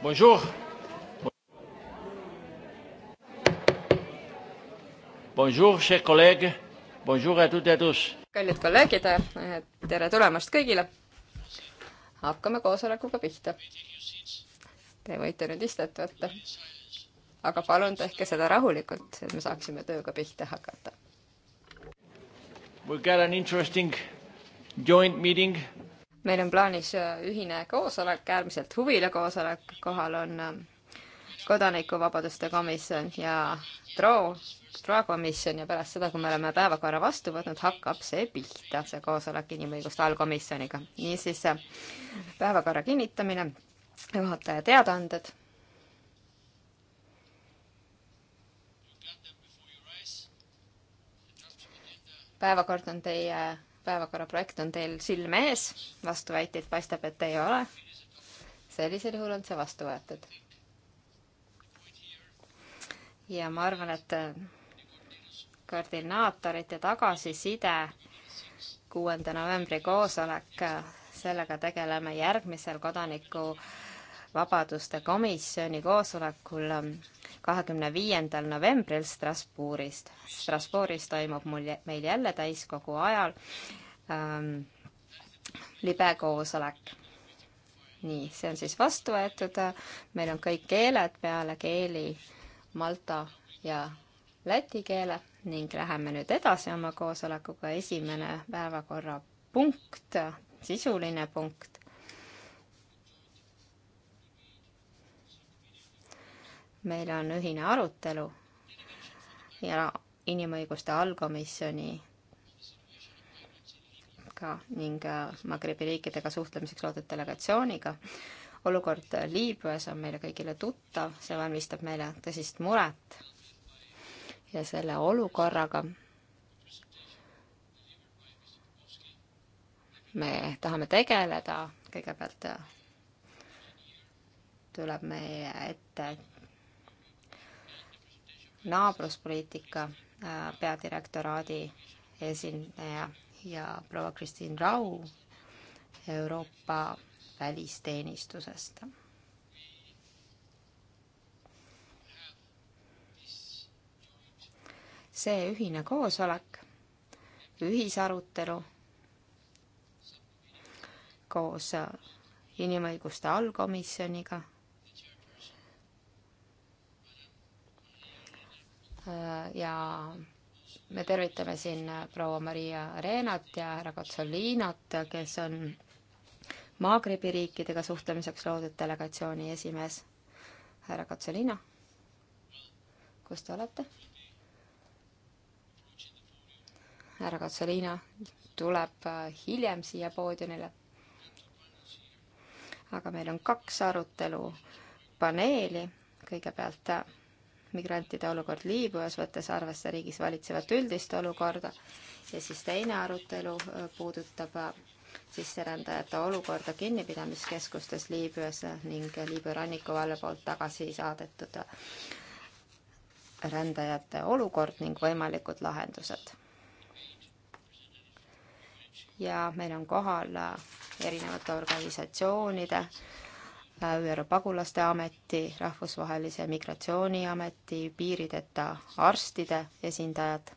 Bonjour. Bonjour, chers collègues. Bonjour à toutes et à tous. kallid kolleegid, tere tulemast kõigile. hakkame koosolekuga pihta. Te võite nüüd istet võtta. aga palun tehke seda rahulikult, et me saaksime tööga pihta hakata. We got an interesting joint meeting meil on plaanis äh, ühine koosolek, äärmiselt huvile koosolek, kohal on äh, kodanikuvabaduste komisjon ja TRO, TRO komisjon ja pärast seda, kui me oleme päevakorra vastu võtnud, hakkab see pihta, see koosolek inimõiguste allkomisjoniga. niisiis äh, päevakorra kinnitamine, juhataja teadaanded. päevakord on teie päevakorraprojekt on teil silme ees, vastuväiteid paistab, et ei ole. sellisel juhul on see vastu võetud. ja ma arvan, et äh, koordinaatorite tagasiside kuuenda novembri koosolek, äh, sellega tegeleme järgmisel kodaniku vabaduste komisjoni koosolekul ähm, kahekümne viiendal novembril Strasbourgist. Strasbourgis toimub mul, meil jälle täiskogu ajal ähm, libe koosolek. nii, see on siis vastu võetud, meil on kõik keeled peale keeli malta ja läti keele ning läheme nüüd edasi oma koosolekuga, esimene päevakorrapunkt, sisuline punkt. meil on ühine arutelu ja inimõiguste allkomisjoni Liibüaga ning äh, Magribi riikidega suhtlemiseks loodud delegatsiooniga. olukord Liibüas on meile kõigile tuttav, see valmistab meile tõsist muret. ja selle olukorraga me tahame tegeleda, kõigepealt äh, tuleb meie ette naabruspoliitika äh, peadirektoraadi esindaja ja proua Kristiin Rau Euroopa välisteenistusest. see ühine koosolek, ühisarutelu koos inimõiguste allkomisjoniga äh, ja me tervitame siin äh, proua Maria Reenat ja härra Kotsolinat, äh, kes on Maagribi riikidega suhtlemiseks loodud delegatsiooni esimees. härra Kotsolina, kus te olete? härra Kotsolina tuleb äh, hiljem siia poodiumile. aga meil on kaks arutelu paneeli, kõigepealt migrantide olukord Liibüas, võttes arvesse riigis valitsevat üldist olukorda. ja siis teine arutelu äh, puudutab äh, sisserändajate olukorda kinnipidamiskeskustes Liibüas ning Liibüa rannikuvalve poolt tagasi saadetud äh, rändajate olukord ning võimalikud lahendused. ja meil on kohal erinevate organisatsioonide Äh, ÜRO pagulaste ameti, Rahvusvahelise Migratsiooniameti, piirideta arstide esindajad.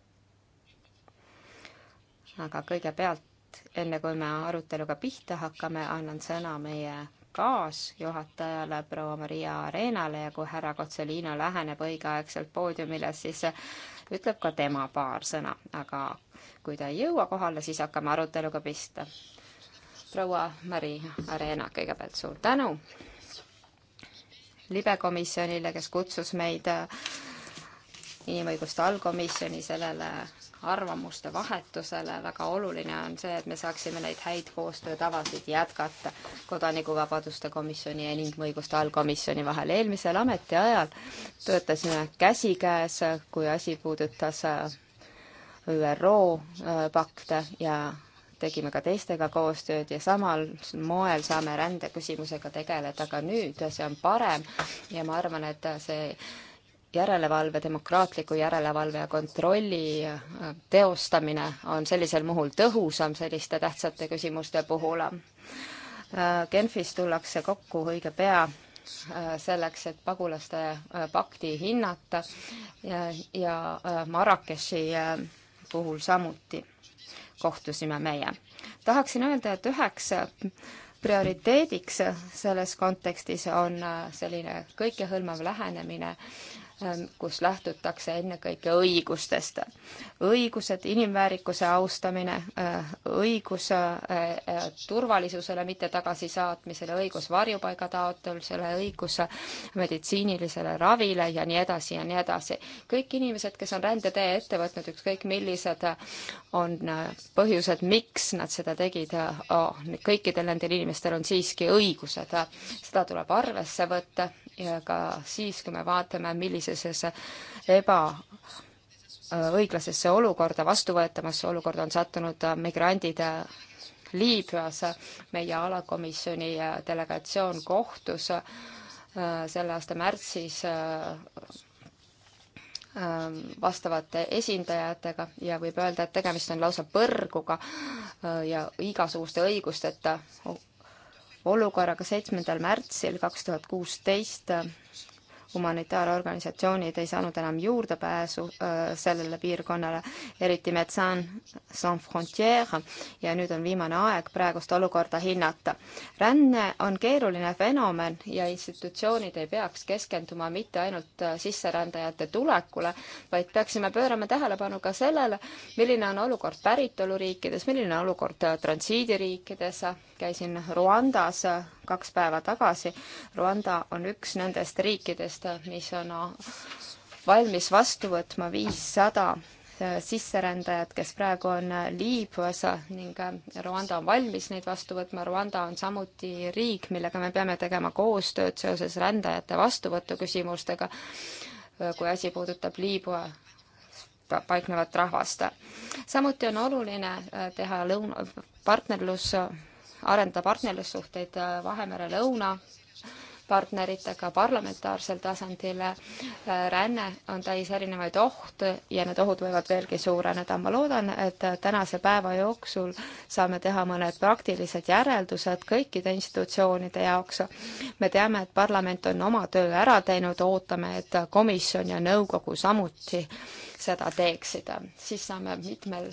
aga kõigepealt, enne kui me aruteluga pihta hakkame, annan sõna meie kaasjuhatajale, proua Maria Areenale ja kui härra Kotselino läheneb õigeaegselt poodiumile, siis ütleb ka tema paar sõna, aga kui ta ei jõua kohale, siis hakkame aruteluga pihta. proua Maria Areena, kõigepealt suur tänu libekomisjonile, kes kutsus meid äh, inimõiguste allkomisjoni sellele arvamuste vahetusele. väga oluline on see, et me saaksime neid häid koostöötavasid jätkata Kodanikuvabaduste komisjoni ja inimõiguste allkomisjoni vahel. eelmisel ametiajal töötasime käsikäes, kui asi puudutas äh, ÜRO äh, pakte ja tegime ka teistega koostööd ja samal moel saame rändeküsimusega tegeleda ka nüüd, see on parem ja ma arvan, et see järelevalve, demokraatliku järelevalve ja kontrolli äh, teostamine on sellisel muhul tõhusam selliste tähtsate küsimuste puhul. Äh, Genfis tullakse kokku õige pea äh, selleks, et pagulaste pakti hinnata ja, ja Marrakechi puhul samuti kohtusime meie. tahaksin öelda, et üheks prioriteediks selles kontekstis on äh, selline kõikehõlmav lähenemine Ähm, kus lähtutakse ennekõike õigustest. õigused, inimväärikuse austamine, äh, õigus äh, äh, turvalisusele mitte tagasisaatmisele, õigus varjupaiga taotlusele, õigus meditsiinilisele ravile ja nii edasi ja nii edasi. kõik inimesed, kes on rändetee ette võtnud, ükskõik millised on põhjused, miks nad seda tegid oh,, kõikidel nendel inimestel on siiski õigused. seda tuleb arvesse võtta ja ka siis, kui me vaatame, millises eba äh, õiglasesse olukorda, vastuvõetamasse olukorda on sattunud äh, migrandid äh, Liibüas. meie alakomisjoni delegatsioon kohtus selle aasta märtsis vastavate esindajatega ja võib öelda, et tegemist on lausa põrguga ja igasuguste õigusteta olukorraga seitsmendal märtsil kaks tuhat kuusteist humanitaarorganisatsioonid ei saanud enam juurdepääsu äh, sellele piirkonnale, eriti Metsan Sans Frontières ja nüüd on viimane aeg praegust olukorda hinnata. ränne on keeruline fenomen ja institutsioonid ei peaks keskenduma mitte ainult äh, sisserändajate tulekule, vaid peaksime pöörama tähelepanu ka sellele, milline on olukord päritoluriikides, milline on olukord äh, transiidiriikides, käisin Ruandas kaks päeva tagasi. Rwanda on üks nendest riikidest, määrust, mis on valmis vastu võtma viissada äh, sisserändajad, kes praegu on äh, Liibüas äh, ning Rwanda on valmis neid vastu võtma. Rwanda on samuti riik, millega me peame tegema koostööd seoses rändajate vastuvõtu küsimustega, kui asi puudutab Liibüa paiknevat rahvast. samuti on oluline teha lõuna, partnerlus, arendada partnerlussuhteid Vahemere lõuna partneritega parlamentaarsel tasandil. Äh, ränne on täis erinevaid ohte ja need ohud võivad veelgi suureneda. ma loodan, et tänase päeva jooksul saame teha mõned praktilised järeldused kõikide institutsioonide jaoks. me teame, et parlament on oma töö ära teinud, ootame, et komisjon ja nõukogu samuti seda teeksid. siis saame mitmel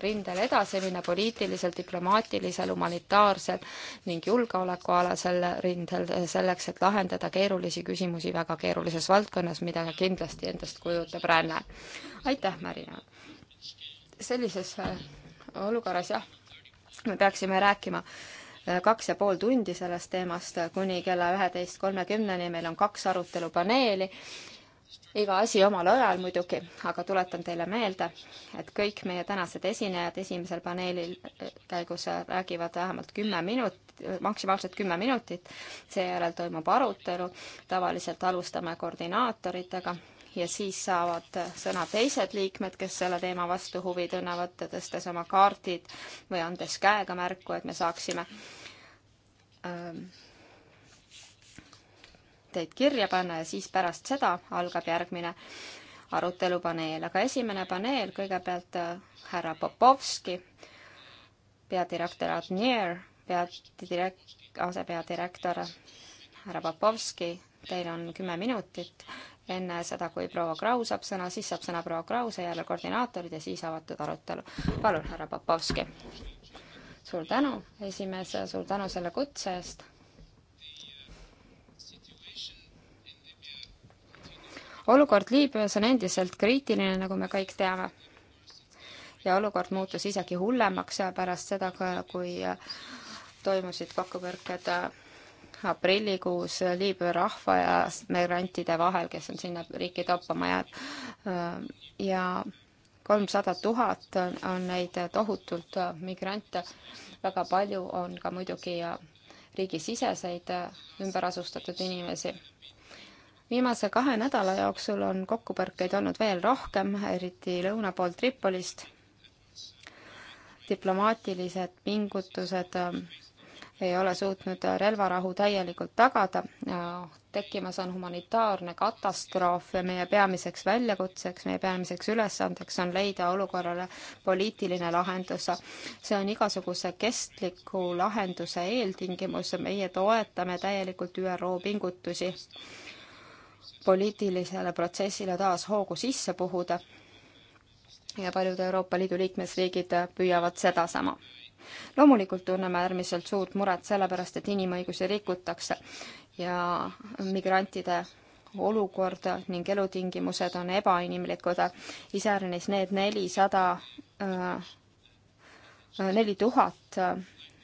rindel edasi minna poliitilisel, diplomaatilisel, humanitaarsel ning julgeolekualasel rindel, selleks et lahendada keerulisi küsimusi väga keerulises valdkonnas, mida kindlasti endast kujutab ränne. aitäh, Marina! sellises äh, olukorras jah, me peaksime rääkima äh, kaks ja pool tundi sellest teemast kuni kella üheteist kolmekümneni, meil on kaks arutelupaneeli iga asi omal ajal muidugi, aga tuletan teile meelde, et kõik meie tänased esinejad esimesel paneelil eh, käigus räägivad vähemalt kümme minut-, maksimaalselt kümme minutit, seejärel toimub arutelu, tavaliselt alustame koordinaatoritega ja siis saavad sõna teised liikmed, kes selle teema vastu huvi tunnevad, tõstes oma kaardid või andes käega märku, et me saaksime ähm, mõtteid kirja panna ja siis pärast seda algab järgmine arutelupaneel, aga esimene paneel kõigepealt äh, härra Popovski, peadirektor Adnier, peadirek-, asepeadirektor härra Popovski, teil on kümme minutit enne seda, kui proua Kraus saab sõna, siis saab sõna proua Kraus ja jälle koordinaatorid ja siis avatud arutelu. palun, härra Popovski. suur tänu, esimees, suur tänu selle kutse eest olukord Liibüas on endiselt kriitiline, nagu me kõik teame. ja olukord muutus isegi hullemaks pärast seda, kui toimusid kokkupõrked aprillikuus Liibüa rahva ja migrantide vahel, kes on sinna riiki toppama jäänud. ja kolmsada tuhat on neid tohutult migrante, väga palju on ka muidugi riigisiseseid ümberasustatud inimesi viimase kahe nädala jooksul on kokkupõrkeid olnud veel rohkem, eriti lõuna pool Tripolist. diplomaatilised pingutused ähm, ei ole suutnud relvarahu täielikult tagada. tekkimas on humanitaarne katastroof ja meie peamiseks väljakutseks, meie peamiseks ülesandeks on leida olukorrale poliitiline lahendus. see on igasuguse kestliku lahenduse eeltingimus, meie toetame täielikult ÜRO pingutusi poliitilisele protsessile taas hoogu sisse puhuda ja paljud Euroopa Liidu liikmesriigid püüavad sedasama. loomulikult tunneme äärmiselt suurt muret selle pärast, et inimõigusi rikutakse ja migrantide olukord ning elutingimused on ebainimlikud, iseäranis need nelisada, äh, neli tuhat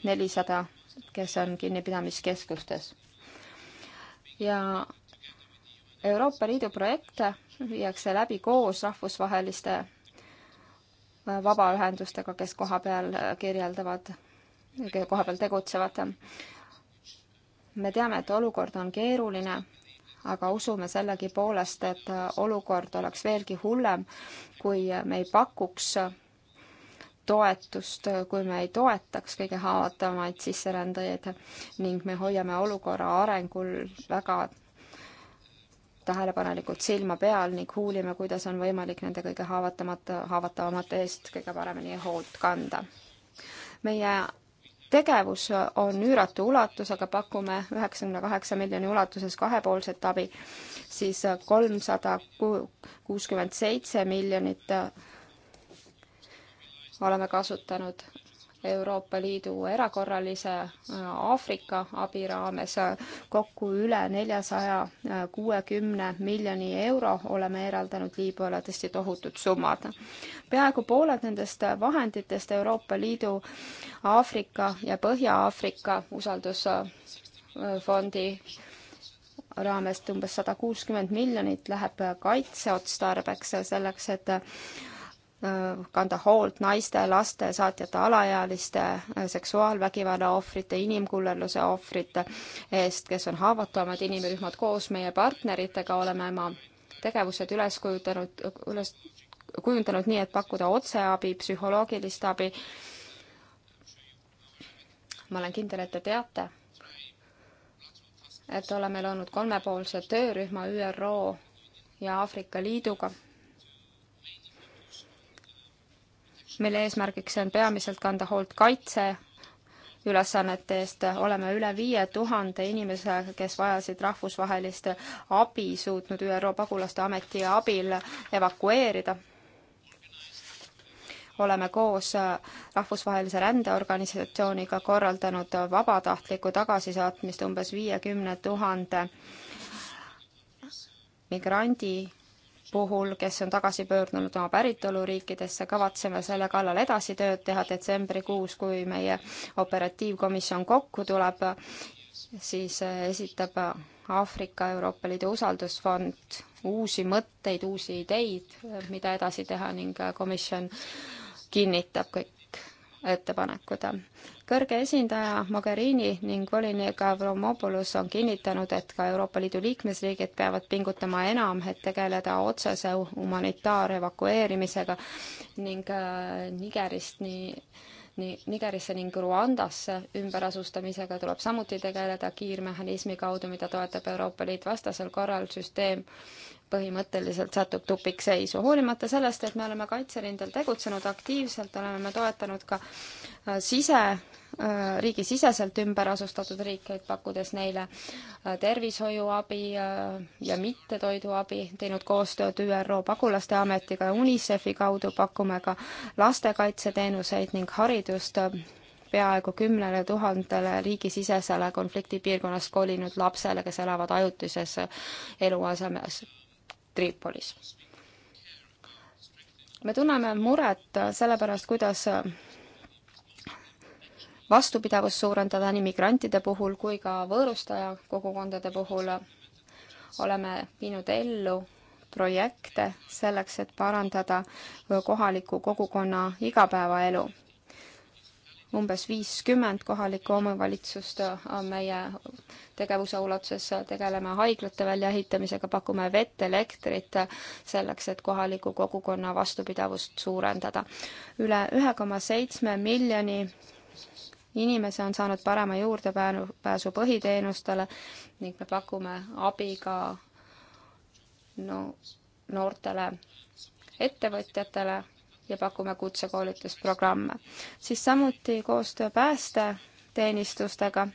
nelisada, kes on kinnipidamiskeskustes. ja Euroopa Liidu projekte viiakse läbi koos rahvusvaheliste äh, vabaühendustega, kes koha peal äh, kirjeldavad, koha peal tegutsevad. me teame, et olukord on keeruline, aga usume sellegipoolest, et äh, olukord oleks veelgi hullem, kui me ei pakuks toetust, kui me ei toetaks kõige haavatavamaid sisserändajaid ning me hoiame olukorra arengul väga tähelepanelikult silma peal ning huulime, kuidas on võimalik nende kõige haavatamata, haavatavamate eest kõige paremini hoolt kanda. meie tegevus on üüratu ulatus, aga pakume üheksakümne kaheksa miljoni ulatuses kahepoolset abi, siis kolmsada kuuskümmend seitse miljonit äh, oleme kasutanud Euroopa Liidu erakorralise äh, Aafrika abi raames äh, kokku üle neljasaja äh, kuuekümne miljoni euro oleme eraldanud Liibüale tõesti tohutud summad. peaaegu pooled nendest vahenditest Euroopa Liidu Aafrika ja Põhja-Aafrika usaldusfondi raamest umbes sada kuuskümmend miljonit läheb kaitseotstarbeks selleks, et kanda hoolt naiste, laste, saatjate alaealiste, äh, seksuaalvägivalla ohvrite, inimkullerluse ohvrite eest, kes on haavatavamad inimrühmad. koos meie partneritega oleme oma tegevused üles kujutanud, üles kujundanud nii, et pakkuda otseabi, psühholoogilist abi. ma olen kindel, et te teate, et oleme loonud kolmepoolse töörühma ÜRO ja Aafrika Liiduga mille eesmärgiks on peamiselt kanda hoolt kaitse ülesannete eest oleme üle viie tuhande inimese, kes vajasid rahvusvahelist abi, suutnud ÜRO pagulaste ameti abil evakueerida. oleme koos Rahvusvahelise Rändeorganisatsiooniga korraldanud vabatahtlikku tagasisaatmist umbes viiekümne tuhande migrandi puhul, kes on tagasi pöördunud oma päritoluriikidesse, kavatseme selle kallal edasi tööd teha detsembrikuus, kui meie operatiivkomisjon kokku tuleb, siis eh, esitab Aafrika Euroopa Liidu usaldusfond uusi mõtteid, uusi ideid, eh, mida edasi teha ning eh, komisjon kinnitab kõik ettepanekud kõrge esindaja Mogherini ning volinik Avramopoulos on kinnitanud, et ka Euroopa Liidu liikmesriigid peavad pingutama enam, et tegeleda otsese humanitaarevakueerimisega ning äh, Nigerist nii nii Nigerisse ning Ruandasse ümberasustamisega tuleb samuti tegeleda kiirmehhanismi kaudu, mida toetab Euroopa Liit vastasel korral süsteem põhimõtteliselt satub tupikseisu. hoolimata sellest, et me oleme kaitserindel tegutsenud aktiivselt, oleme me toetanud ka äh, sise, äh, riigisiseselt ümber asustatud riikeid, pakkudes neile äh, tervishoiuabi ja mittetoiduabi, teinud koostööd ÜRO pagulaste ametiga ja UNICEF-i kaudu pakume ka lastekaitseteenuseid ning haridust peaaegu kümnele tuhandele riigisisesele konfliktipiirkonnast kolinud lapsele, kes elavad ajutises eluasemes Tripolis. me tunneme muret selle pärast, kuidas vastupidavust suurendada nii migrantide puhul kui ka võõrustaja kogukondade puhul. oleme viinud ellu projekte selleks, et parandada kohaliku kogukonna igapäevaelu umbes viiskümmend kohalikku omavalitsust on äh, meie tegevuse ulatuses, tegeleme haiglate väljaehitamisega, pakume vett, elektrit, selleks et kohaliku kogukonna vastupidavust suurendada. üle ühe koma seitsme miljoni inimese on saanud parema juurdepääsu põhiteenustele ning me pakume abi ka no noortele ettevõtjatele ja pakume kutsekoolitusprogramme. siis samuti koostöö päästeteenistustega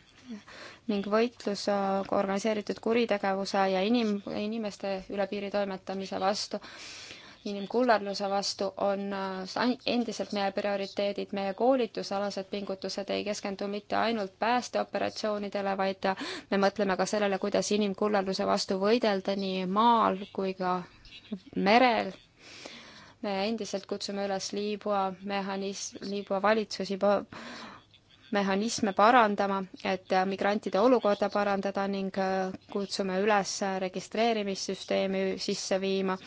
ning võitlus äh, organiseeritud kuritegevuse ja inim-, inimeste üle piiri toimetamise vastu inimkullerluse vastu on äh, endiselt meie prioriteedid, meie koolitusalased pingutused ei keskendu mitte ainult päästeoperatsioonidele, vaid äh, me mõtleme ka sellele, kuidas inimkullerluse vastu võidelda nii maal kui ka merel me endiselt kutsume üles Liibua mehhanism, Liibua valitsusi mehhanisme parandama, et äh, migrantide olukorda parandada ning äh, kutsume üles äh, registreerimissüsteemi sisse viima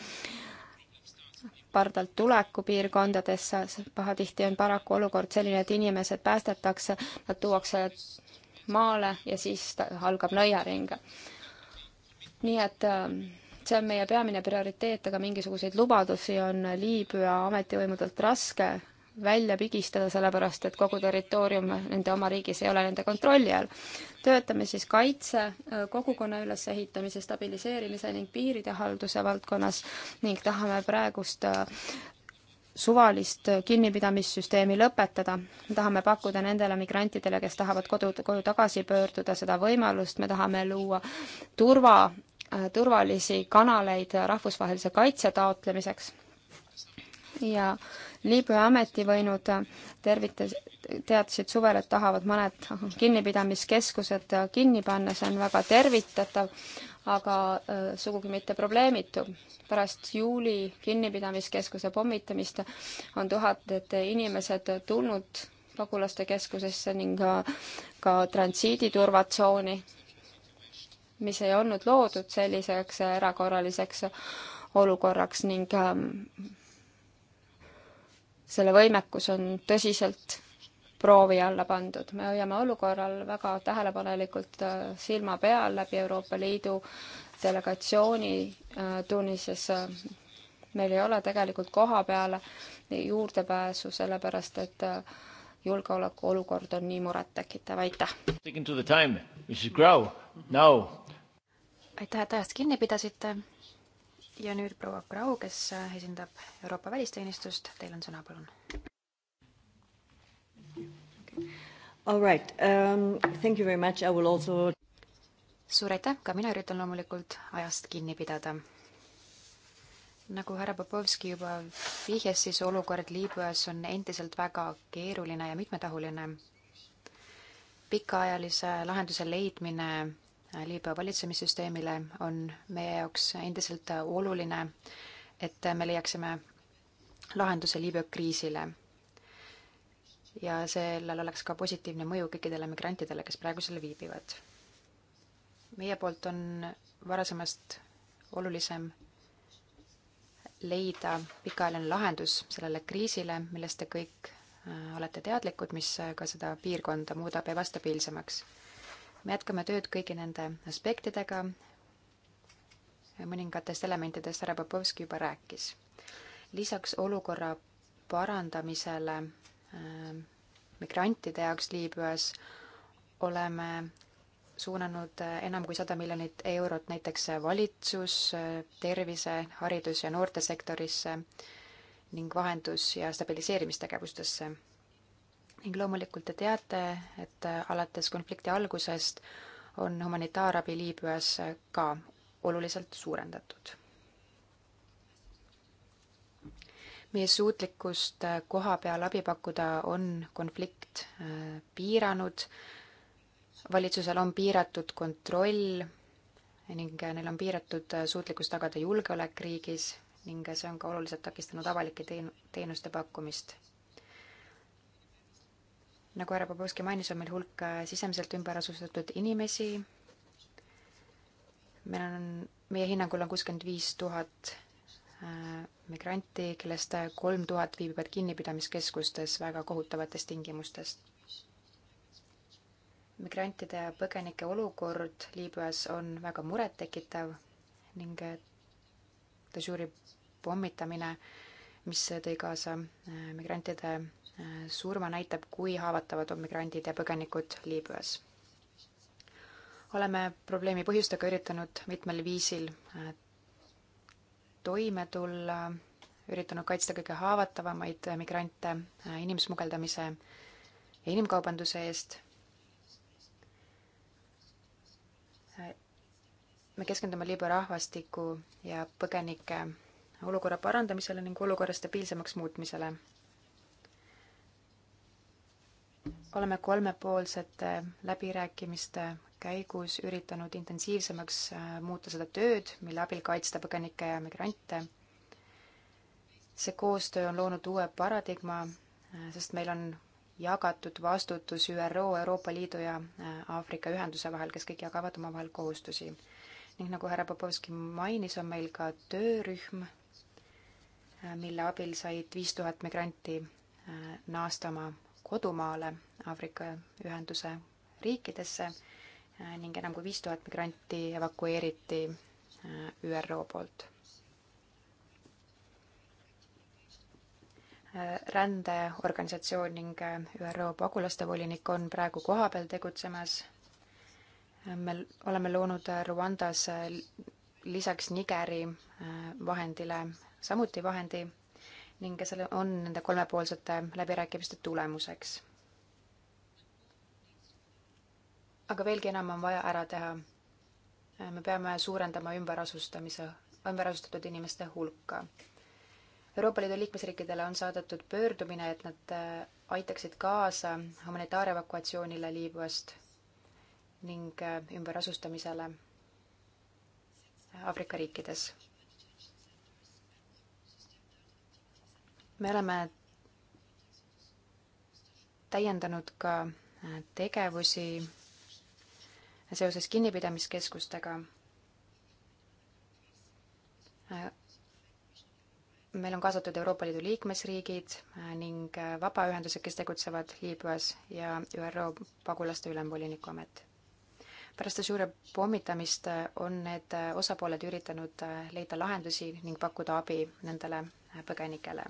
pardalt tuleku piirkondadesse, pahatihti on paraku olukord selline, et inimesed päästetakse, nad tuuakse maale ja siis algab nõiaring. nii et äh, see on meie peamine prioriteet, aga mingisuguseid lubadusi on Liibüa ametivõimudelt raske välja pigistada, sellepärast et kogu territoorium nende oma riigis ei ole nende kontrolli all. töötame siis kaitse, kogukonna ülesehitamise, stabiliseerimise ning piiride halduse valdkonnas ning tahame praegust suvalist kinnipidamissüsteemi lõpetada. tahame pakkuda nendele migrantidele, kes tahavad kodu, koju tagasi pöörduda, seda võimalust, me tahame luua turva Äh, turvalisi kanaleid rahvusvahelise kaitse taotlemiseks. ja Liibüa ametivõinud äh, tervitas, teadsid suvel, et tahavad mõned kinnipidamiskeskused äh, kinni panna, see on väga tervitatav, aga sugugi mitte probleemitu. pärast juuli kinnipidamiskeskuse pommitamist on tuhanded inimesed tulnud pagulaste keskusesse ning ka, ka transiiditurvatsooni mis ei olnud loodud selliseks erakorraliseks olukorraks ning ähm, selle võimekus on tõsiselt proovi alla pandud. me hoiame olukorral väga tähelepanelikult äh, silma peal läbi Euroopa Liidu delegatsiooni äh, Tunises. Äh, meil ei ole tegelikult koha peale juurdepääsu, sellepärast et julgeolekuolukord on nii murettekitav, aitäh! no. aitäh, et ajast kinni pidasite. ja nüüd proua Grau, kes esindab Euroopa Välisteenistust, teil on sõna, palun. All right um,, thank you very much, I will also. suur aitäh, ka mina üritan loomulikult ajast kinni pidada nagu härra Popovski juba vihjas, siis olukord Liibüas on endiselt väga keeruline ja mitmetahuline pikaajalise lahenduse leidmine äh, Liibüa valitsemissüsteemile on meie jaoks endiselt äh, oluline, et äh, me leiaksime lahenduse Liibüa kriisile. ja sellel oleks ka positiivne mõju kõikidele migrantidele, kes praegu seal viibivad. meie poolt on varasemast olulisem leida pikaajaline lahendus sellele kriisile, millest te kõik Äh, olete teadlikud, mis äh, ka seda piirkonda muudab ebastabiilsemaks. me jätkame tööd kõigi nende aspektidega, mõningatest elementidest härra Popovski juba rääkis. lisaks olukorra parandamisele äh, migrantide jaoks Liibüas oleme suunanud äh, enam kui sada miljonit eurot näiteks valitsus, tervise, haridus ja noortesektorisse äh, ning vahendus- ja stabiliseerimistegevustesse. ning loomulikult te teate, et alates konflikti algusest on humanitaarabi Liibüas ka oluliselt suurendatud. meie suutlikkust koha peal abi pakkuda on konflikt äh, piiranud, valitsusel on piiratud kontroll ning äh, neil on piiratud äh, suutlikkus tagada julgeolek riigis ning see on ka oluliselt takistanud avalike teen-, teenuste pakkumist. nagu härra Popolski mainis, on meil hulk äh, sisemiselt ümber asustatud inimesi, meil on, meie hinnangul on kuuskümmend viis tuhat äh, migranti, kellest äh, kolm tuhat viibivad kinnipidamiskeskustes väga kohutavates tingimustes. migrantide ja põgenike olukord Liibüas on väga murettekitav ning de jure pommitamine, mis tõi kaasa äh, migrantide äh, surma, näitab, kui haavatavad on migrandid ja põgenikud Liibüas. oleme probleemi põhjustega üritanud mitmel viisil äh, toime tulla, üritanud kaitsta kõige haavatavamaid migrante inimsmugeldamise ja inimkaubanduse eest me keskendume Liibüa rahvastiku ja põgenike olukorra parandamisele ning olukorra stabiilsemaks muutmisele. oleme kolmepoolsete läbirääkimiste käigus üritanud intensiivsemaks äh, muuta seda tööd, mille abil kaitsta põgenikke ja migrante. see koostöö on loonud uue paradigma, äh, sest meil on jagatud vastutus ÜRO, Euroopa Liidu ja äh, Aafrika Ühenduse vahel, kes kõik jagavad omavahel kohustusi ning nagu härra Popovski mainis, on meil ka töörühm, mille abil said viis tuhat migranti äh, naasta oma kodumaale Aafrika Ühenduse riikidesse äh, ning enam kui viis tuhat migranti evakueeriti äh, ÜRO poolt. rändeorganisatsioon ning ÜRO pagulaste volinik on praegu kohapeal tegutsemas me oleme loonud Rwandas lisaks Nigeri äh, vahendile samuti vahendi ning see on nende kolmepoolsete läbirääkimiste tulemuseks. aga veelgi enam on vaja ära teha. Äh, me peame suurendama ümberasustamise, ümberasustatud inimeste hulka. Euroopa Liidu liikmesriikidele on saadetud pöördumine, et nad äh, aitaksid kaasa humanitaarevakuatsioonile Liibüast ning äh, ümberasustamisele äh, Aafrika riikides. me oleme täiendanud ka äh, tegevusi seoses kinnipidamiskeskustega. meil on kaasatud Euroopa Liidu liikmesriigid ning vabaühendused, kes tegutsevad Liibüas ja ÜRO pagulaste ülemvoliniku amet pärast suure pommitamist on need osapooled üritanud leida lahendusi ning pakkuda abi nendele põgenikele.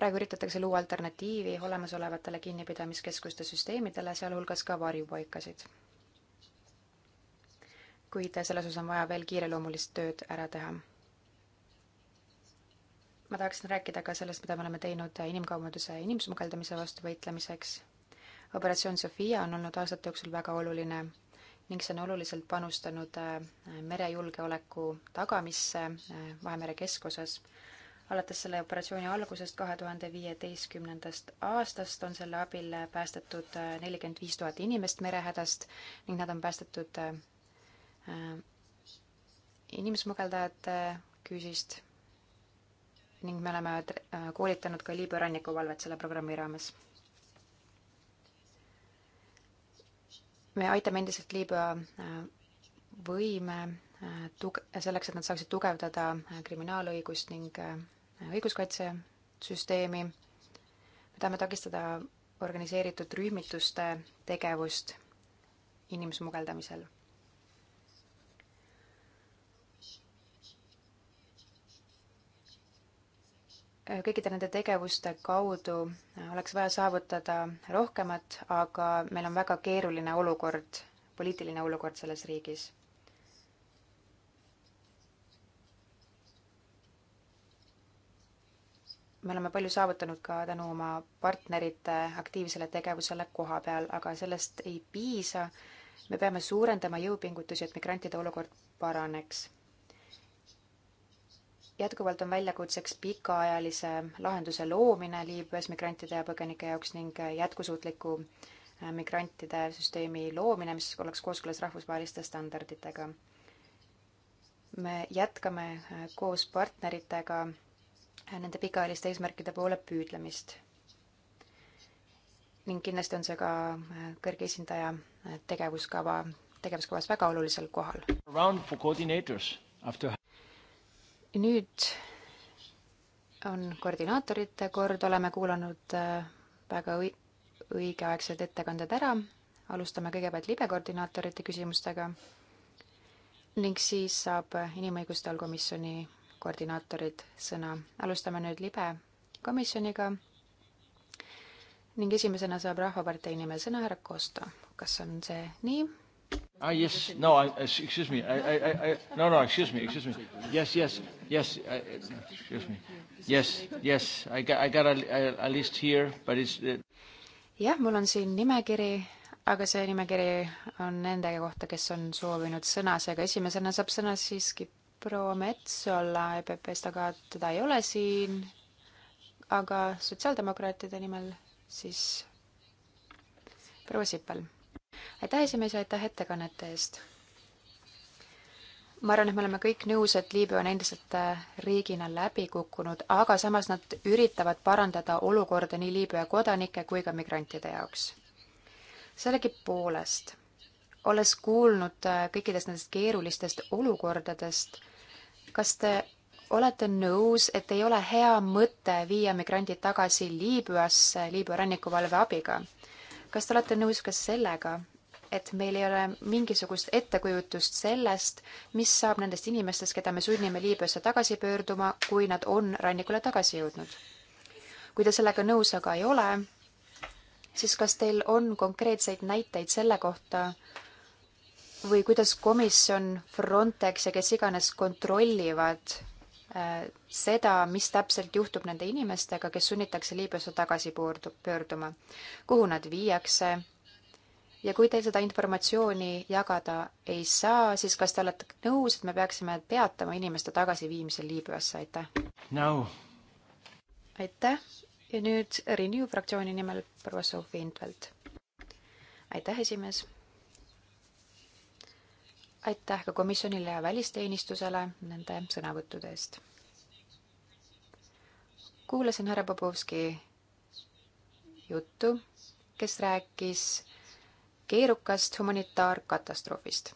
praegu üritatakse luua alternatiivi olemasolevatele kinnipidamiskeskuste süsteemidele, sealhulgas ka varjupaikasid. kuid selles osas on vaja veel kiireloomulist tööd ära teha ma tahaksin rääkida ka sellest, mida me oleme teinud inimkaubanduse ja inimsmugeldamise vastu võitlemiseks operatsioon Sofia on olnud aastate jooksul väga oluline ning see on oluliselt panustanud äh, merejulgeoleku tagamisse äh, Vahemere keskosas. alates selle operatsiooni algusest kahe tuhande viieteistkümnendast aastast on selle abil päästetud äh, nelikümmend viis tuhat inimest merehädast ning nad on päästetud inimsmugeldajate küüsist ning me oleme koolitanud ka Liibüa rannikuvalvet selle programmi raames me aitame endiselt Liibüa äh, võime äh, tug-, selleks, et nad saaksid tugevdada äh, kriminaalõigust ning õiguskaitsesüsteemi. me tahame takistada organiseeritud rühmituste tegevust inimsmugeldamisel Äh, kõikide nende tegevuste kaudu äh, oleks vaja saavutada rohkemat, aga meil on väga keeruline olukord, poliitiline olukord selles riigis. me oleme palju saavutanud ka tänu oma partnerite aktiivsele tegevusele koha peal, aga sellest ei piisa. me peame suurendama jõupingutusi, et migrantide olukord paraneks jätkuvalt on väljakutseks pikaajalise lahenduse loomine Liibüas migrantide ja põgenike jaoks ning jätkusuutliku äh, migrantide süsteemi loomine, mis oleks kooskõlas rahvusvaheliste standarditega. me jätkame äh, koos partneritega äh, nende pikaajaliste eesmärkide poole püüdlemist. ning kindlasti on see ka kõrge esindaja tegevuskava, tegevuskavas väga olulisel kohal. Round for coordinators after nüüd on koordinaatorite kord, oleme kuulanud äh, väga õi-, õigeaegsed ettekanded ära, alustame kõigepealt libekoordinaatorite küsimustega ning siis saab Inimõiguste Allkomisjoni koordinaatorid sõna. alustame nüüd libe komisjoniga ning esimesena saab Rahvapartei nimel sõna härra Kosta. kas on see nii? Ah, yes. No, I, excuse me. I, I, I, no, no, excuse me, excuse me. Yes, yes, yes. I, excuse me. Yes, yes. I got, I got a, a list here, but it's. Uh, jah, mul on siin nimekiri, aga see nimekiri on nende kohta, kes on soovinud sõna, seega esimesena saab sõna siiski proua Metsola EPP-st, aga teda ei ole siin. aga sotsiaaldemokraatide nimel siis proua Sipel aitäh, esimees, aitäh ettekannete eest! ma arvan, et me oleme kõik nõus, et Liibüa on endiselt äh, riigina läbi kukkunud, aga samas nad üritavad parandada olukorda nii Liibüa kodanike kui ka migrantide jaoks. sellegipoolest, olles kuulnud äh, kõikidest nendest keerulistest olukordadest, kas te olete nõus, et ei ole hea mõte viia migrandid tagasi Liibüasse Liibüa rannikuvalve abiga? kas te olete nõus ka sellega, et meil ei ole mingisugust ettekujutust sellest, mis saab nendest inimestest, keda me sunnime Liibüasse tagasi pöörduma, kui nad on rannikule tagasi jõudnud? kui te sellega nõus aga ei ole, siis kas teil on konkreetseid näiteid selle kohta või kuidas komisjon, Frontex ja kes iganes kontrollivad Äh, seda, mis täpselt juhtub nende inimestega, kes sunnitakse Liibüasse tagasi pöördu-, pöörduma, kuhu nad viiakse ja kui teil seda informatsiooni jagada ei saa, siis kas te olete nõus, et me peaksime peatama inimeste tagasiviimise Liibüasse, aitäh no.! aitäh ja nüüd Renew fraktsiooni nimel proua Sofi Intvelt. aitäh, esimees! aitäh ka komisjonile ja välisteenistusele nende sõnavõttude eest. kuulasin härra Popovski juttu, kes rääkis keerukast humanitaarkatastroofist.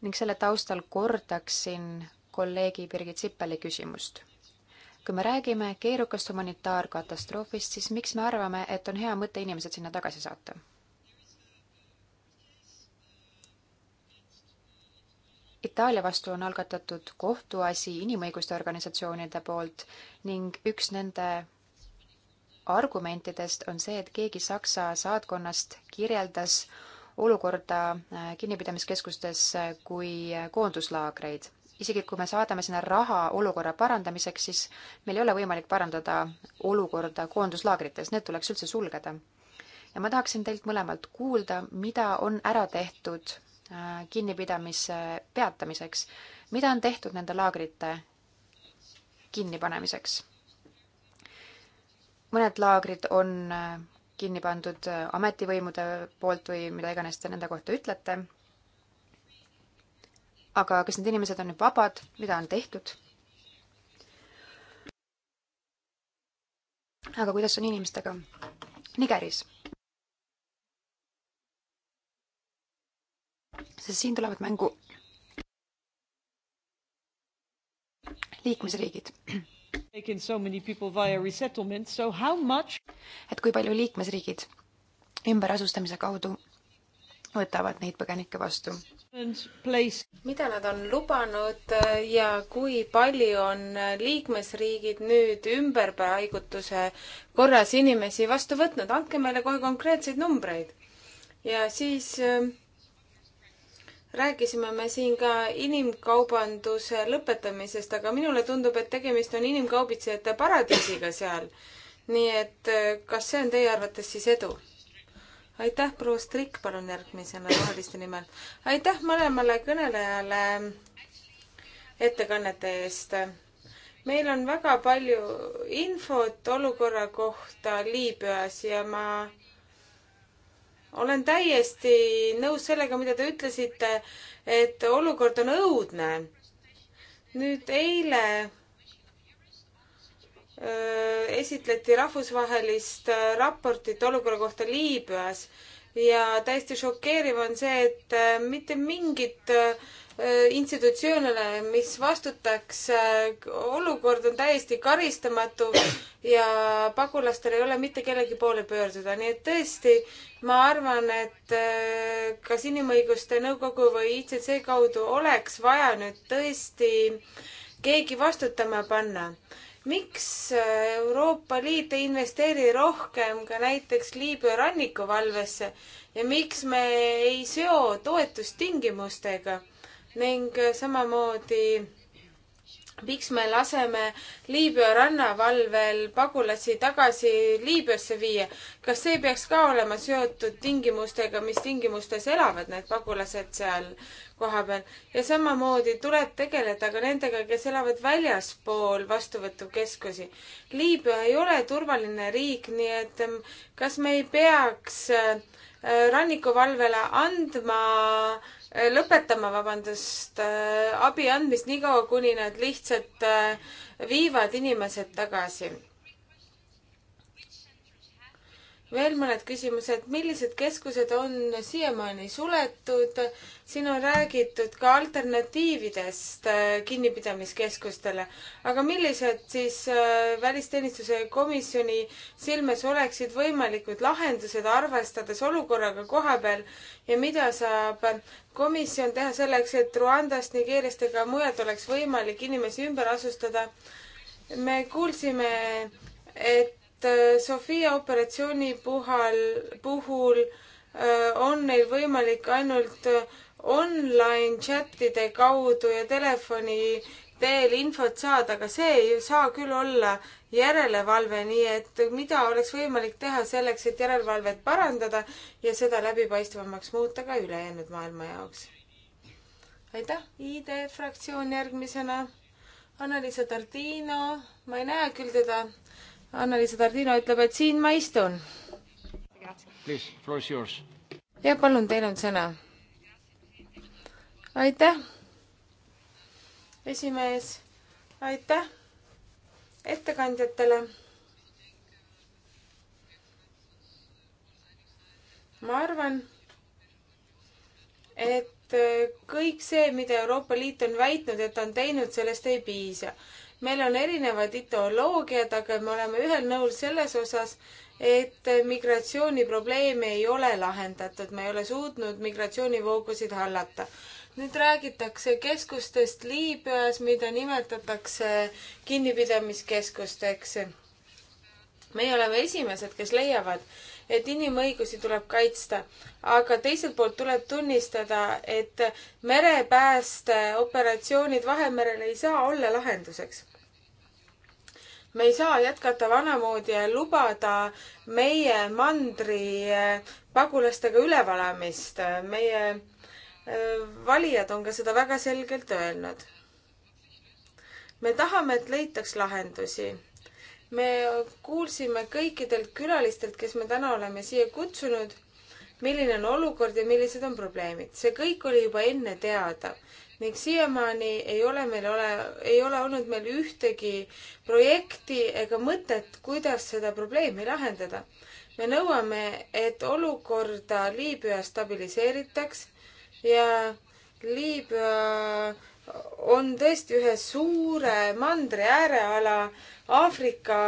ning selle taustal kordaksin kolleegi Birgit Sippeli küsimust. kui me räägime keerukast humanitaarkatastroofist, siis miks me arvame, et on hea mõte inimesed sinna tagasi saata? Itaalia vastu on algatatud kohtuasi inimõiguste organisatsioonide poolt ning üks nende argumentidest on see, et keegi Saksa saatkonnast kirjeldas olukorda äh, kinnipidamiskeskustes äh, kui koonduslaagreid. isegi kui me saadame sinna raha olukorra parandamiseks, siis meil ei ole võimalik parandada olukorda koonduslaagrites, need tuleks üldse sulgeda. ja ma tahaksin teilt mõlemalt kuulda, mida on ära tehtud Äh, kinnipidamise peatamiseks. mida on tehtud nende laagrite kinnipanemiseks? mõned laagrid on äh, kinni pandud äh, ametivõimude poolt või mida iganes te nende kohta ütlete. aga kas need inimesed on nüüd vabad, mida on tehtud? aga kuidas on inimestega Nigeris? sest siin tulevad mängu liikmesriigid. et kui palju liikmesriigid ümberasustamise kaudu võtavad neid põgenikke vastu. mida nad on lubanud äh, ja kui palju on liikmesriigid nüüd ümberpaigutuse korras inimesi vastu võtnud, andke meile kohe konkreetseid numbreid. ja siis äh, rääkisime me siin ka inimkaubanduse lõpetamisest, aga minule tundub, et tegemist on inimkaubitsejate paradiisiga seal. nii et äh, kas see on teie arvates siis edu? aitäh, proua Strik, palun järgmisena roheliste nimel. aitäh mõlemale kõnelejale ettekannete eest. meil on väga palju infot olukorra kohta Liibüas ja ma olen täiesti nõus sellega, mida te ütlesite, et olukord on õudne. nüüd eile öö, esitleti rahvusvahelist raportit olukorra kohta Liibüas ja täiesti šokeeriv on see, et mitte mingit öö, Äh, institutsioonile, mis vastutaks, äh, olukord on täiesti karistamatu ja pagulastel ei ole mitte kellegi poole pöörduda, nii et tõesti, ma arvan, et äh, kas Inimõiguste Nõukogu või ICC kaudu oleks vaja nüüd tõesti keegi vastutama panna. miks Euroopa Liit ei investeeri rohkem ka näiteks Liibüa rannikuvalvesse ja miks me ei seo toetustingimustega? ning samamoodi miks me laseme Liibüa rannavalvel pagulasi tagasi Liibüasse viia. kas see peaks ka olema seotud tingimustega, mis tingimustes elavad need pagulased seal kohapeal? ja samamoodi tuleb tegeleda ka nendega, kes elavad väljaspool vastuvõtukeskusi. Liibüa ei ole turvaline riik, nii et ähm, kas me ei peaks äh, rannikuvalvele andma äh, lõpetama, vabandust, äh, abi andmist niikaua, kuni nad lihtsalt äh, viivad inimesed tagasi veel mõned küsimused, millised keskused on siiamaani suletud? siin on räägitud ka alternatiividest äh, kinnipidamiskeskustele, aga millised siis äh, välisteenistuse komisjoni silmes oleksid võimalikud lahendused, arvestades olukorraga kohapeal ja mida saab komisjon teha selleks, et Ruandast, Nigeeriast ega mujalt oleks võimalik inimesi ümber asustada? me kuulsime, et et äh, Sofia operatsiooni puhal, puhul äh, on neil võimalik ainult äh, online chatide kaudu ja telefoni teel infot saada, aga see ei saa küll olla järelevalve, nii et mida oleks võimalik teha selleks, et järelevalvet parandada ja seda läbipaistvamaks muuta ka ülejäänud maailma jaoks. aitäh, ID fraktsioon järgmisena. Anna-Liisa Tardino, ma ei näe küll teda Anneliisa Tardino ütleb, et siin ma istun. ja palun, teil on sõna. aitäh, esimees, aitäh ettekandjatele. ma arvan, et kõik see, mida Euroopa Liit on väitnud, et on teinud, sellest ei piisa meil on erinevad ideoloogiad, aga me oleme ühel nõul selles osas, et migratsiooniprobleemi ei ole lahendatud, me ei ole suutnud migratsioonivoogusid hallata. nüüd räägitakse keskustest Liibüas, mida nimetatakse kinnipidamiskeskusteks. meie oleme esimesed, kes leiavad, et inimõigusi tuleb kaitsta, aga teiselt poolt tuleb tunnistada, et merepäästeoperatsioonid Vahemerel ei saa olla lahenduseks me ei saa jätkata vanamoodi ja lubada meie mandri eh, pagulastega ülevalamist. meie eh, valijad on ka seda väga selgelt öelnud. me tahame, et leitaks lahendusi. me kuulsime kõikidelt külalistelt, kes me täna oleme siia kutsunud, milline on olukord ja millised on probleemid. see kõik oli juba enne teada ning siiamaani ei ole meil ole, ei ole olnud meil ühtegi projekti ega mõtet, kuidas seda probleemi lahendada. me nõuame, et olukorda Liibüas stabiliseeritaks ja Liibüa on tõesti ühe suure mandri ääreala, Aafrika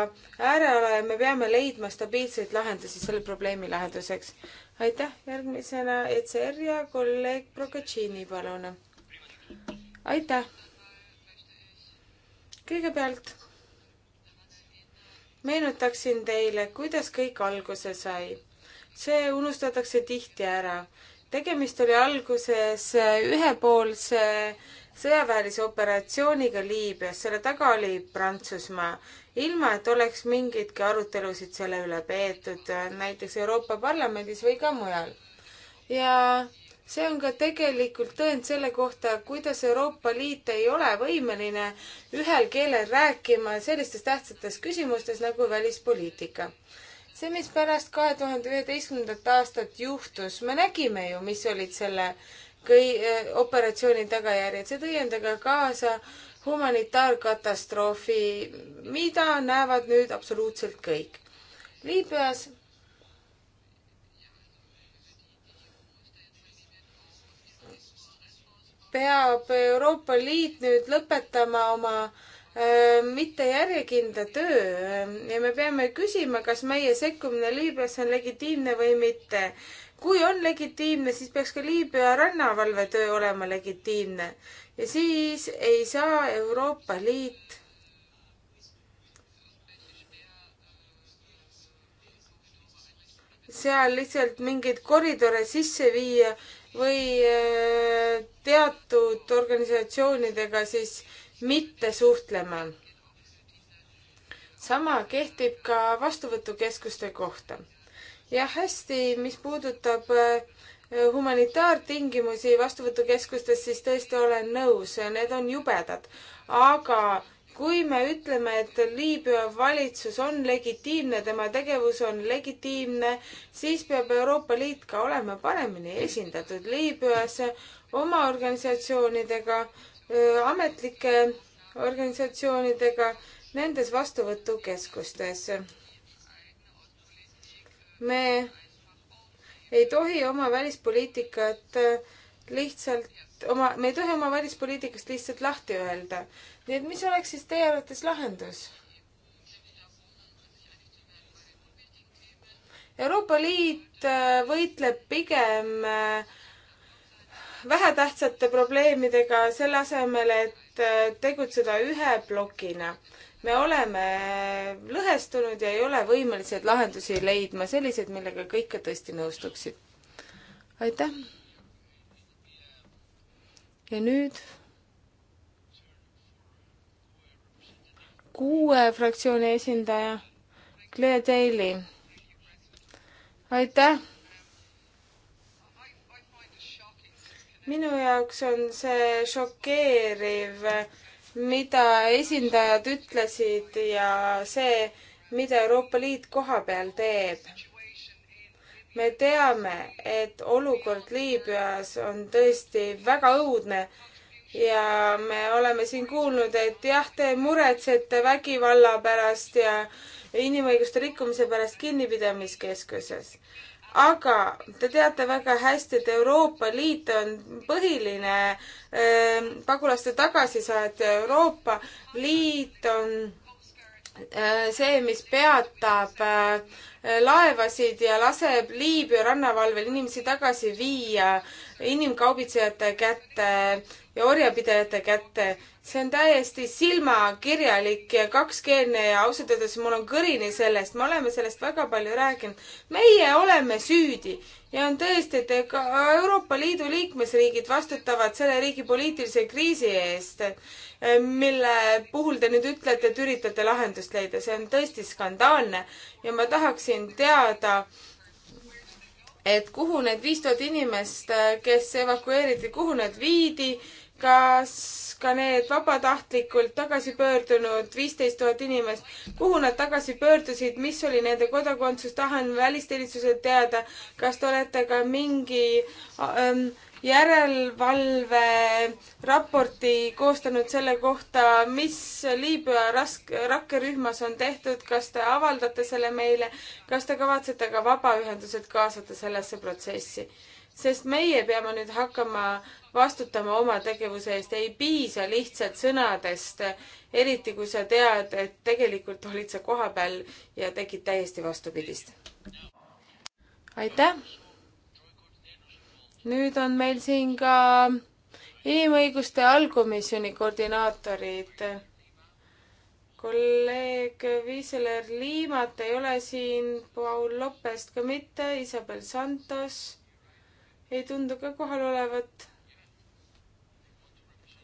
ääreala ja me peame leidma stabiilseid lahendusi selle probleemi lahenduseks. aitäh, järgmisena ECR ja kolleeg Procaccini, palun aitäh! kõigepealt meenutaksin teile, kuidas kõik alguse sai. see unustatakse tihti ära. tegemist oli alguses ühepoolse sõjaväelise operatsiooniga Liibüas, selle taga oli Prantsusmaa. ilma, et oleks mingeidki arutelusid selle üle peetud, näiteks Euroopa Parlamendis või ka mujal. ja see on ka tegelikult tõend selle kohta, kuidas Euroopa Liit ei ole võimeline ühel keelel rääkima sellistes tähtsates küsimustes nagu välispoliitika. see, mis pärast kahe tuhande üheteistkümnendat aastat juhtus, me nägime ju, mis olid selle kõi-, eh, operatsiooni tagajärjed, see tõi endaga kaasa humanitaarkatastroofi, mida näevad nüüd absoluutselt kõik. Liibüas peab Euroopa Liit nüüd lõpetama oma äh, mitte järjekindla töö ja me peame küsima, kas meie sekkumine Liibüasse on legitiimne või mitte. kui on legitiimne, siis peaks ka Liibüa rannavalve töö olema legitiimne ja siis ei saa Euroopa Liit seal lihtsalt mingeid koridore sisse viia või äh, teatud organisatsioonidega siis mitte suhtlema. sama kehtib ka vastuvõtukeskuste kohta. jah, hästi, mis puudutab äh, humanitaartingimusi vastuvõtukeskustes, siis tõesti olen nõus, need on jubedad, aga kui me ütleme, et Liibüa valitsus on legitiimne, tema tegevus on legitiimne, siis peab Euroopa Liit ka olema paremini esindatud Liibüas oma organisatsioonidega, ametlike organisatsioonidega, nendes vastuvõtukeskustes. me ei tohi oma välispoliitikat äh, lihtsalt oma, me ei tohi oma välispoliitikast lihtsalt lahti öelda nii et mis oleks siis teie arvates lahendus? Euroopa Liit äh, võitleb pigem äh, vähetähtsate probleemidega selle asemel, et äh, tegutseda ühe plokina. me oleme lõhestunud ja ei ole võimelised lahendusi leidma, selliseid, millega kõik ka tõesti nõustuksid. aitäh! ja nüüd kuue fraktsiooni esindaja Claire Daly. aitäh. minu jaoks on see šokeeriv, mida esindajad ütlesid ja see, mida Euroopa Liit koha peal teeb. me teame, et olukord Liibüas on tõesti väga õudne ja me oleme siin kuulnud, et jah, te muretsete vägivalla pärast ja inimõiguste rikkumise pärast kinnipidamiskeskuses. aga te teate väga hästi, et Euroopa Liit on põhiline äh, pagulaste tagasisaatja. Euroopa Liit on äh, see, mis peatab äh, laevasid ja laseb Liibüa rannavalvel inimesi tagasi viia inimkaubitsejate kätte ja orjapidajate kätte. see on täiesti silmakirjalik ja kakskeelne ja ausalt öeldes mul on kõrini sellest, me oleme sellest väga palju rääkinud. meie oleme süüdi ja on tõesti, et ega Euroopa Liidu liikmesriigid vastutavad selle riigi poliitilise kriisi eest, mille puhul te nüüd ütlete, et üritate lahendust leida. see on tõesti skandaalne ja ma tahaksin teada, et kuhu need viis tuhat inimest, kes evakueeriti, kuhu nad viidi, kas ka need vabatahtlikult tagasi pöördunud viisteist tuhat inimest, kuhu nad tagasi pöördusid, mis oli nende kodakondsus, tahan välisteenistusele teada, kas te olete ka mingi ähm, järelevalve raporti koostanud selle kohta, mis Liibüa rask-, rakkerühmas on tehtud, kas te avaldate selle meile, kas te kavatsete ka vabaühendused kaasata sellesse protsessi? sest meie peame nüüd hakkama vastutama oma tegevuse eest, ei piisa lihtsalt sõnadest, eriti kui sa tead, et tegelikult olid sa kohapeal ja tegid täiesti vastupidist. aitäh! nüüd on meil siin ka inimõiguste allkomisjoni koordinaatorid. kolleeg Viiseler Liimat ei ole siin, Paul Lopest ka mitte, Isabel Santos ei tundu ka kohal olevat.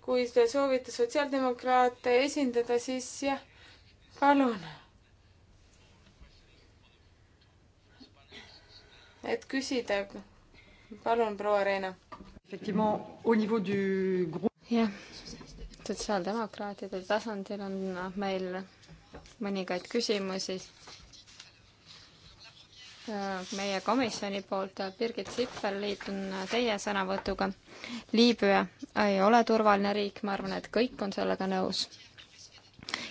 kui te soovite sotsiaaldemokraate esindada, siis jah, palun et küsida palun, proua Reena. jah, sotsiaaldemokraatide tasandil on noh, meil mõningaid küsimusi äh, meie komisjoni poolt. Äh, Birgit Sippel, liitun äh, teie sõnavõtuga. Liibüa ei ole turvaline riik, ma arvan, et kõik on sellega nõus.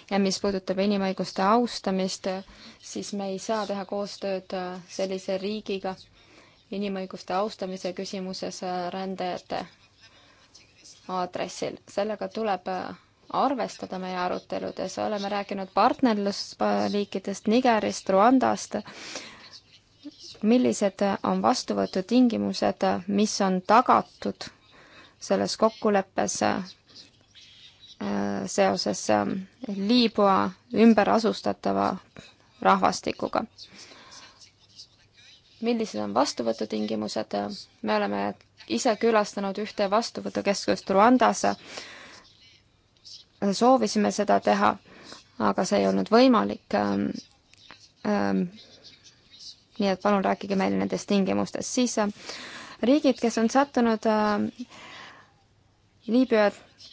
ja mis puudutab inimõiguste austamist, siis me ei saa teha koostööd sellise riigiga, inimõiguste austamise küsimuses äh, rändajate aadressil. sellega tuleb äh, arvestada meie aruteludes, oleme rääkinud partnerlusliikidest äh, Nigerist, Rwandast, millised on vastuvõtutingimused, mis on tagatud selles kokkuleppes seoses Liibüa ümberasustatava rahvastikuga millised on vastuvõtutingimused, me oleme ise külastanud ühte vastuvõtukeskust Rwandas, soovisime seda teha, aga see ei olnud võimalik. Ähm, ähm, nii et palun rääkige meile nendest tingimustest, siis äh, riigid, kes on sattunud äh, Liibüa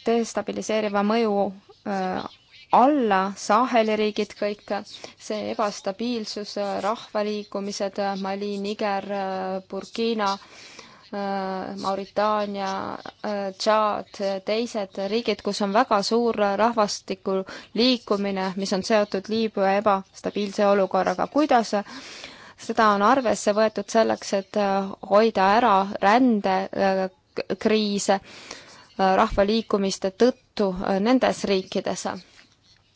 destabiliseeriva mõju äh, alla Saheli riigid kõik, see ebastabiilsus, rahvaliikumised, Mali, Niger, Burkina, Mauritaania, Tšaad, teised riigid, kus on väga suur rahvastiku liikumine, mis on seotud Liibüa ebastabiilse olukorraga. kuidas seda on arvesse võetud selleks, et hoida ära rändekriise äh, äh, rahvaliikumiste tõttu äh, nendes riikides?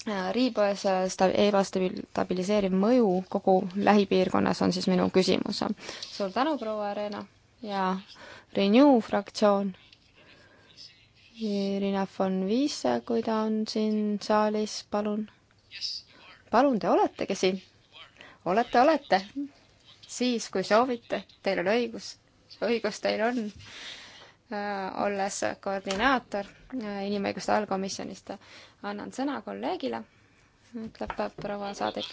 riibes äh, ebastabiliseeriv mõju kogu lähipiirkonnas on siis minu küsimus. suur tänu, proua Arena ja Renew fraktsioon. Irina von Wiese, kui ta on siin saalis, palun. palun, te oletegi siin? olete, olete. siis, kui soovite, teil on õigus, õigus teil on Äh, olles koordinaator äh, inimõiguste allkomisjonist. annan sõna kolleegile, ütleb proua saadik.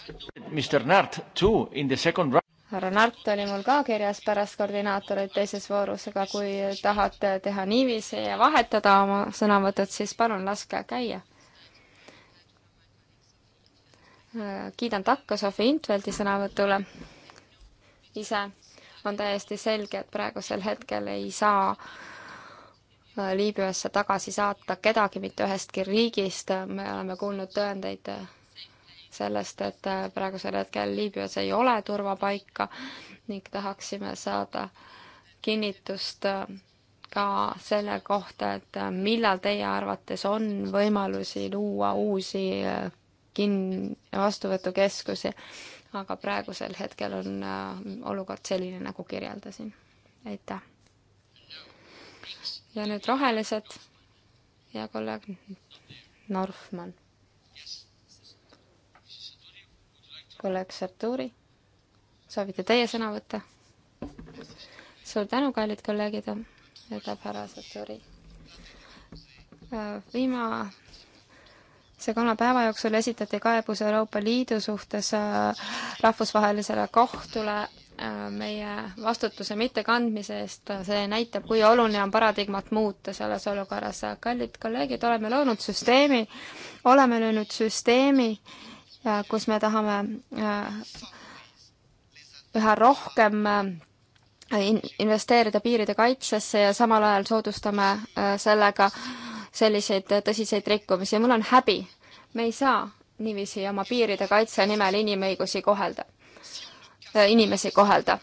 härra Nart oli mul ka kirjas pärast koordinaatoreid teises voorus, aga kui tahate teha niiviisi ja vahetada oma sõnavõtut, siis palun laske käia. Äh, kiidan takka Sofi Intveldi sõnavõtule ise on täiesti selge, et praegusel hetkel ei saa äh, Liibüasse tagasi saata kedagi mitte ühestki riigist, me oleme kuulnud tõendeid sellest, et praegusel hetkel Liibüas ei ole turvapaika ning tahaksime saada kinnitust ka selle kohta, et millal teie arvates on võimalusi luua uusi kin-, vastuvõtukeskusi, aga praegusel hetkel on äh, olukord selline, nagu kirjeldasin. aitäh! ja nüüd rohelised ja kolleeg Norfman. kolleeg Sarturi, soovite teie sõna võtta? suur tänu, kallid kolleegid, ütleb härra Sarturi. Äh, viimase kolme päeva jooksul esitati kaebus Euroopa Liidu suhtes äh, rahvusvahelisele kohtule Äh, meie vastutuse mittekandmise eest, see näitab, kui oluline on paradigmat muuta selles olukorras. kallid kolleegid, oleme loonud süsteemi, oleme löönud süsteemi, äh, kus me tahame äh, üha rohkem investeerida piiride kaitsesse ja samal ajal soodustame sellega selliseid tõsiseid rikkumisi ja mul on häbi, me ei saa niiviisi oma piiride kaitse nimel inimõigusi kohelda Äh, inimesi kohelda.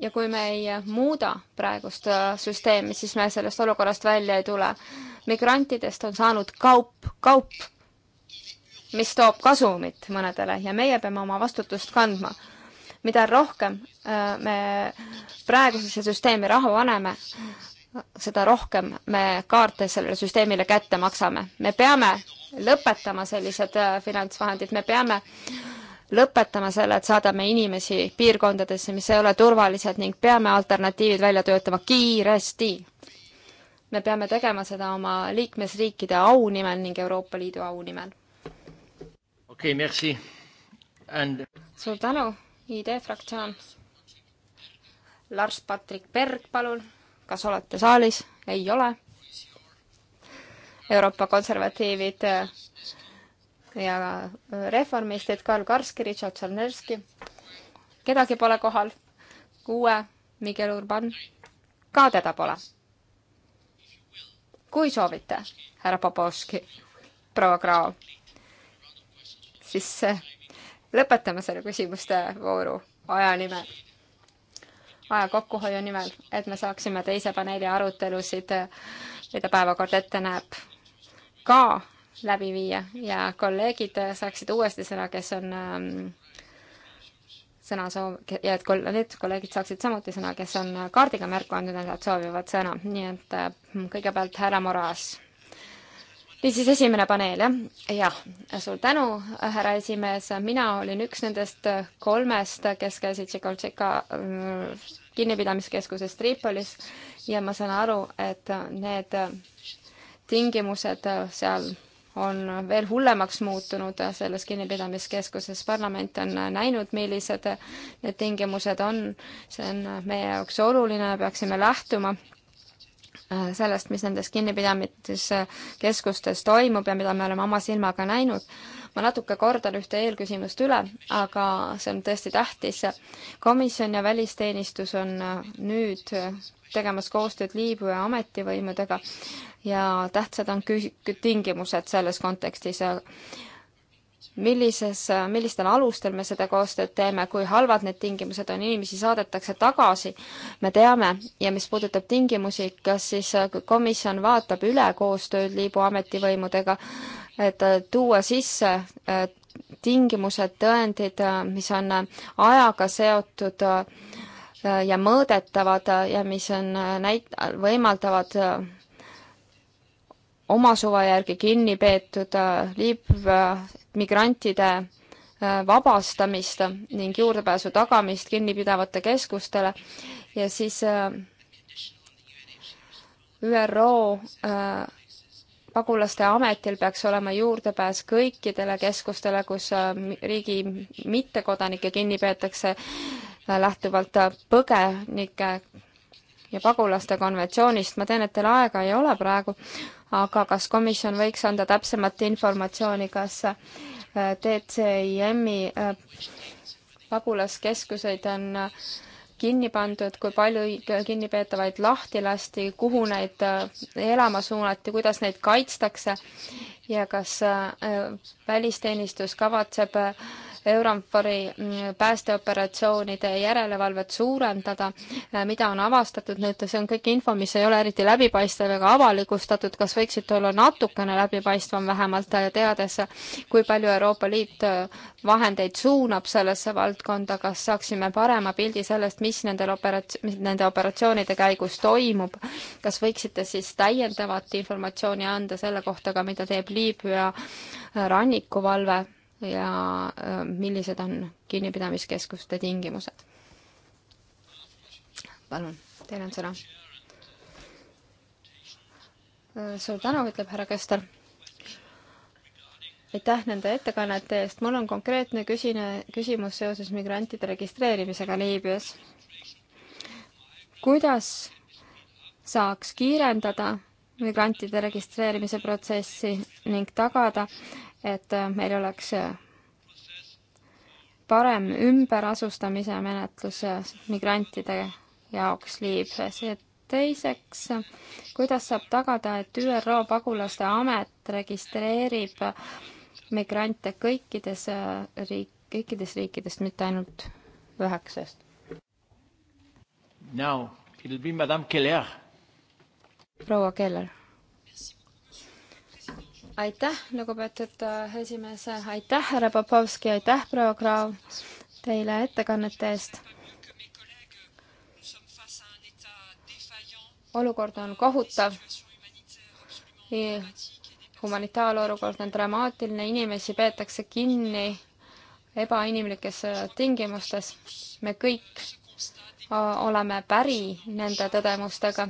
ja kui me ei muuda praegust äh, süsteemi, siis me sellest olukorrast välja ei tule. migrantidest on saanud kaup, kaup, mis toob kasumit mõnedele ja meie peame oma vastutust kandma mida rohkem äh, me praegusesse süsteemi raha paneme, seda rohkem me kaarte sellele süsteemile kätte maksame. me peame lõpetama sellised finantsvahendid, me peame lõpetame selle, et saadame inimesi piirkondadesse, mis ei ole turvalised ning peame alternatiivid välja töötama kiiresti. me peame tegema seda oma liikmesriikide au nimel ning Euroopa Liidu au nimel. okei okay,, merci And.... suur tänu, ID fraktsioon. Lars-Patrik Berg, palun, kas olete saalis? ei ole. Euroopa konservatiivid ja äh, reformistid Karl Karski, Richard Czarnerski. kedagi pole kohal. uue Miguel Urban, ka teda pole. kui soovite, härra Popovski, proua Krao, siis äh, lõpetame selle küsimuste vooru aja nimel aja kokkuhoiu nimel, et me saaksime teise paneeli arutelusid, äh, mida päevakord ette näeb, ka läbi viia ja kolleegid saaksid uuesti sõna, kes on ähm, sõna soov- ja et kol-, need kolleegid saaksid samuti sõna, kes on kaardiga märku andnud, et nad soovivad sõna, nii et ähm, kõigepealt härra Moras. niisiis, esimene paneel, jah? jah, suur tänu, härra esimees, mina olin üks nendest kolmest, kes käisid Tšikoltšika äh, kinnipidamiskeskuses Tripolis ja ma saan aru, et need tingimused seal on veel hullemaks muutunud selles kinnipidamiskeskuses. parlament on näinud, millised need tingimused on. see on meie jaoks oluline, peaksime lähtuma sellest, mis nendes kinnipidamiskeskustes toimub ja mida me oleme oma silmaga näinud. ma natuke kordan ühte eelküsimust üle, aga see on tõesti tähtis. komisjon ja välisteenistus on nüüd tegemas koostööd Liibüa ametivõimudega ja tähtsad on tingimused selles kontekstis. millises, millistel alustel me seda koostööd teeme, kui halvad need tingimused on, inimesi saadetakse tagasi, me teame, ja mis puudutab tingimusi, kas siis komisjon vaatab üle koostööd Liibüa ametivõimudega, et tuua sisse et äh, tingimused, tõendid, äh, mis on äh, ajaga seotud äh, ja mõõdetavad ja mis on äh, näit-, võimaldavad äh, oma suva järgi kinni peetud äh, liib-, migrantide vabastamist ning juurdepääsu tagamist kinnipidavate keskustele ja siis ÜRO pagulaste ametil peaks olema juurdepääs kõikidele keskustele, kus riigi mittekodanikke kinni peetakse lähtuvalt põgenike ja pagulaste konventsioonist. ma tean, et teil aega ei ole praegu, aga kas komisjon võiks anda täpsemat informatsiooni, kas äh, DCIM-i äh, pagulaskeskuseid on äh, kinni pandud, kui palju kinnipeetavaid lahti lasti, kuhu neid elama suunati, kuidas neid kaitstakse ja kas välisteenistus kavatseb Eurompori mm, päästeoperatsioonide järelevalvet suurendada, äh, mida on avastatud nüüd, see on kõik info, mis ei ole eriti läbipaistev ega avalikustatud, kas võiksite olla natukene läbipaistvam vähemalt, äh, teades, kui palju Euroopa Liit äh, vahendeid suunab sellesse valdkonda, kas saaksime parema pildi sellest, mis nendel operats-, nende operatsioonide käigus toimub, kas võiksite siis täiendavat informatsiooni anda selle kohta ka, mida teeb Liibüa rannikuvalve ja millised on kinnipidamiskeskuste tingimused. palun, teil on sõna. suur tänu, ütleb härra Köster. aitäh nende ettekannete eest, mul on konkreetne küsine, küsimus seoses migrantide registreerimisega Liibüas. kuidas saaks kiirendada migrantide registreerimise protsessi ning tagada, et äh, meil oleks äh, parem ümberasustamise menetlus äh, migrantide jaoks Liibüas ja teiseks, kuidas saab tagada, et ÜRO pagulaste amet registreerib migrante kõikides riik, kõikidest riikidest, mitte ainult üheksast? proua Keller aitäh, lugupeetud äh, esimees, aitäh, härra Popovski, aitäh, proua Kraav, teile ettekannete eest. olukord on kohutav. E, humanitaalolukord on dramaatiline, inimesi peetakse kinni ebainimlikes äh, tingimustes. me kõik äh, oleme päri nende tõdemustega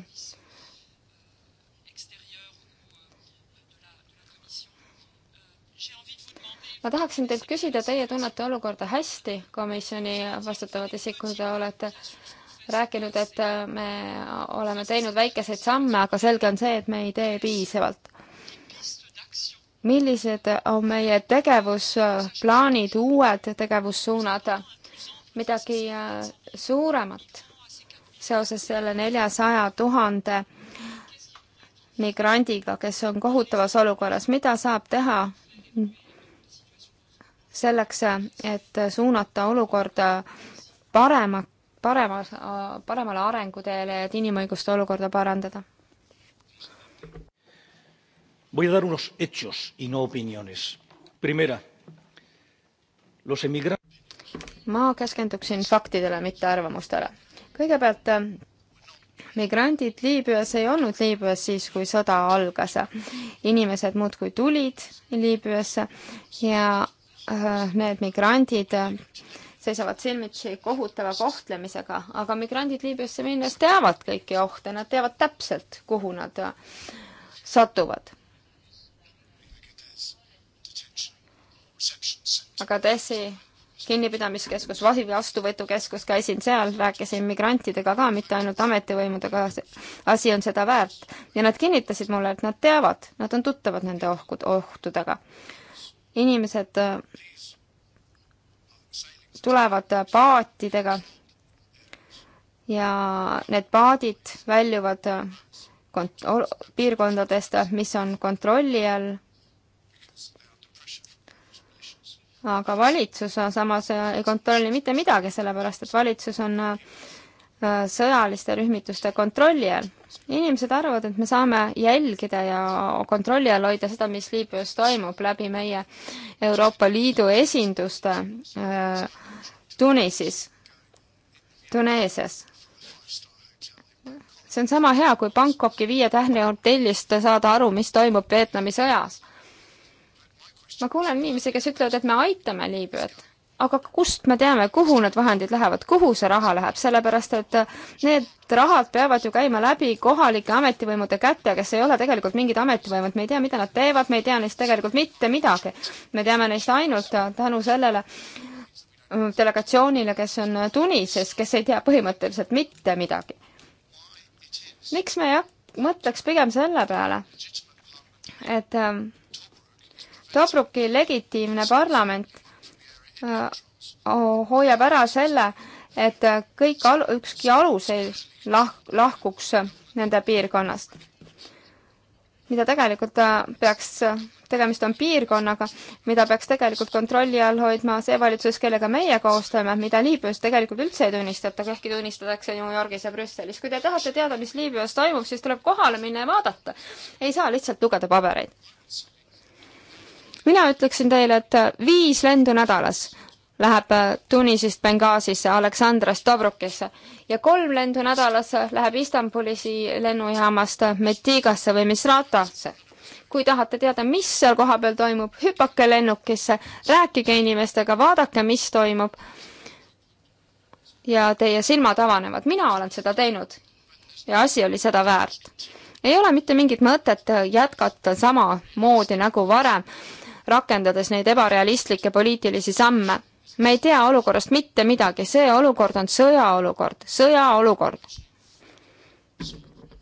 ma tahaksin teilt küsida, teie tunnete olukorda hästi, komisjoni vastutavad isikud olete rääkinud, et me oleme teinud väikeseid samme, aga selge on see, et me ei tee piisavalt. millised on meie tegevusplaanid, uued tegevussuunad, midagi äh, suuremat seoses selle neljasaja tuhande migrandiga, kes on kohutavas olukorras, mida saab teha selleks, et suunata olukorda parema, paremas, paremale arenguteele ja et inimõiguste olukorda parandada. Voy a dar unos hechos y no opiniones. Primera, los emigrantes ma keskenduksin faktidele, mitte arvamustele. kõigepealt migrandid Liibüas ei olnud Liibüas siis, kui sõda algas. inimesed muudkui tulid Liibüasse ja Äh, need migrandid äh, seisavad silmitsi kohutava kohtlemisega, aga migrandid Liibüasse minnes teavad kõiki ohte, nad teavad täpselt, kuhu nad äh, satuvad. aga Tessi kinnipidamiskeskus, vahi vastuvõtukeskus, käisin seal, rääkisin migrantidega ka, mitte ainult ametivõimudega, asi on seda väärt. ja nad kinnitasid mulle, et nad teavad, nad on tuttavad nende ohkud, ohtudega inimesed äh, tulevad äh, paatidega ja need paadid väljuvad äh, kont-, piirkondadest, mis on kontrolli all. aga valitsus samas ei kontrolli mitte midagi, sellepärast et valitsus on äh, Äh, sõjaliste rühmituste kontrolli all. inimesed arvavad, et me saame jälgida ja kontrolli all hoida seda, mis Liibüas toimub läbi meie Euroopa Liidu esinduste äh, Tunisis, Tuneesias. see on sama hea, kui Bangkoki Viie Tähne hotellist saada aru, mis toimub Vietnami sõjas. ma kuulen inimesi, kes ütlevad, et me aitame Liibüat aga kust me teame, kuhu need vahendid lähevad, kuhu see raha läheb, sellepärast et need rahad peavad ju käima läbi kohalike ametivõimude kätte, kes ei ole tegelikult mingid ametivõimud, me ei tea, mida nad teevad, me ei tea neist tegelikult mitte midagi. me teame neist ainult tänu sellele mm, delegatsioonile, kes on Tunises, kes ei tea põhimõtteliselt mitte midagi. miks me jah, mõtleks pigem selle peale, et mm, Tobruki legitiimne parlament Äh, oh, hoiab ära selle, et kõik alu, ükski alus ei lah-, lahkuks nende piirkonnast. mida tegelikult äh, peaks, tegemist on piirkonnaga, mida peaks tegelikult kontrolli all hoidma see valitsus, kellega meie koostame, mida Liibüas tegelikult üldse ei tunnistata, ehkki tunnistatakse New Yorgis ja Brüsselis. kui te tahate teada, mis Liibüas toimub, siis tuleb kohale minna ja vaadata. ei saa lihtsalt lugeda pabereid mina ütleksin teile, et äh, viis lendu nädalas läheb äh, Tunisist Benghazisse, Aleksandrast Dobrukisse ja kolm lendu nädalas äh, läheb Istanbulisi lennujaamast Metigasse või Misratasse. kui tahate teada, mis seal kohapeal toimub, hüpake lennukisse, rääkige inimestega, vaadake, mis toimub. ja teie silmad avanevad, mina olen seda teinud ja asi oli seda väärt. ei ole mitte mingit mõtet jätkata samamoodi nagu varem rakendades neid ebarealistlikke poliitilisi samme. me ei tea olukorrast mitte midagi, see olukord on sõjaolukord, sõjaolukord.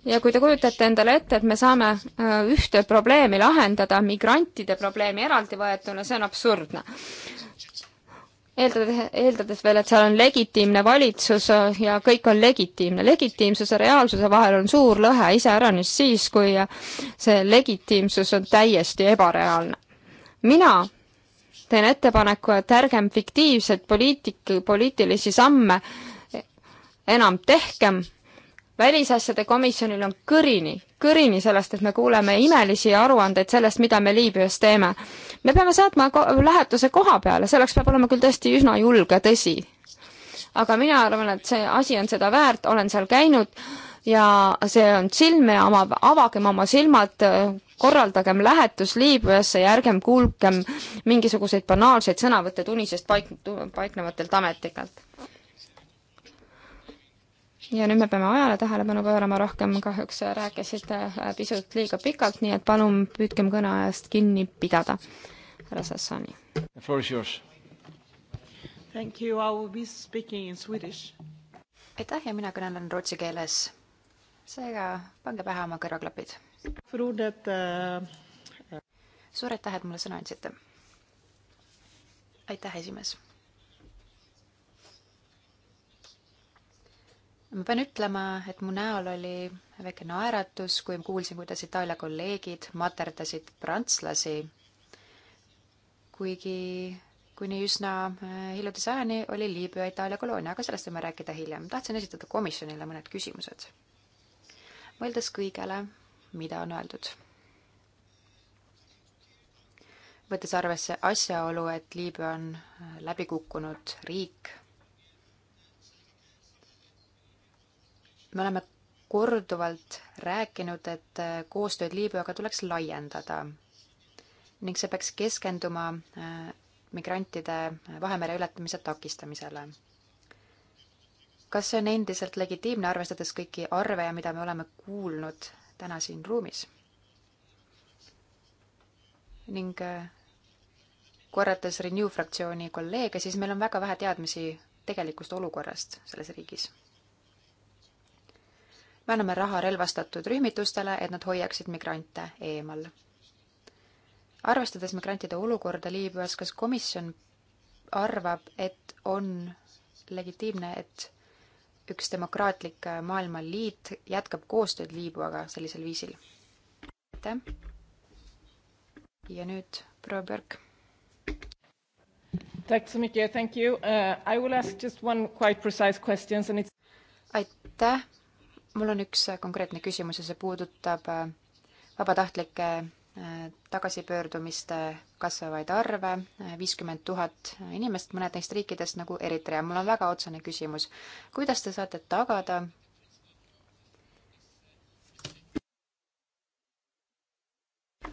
ja kui te kujutate endale ette, et me saame äh, ühte probleemi lahendada, migrantide probleemi eraldi võetuna, see on absurdne eeldades, eeldades veel, et seal on legitiimne valitsus äh, ja kõik on legitiimne. legitiimsuse ja reaalsuse vahel on suur lõhe, iseäranis siis, kui äh, see legitiimsus on täiesti ebareaalne mina teen ettepaneku, et ärgem fiktiivseid poliitik-, poliitilisi samme enam tehkem. välisasjade komisjonil on kõrini, kõrini sellest, et me kuuleme imelisi aruandeid sellest, mida me Liibüas teeme. me peame saatma ko lähetuse koha peale, selleks peab olema küll tõesti üsna julge, tõsi. aga mina arvan, et see asi on seda väärt, olen seal käinud ja see on silme avav, avagem oma silmad korraldagem lähetus Liibüasse ja ärgem kuulgem mingisuguseid banaalseid sõnavõtte tunisest paik-, paiknevatelt ametnikelt. ja nüüd me peame ajale tähelepanu pöörama rohkem, kahjuks rääkisite äh, pisut liiga pikalt, nii et palun püüdkem kõneajast kinni pidada, härra Sassani. The floor is yours. Thank you, I will be speaking in swedish. aitäh ja mina kõnelen rootsi keeles. seega pange pähe oma kõrvaklapid suur aitäh, et mulle sõna andsite. aitäh, esimees. ma pean ütlema, et mu näol oli väike naeratus, kui kuulsin, kuidas Itaalia kolleegid materdasid prantslasi. kuigi kuni üsna äh, hiljutise ajani oli Liibüa Itaalia koloonia, aga sellest võime rääkida hiljem. tahtsin esitada komisjonile mõned küsimused. mõeldes kõigele, mida on öeldud. võttes arvesse asjaolu, et Liibüa on äh, läbi kukkunud riik, me oleme korduvalt rääkinud, et äh, koostööd Liibüaga tuleks laiendada ning see peaks keskenduma äh, migrantide Vahemere ületamise takistamisele. kas see on endiselt legitiimne, arvestades kõiki arve ja mida me oleme kuulnud täna siin ruumis. ning äh, korrates Renew fraktsiooni kolleege, siis meil on väga vähe teadmisi tegelikust olukorrast selles riigis. me anname raha relvastatud rühmitustele, et nad hoiaksid migrante eemal. arvestades migrantide olukorda Liibüas, kas komisjon arvab, et on legitiimne, et üks demokraatlik äh, maailmaliit jätkab koostööd Liibüaga sellisel viisil. aitäh! ja nüüd proua Björk. Uh, aitäh! mul on üks äh, konkreetne küsimus ja see puudutab äh, vabatahtlike tagasipöördumiste kasvavaid arve, viiskümmend tuhat inimest mõned neist riikidest nagu Eritrea. mul on väga otsene küsimus, kuidas te saate tagada,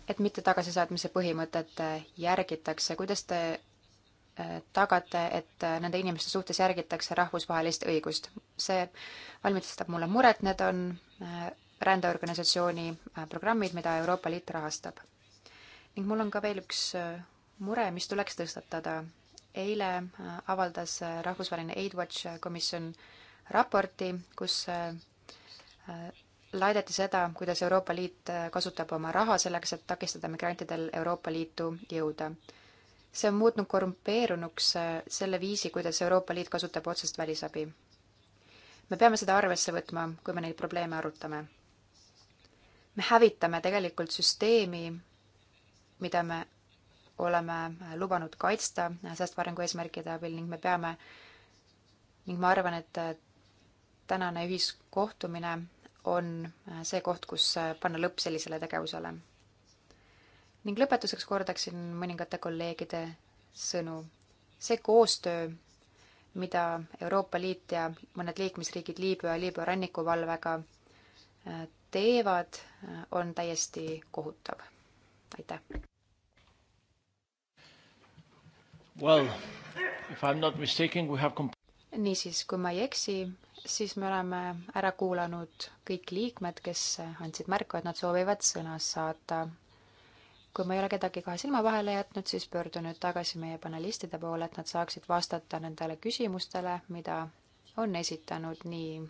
et mitte tagasisaatmise põhimõtet järgitakse, kuidas te äh, tagate, et nende inimeste suhtes järgitakse rahvusvahelist õigust? see valmistab mulle muret, need on äh, rändeorganisatsiooni äh, programmid, mida Euroopa Liit rahastab. ning mul on ka veel üks äh, mure, mis tuleks tõstatada. eile äh, avaldas rahvusvaheline AidWatch komisjon raporti, kus laidati seda, kuidas Euroopa Liit kasutab oma raha selleks, et takistada migrantidel Euroopa Liitu jõuda. see on muutnud korrumpeerunuks selle viisi, kuidas Euroopa Liit kasutab otsest välisabi. me peame seda arvesse võtma, kui me neid probleeme arutame me hävitame tegelikult süsteemi, mida me oleme lubanud kaitsta säästva arengu eesmärkide abil ning me peame, ning ma arvan, et tänane ühiskohtumine on see koht, kus panna lõpp sellisele tegevusele. ning lõpetuseks kordaksin mõningate kolleegide sõnu. see koostöö, mida Euroopa Liit ja mõned liikmesriigid Liibüa, Liibüa rannikuvalvega teevad, on täiesti kohutav. aitäh! Well, if I am not mistaken, we have niisiis, kui ma ei eksi, siis me oleme ära kuulanud kõik liikmed, kes andsid märku, et nad soovivad sõna saata. kui ma ei ole kedagi kahe silma vahele jätnud, siis pöördun nüüd tagasi meie panelistide poole, et nad saaksid vastata nendele küsimustele, mida on esitanud nii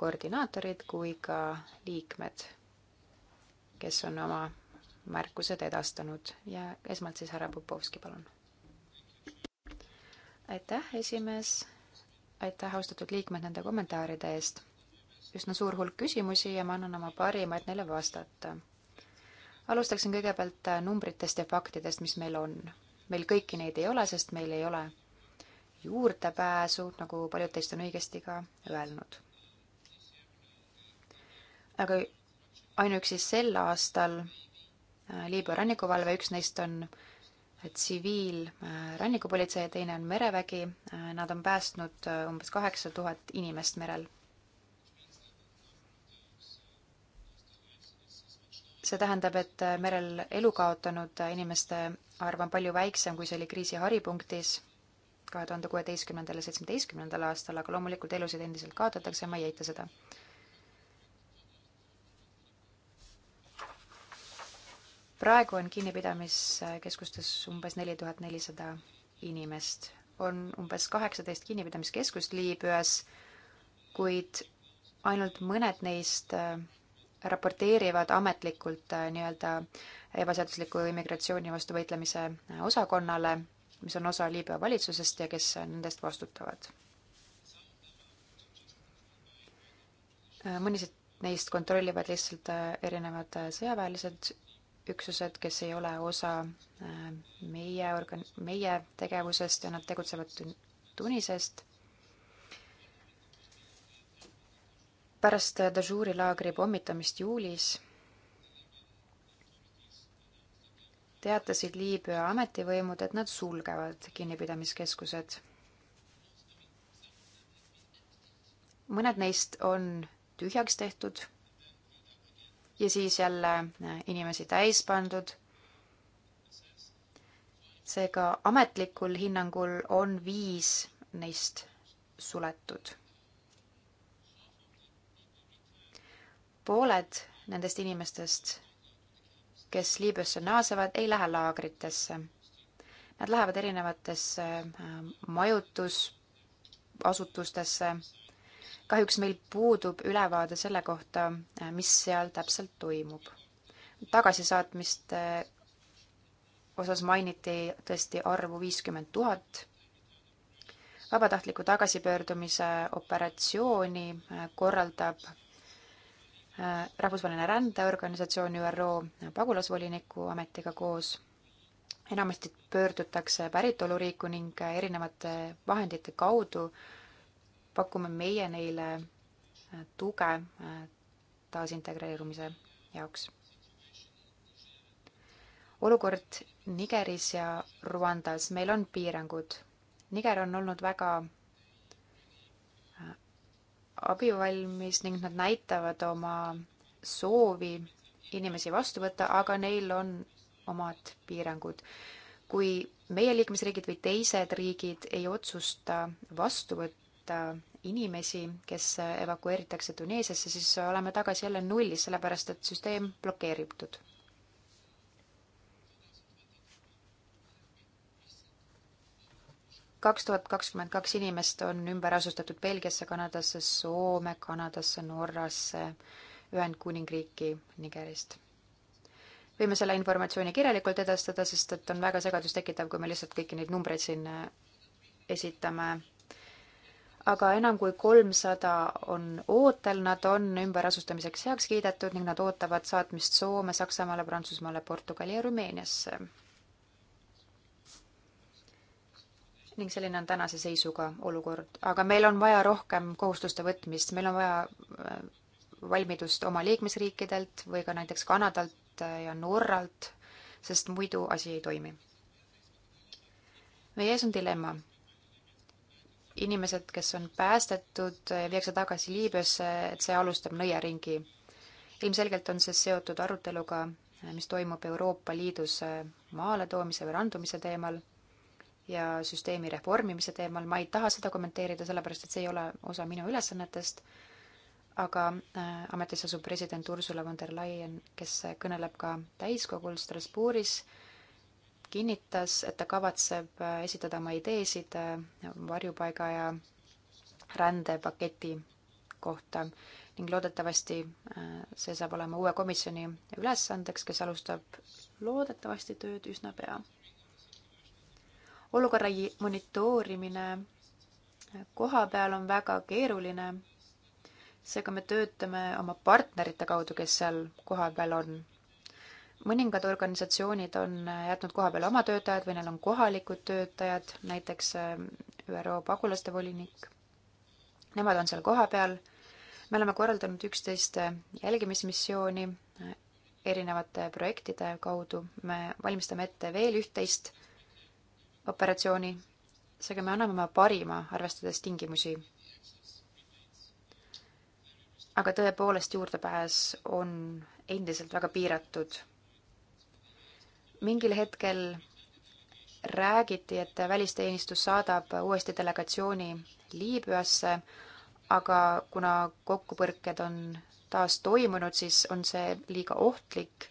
koordinaatorid kui ka liikmed, kes on oma märkused edastanud ja esmalt siis härra Popovski, palun. aitäh, esimees, aitäh, austatud liikmed, nende kommentaaride eest. üsna suur hulk küsimusi ja ma annan oma parima, et neile vastata. alustaksin kõigepealt numbritest ja faktidest, mis meil on. meil kõiki neid ei ole, sest meil ei ole juurdepääsu, nagu paljud teist on õigesti ka öelnud aga ainuüksi sel aastal äh, Liibüa rannikuvalve, üks neist on äh, tsiviilrannikupolitsei äh, ja teine on merevägi, nad on päästnud umbes kaheksa tuhat inimest merel see tähendab, et merel elu kaotanud inimeste arv on palju väiksem, kui see oli kriisi haripunktis kahe tuhande kuueteistkümnendal ja seitsmeteistkümnendal aastal, aga loomulikult elusid endiselt kaotatakse, ma ei eita seda. praegu on kinnipidamiskeskustes umbes neli tuhat nelisada inimest. on umbes kaheksateist kinnipidamiskeskust Liibüas, kuid ainult mõned neist äh, raporteerivad ametlikult äh, nii-öelda ebaseadusliku immigratsiooni vastu võitlemise äh, osakonnale, mis on osa Liibüa valitsusest ja kes nendest vastutavad. mõnisid neist kontrollivad lihtsalt erinevad sõjaväelised üksused, kes ei ole osa äh, meie organ-, meie tegevusest ja nad tegutsevad Tunisest. pärast Dajuri laagri pommitamist juulis teatasid Liibüa ametivõimud, et nad sulgevad kinnipidamiskeskused. mõned neist on tühjaks tehtud ja siis jälle äh, inimesi täis pandud. seega ametlikul hinnangul on viis neist suletud. pooled nendest inimestest, kes Liibüasse naasevad, ei lähe laagritesse. Nad lähevad erinevatesse äh, majutusasutustesse kahjuks meil puudub ülevaade selle kohta, mis seal täpselt toimub. tagasisaatmiste osas mainiti tõesti arvu viiskümmend tuhat, vabatahtliku tagasipöördumise operatsiooni äh, korraldab äh, rahvusvaheline rändeorganisatsioon ÜRO pagulasvoliniku ametiga koos. enamasti pöördutakse päritoluriiku ning äh, erinevate vahendite kaudu äh, pakume meie neile äh, tuge äh, taasintegreerumise jaoks. olukord Nigeris ja Rwandas, meil on piirangud. Niger on olnud väga äh, abivalmis ning nad näitavad oma soovi inimesi vastu võtta, aga neil on omad piirangud. kui meie liikmesriigid või teised riigid ei otsusta vastu võtta inimesi, kes evakueeritakse Tuneesiasse, siis oleme tagasi jälle nullis, sellepärast et süsteem blokeeritud. kaks tuhat kakskümmend kaks inimest on ümber asustatud Belgiasse, Kanadasse, Soome, Kanadasse, Norrasse, Ühendkuningriiki, Nigerist võime selle informatsiooni kirjalikult edastada, sest et on väga segadust tekitav, kui me lihtsalt kõiki neid numbreid siin esitame aga enam kui kolmsada on ootel, nad on ümberasustamiseks heaks kiidetud ning nad ootavad saatmist Soome, Saksamaale, Prantsusmaale, Portugali ja Rumeeniasse. ning selline on tänase seisuga olukord, aga meil on vaja rohkem kohustuste võtmist, meil on vaja äh, valmidust oma liikmesriikidelt või ka näiteks Kanadalt äh, ja Norralt, sest muidu asi ei toimi. meie ees on dilemma inimesed, kes on päästetud, viiakse tagasi Liibüasse, et see alustab nõiaringi. ilmselgelt on see seotud aruteluga, mis toimub Euroopa Liidus äh, maaletoomise või randumise teemal ja süsteemi reformimise teemal, ma ei taha seda kommenteerida, sellepärast et see ei ole osa minu ülesannetest, aga äh, ametis asub president Ursula von der Leyen, kes äh, kõneleb ka täiskogul Strasbourgis äh, kinnitas, et ta kavatseb äh, esitada oma ideesid äh, varjupaiga ja rändepaketi kohta ning loodetavasti äh, see saab olema uue komisjoni ülesandeks, kes alustab loodetavasti tööd üsna pea. olukorra monitoorimine koha peal on väga keeruline, seega me töötame oma partnerite kaudu, kes seal kohapeal on mõningad organisatsioonid on äh, jätnud kohapeale oma töötajad või neil on kohalikud töötajad, näiteks äh, ÜRO pagulaste volinik. Nemad on seal kohapeal. me oleme korraldanud üksteist äh, jälgimismissiooni erinevate projektide kaudu. me valmistame ette veel üht-teist operatsiooni. seega me anname oma parima, arvestades tingimusi. aga tõepoolest, juurdepääs on endiselt väga piiratud mingil hetkel räägiti, et välisteenistus saadab uuesti delegatsiooni Liibüasse, aga kuna kokkupõrked on taas toimunud, siis on see liiga ohtlik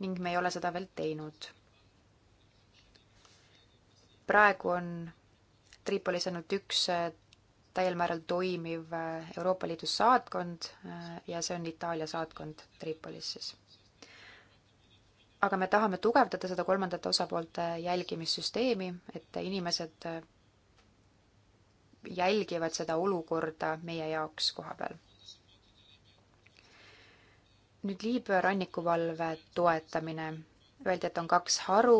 ning me ei ole seda veel teinud. praegu on Tripolis ainult üks äh, täiel määral toimiv äh, Euroopa Liidu saatkond äh, ja see on Itaalia saatkond Tripolis siis aga me tahame tugevdada seda kolmandate osapoolte jälgimissüsteemi, et inimesed äh, jälgivad seda olukorda meie jaoks koha peal. nüüd Liibüa rannikuvalve toetamine. Öeldi, et on kaks haru,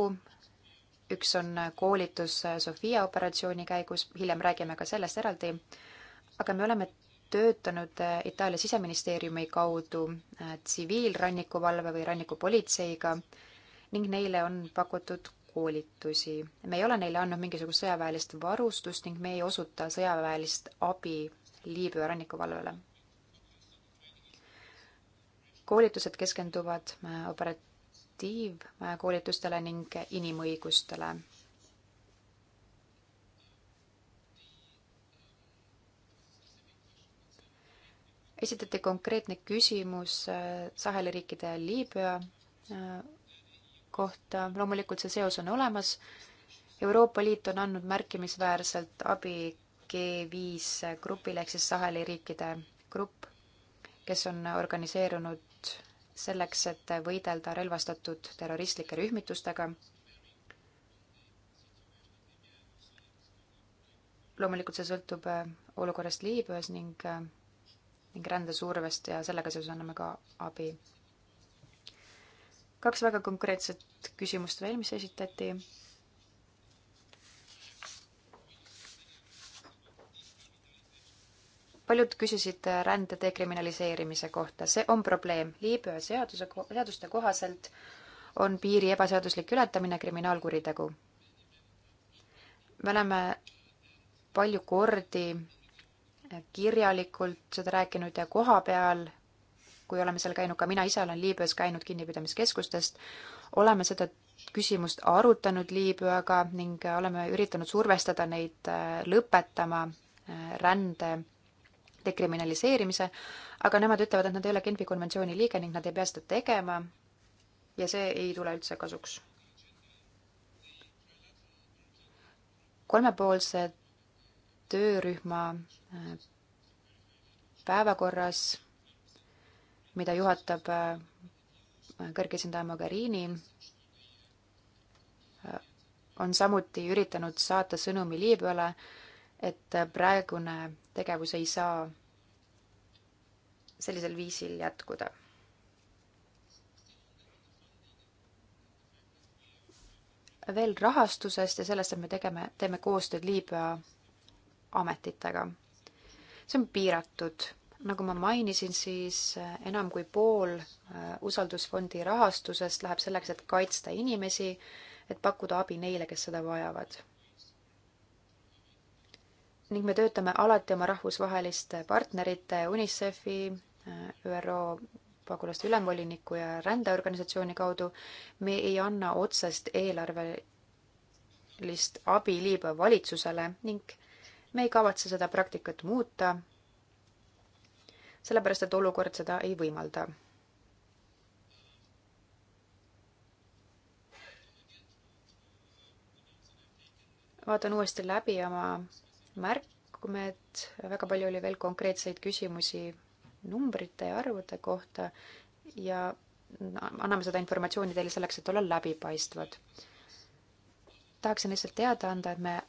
üks on koolitus Sofia operatsiooni käigus, hiljem räägime ka sellest eraldi, aga me oleme töötanud äh, Itaalia siseministeeriumi kaudu äh, tsiviilrannikuvalve või rannikupolitseiga ning neile on pakutud koolitusi. me ei ole neile andnud mingisugust sõjaväelist varustust ning me ei osuta sõjaväelist abi Liibüa rannikuvalvele. koolitused keskenduvad äh, operatiivkoolitustele ning inimõigustele esitati konkreetne küsimus äh, Saheli riikide ja Liibüa äh, kohta, loomulikult see seos on olemas. Euroopa Liit on andnud märkimisväärselt abi G5 grupile ehk siis Saheli riikide grupp, kes on organiseerunud selleks, et võidelda relvastatud terroristlike rühmitustega. loomulikult see sõltub äh, olukorrast Liibüas ning ning rändesurvest ja sellega seoses anname ka abi. kaks väga konkreetset küsimust veel, mis esitati. paljud küsisid rände dekriminaliseerimise kohta, see on probleem. Liibüa seaduse, seaduste kohaselt on piiri ebaseaduslik ületamine kriminaalkuritegu. me oleme palju kordi kirjalikult seda rääkinud ja koha peal, kui oleme seal käinud, ka mina ise olen Liibüas käinud kinnipidamiskeskustest, oleme seda küsimust arutanud Liibüaga ning oleme üritanud survestada neid äh, lõpetama äh, rände dekriminaliseerimise, aga nemad ütlevad, et nad ei ole Genfi konventsiooni liige ning nad ei pea seda tegema ja see ei tule üldse kasuks. kolmepoolsed töörühma äh, päevakorras, mida juhatab äh, kõrgesindaja Mogherini, äh, on samuti üritanud saata sõnumi Liibüale, et praegune tegevus ei saa sellisel viisil jätkuda. veel rahastusest ja sellest, et me tegeme, teeme koostööd Liibüa ametitega. see on piiratud. nagu ma mainisin, siis äh, enam kui pool äh, usaldusfondi rahastusest läheb selleks, et kaitsta inimesi, et pakkuda abi neile, kes seda vajavad. ning me töötame alati oma rahvusvaheliste partnerite UNICEF-i, äh, ÜRO pagulaste ülemvoliniku ja rändeorganisatsiooni kaudu. me ei anna otsest eelarve list abi Liibüa valitsusele ning me ei kavatse seda praktikat muuta, sellepärast et olukord seda ei võimalda. vaatan uuesti läbi oma märkmed, väga palju oli veel konkreetseid küsimusi numbrite ja arvude kohta ja anname seda informatsiooni teile selleks, et olla läbipaistvad. tahaksin lihtsalt teada anda, et me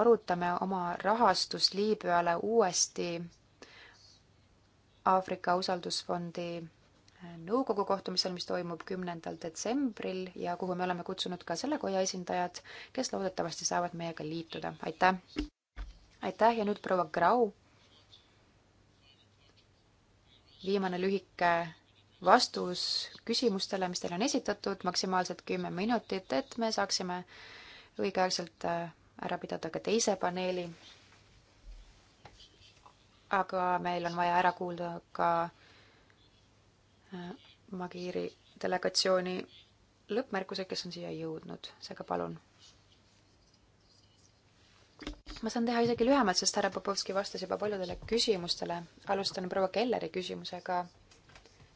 arutame oma rahastust Liibüale uuesti Aafrika usaldusfondi äh, nõukogu kohtumisel, mis toimub kümnendal detsembril ja kuhu me oleme kutsunud ka selle koja esindajad, kes loodetavasti saavad meiega liituda, aitäh! aitäh ja nüüd proua Grau. viimane lühike vastus küsimustele, mis teile on esitatud, maksimaalselt kümme minutit, et me saaksime õigeaegselt äh, ära pidada ka teise paneeli. aga meil on vaja ära kuulda ka äh, Magiri delegatsiooni lõppmärkused, kes on siia jõudnud, seega palun. ma saan teha isegi lühemalt, sest härra Popovski vastas juba paljudele küsimustele. alustan proua Kelleri küsimusega,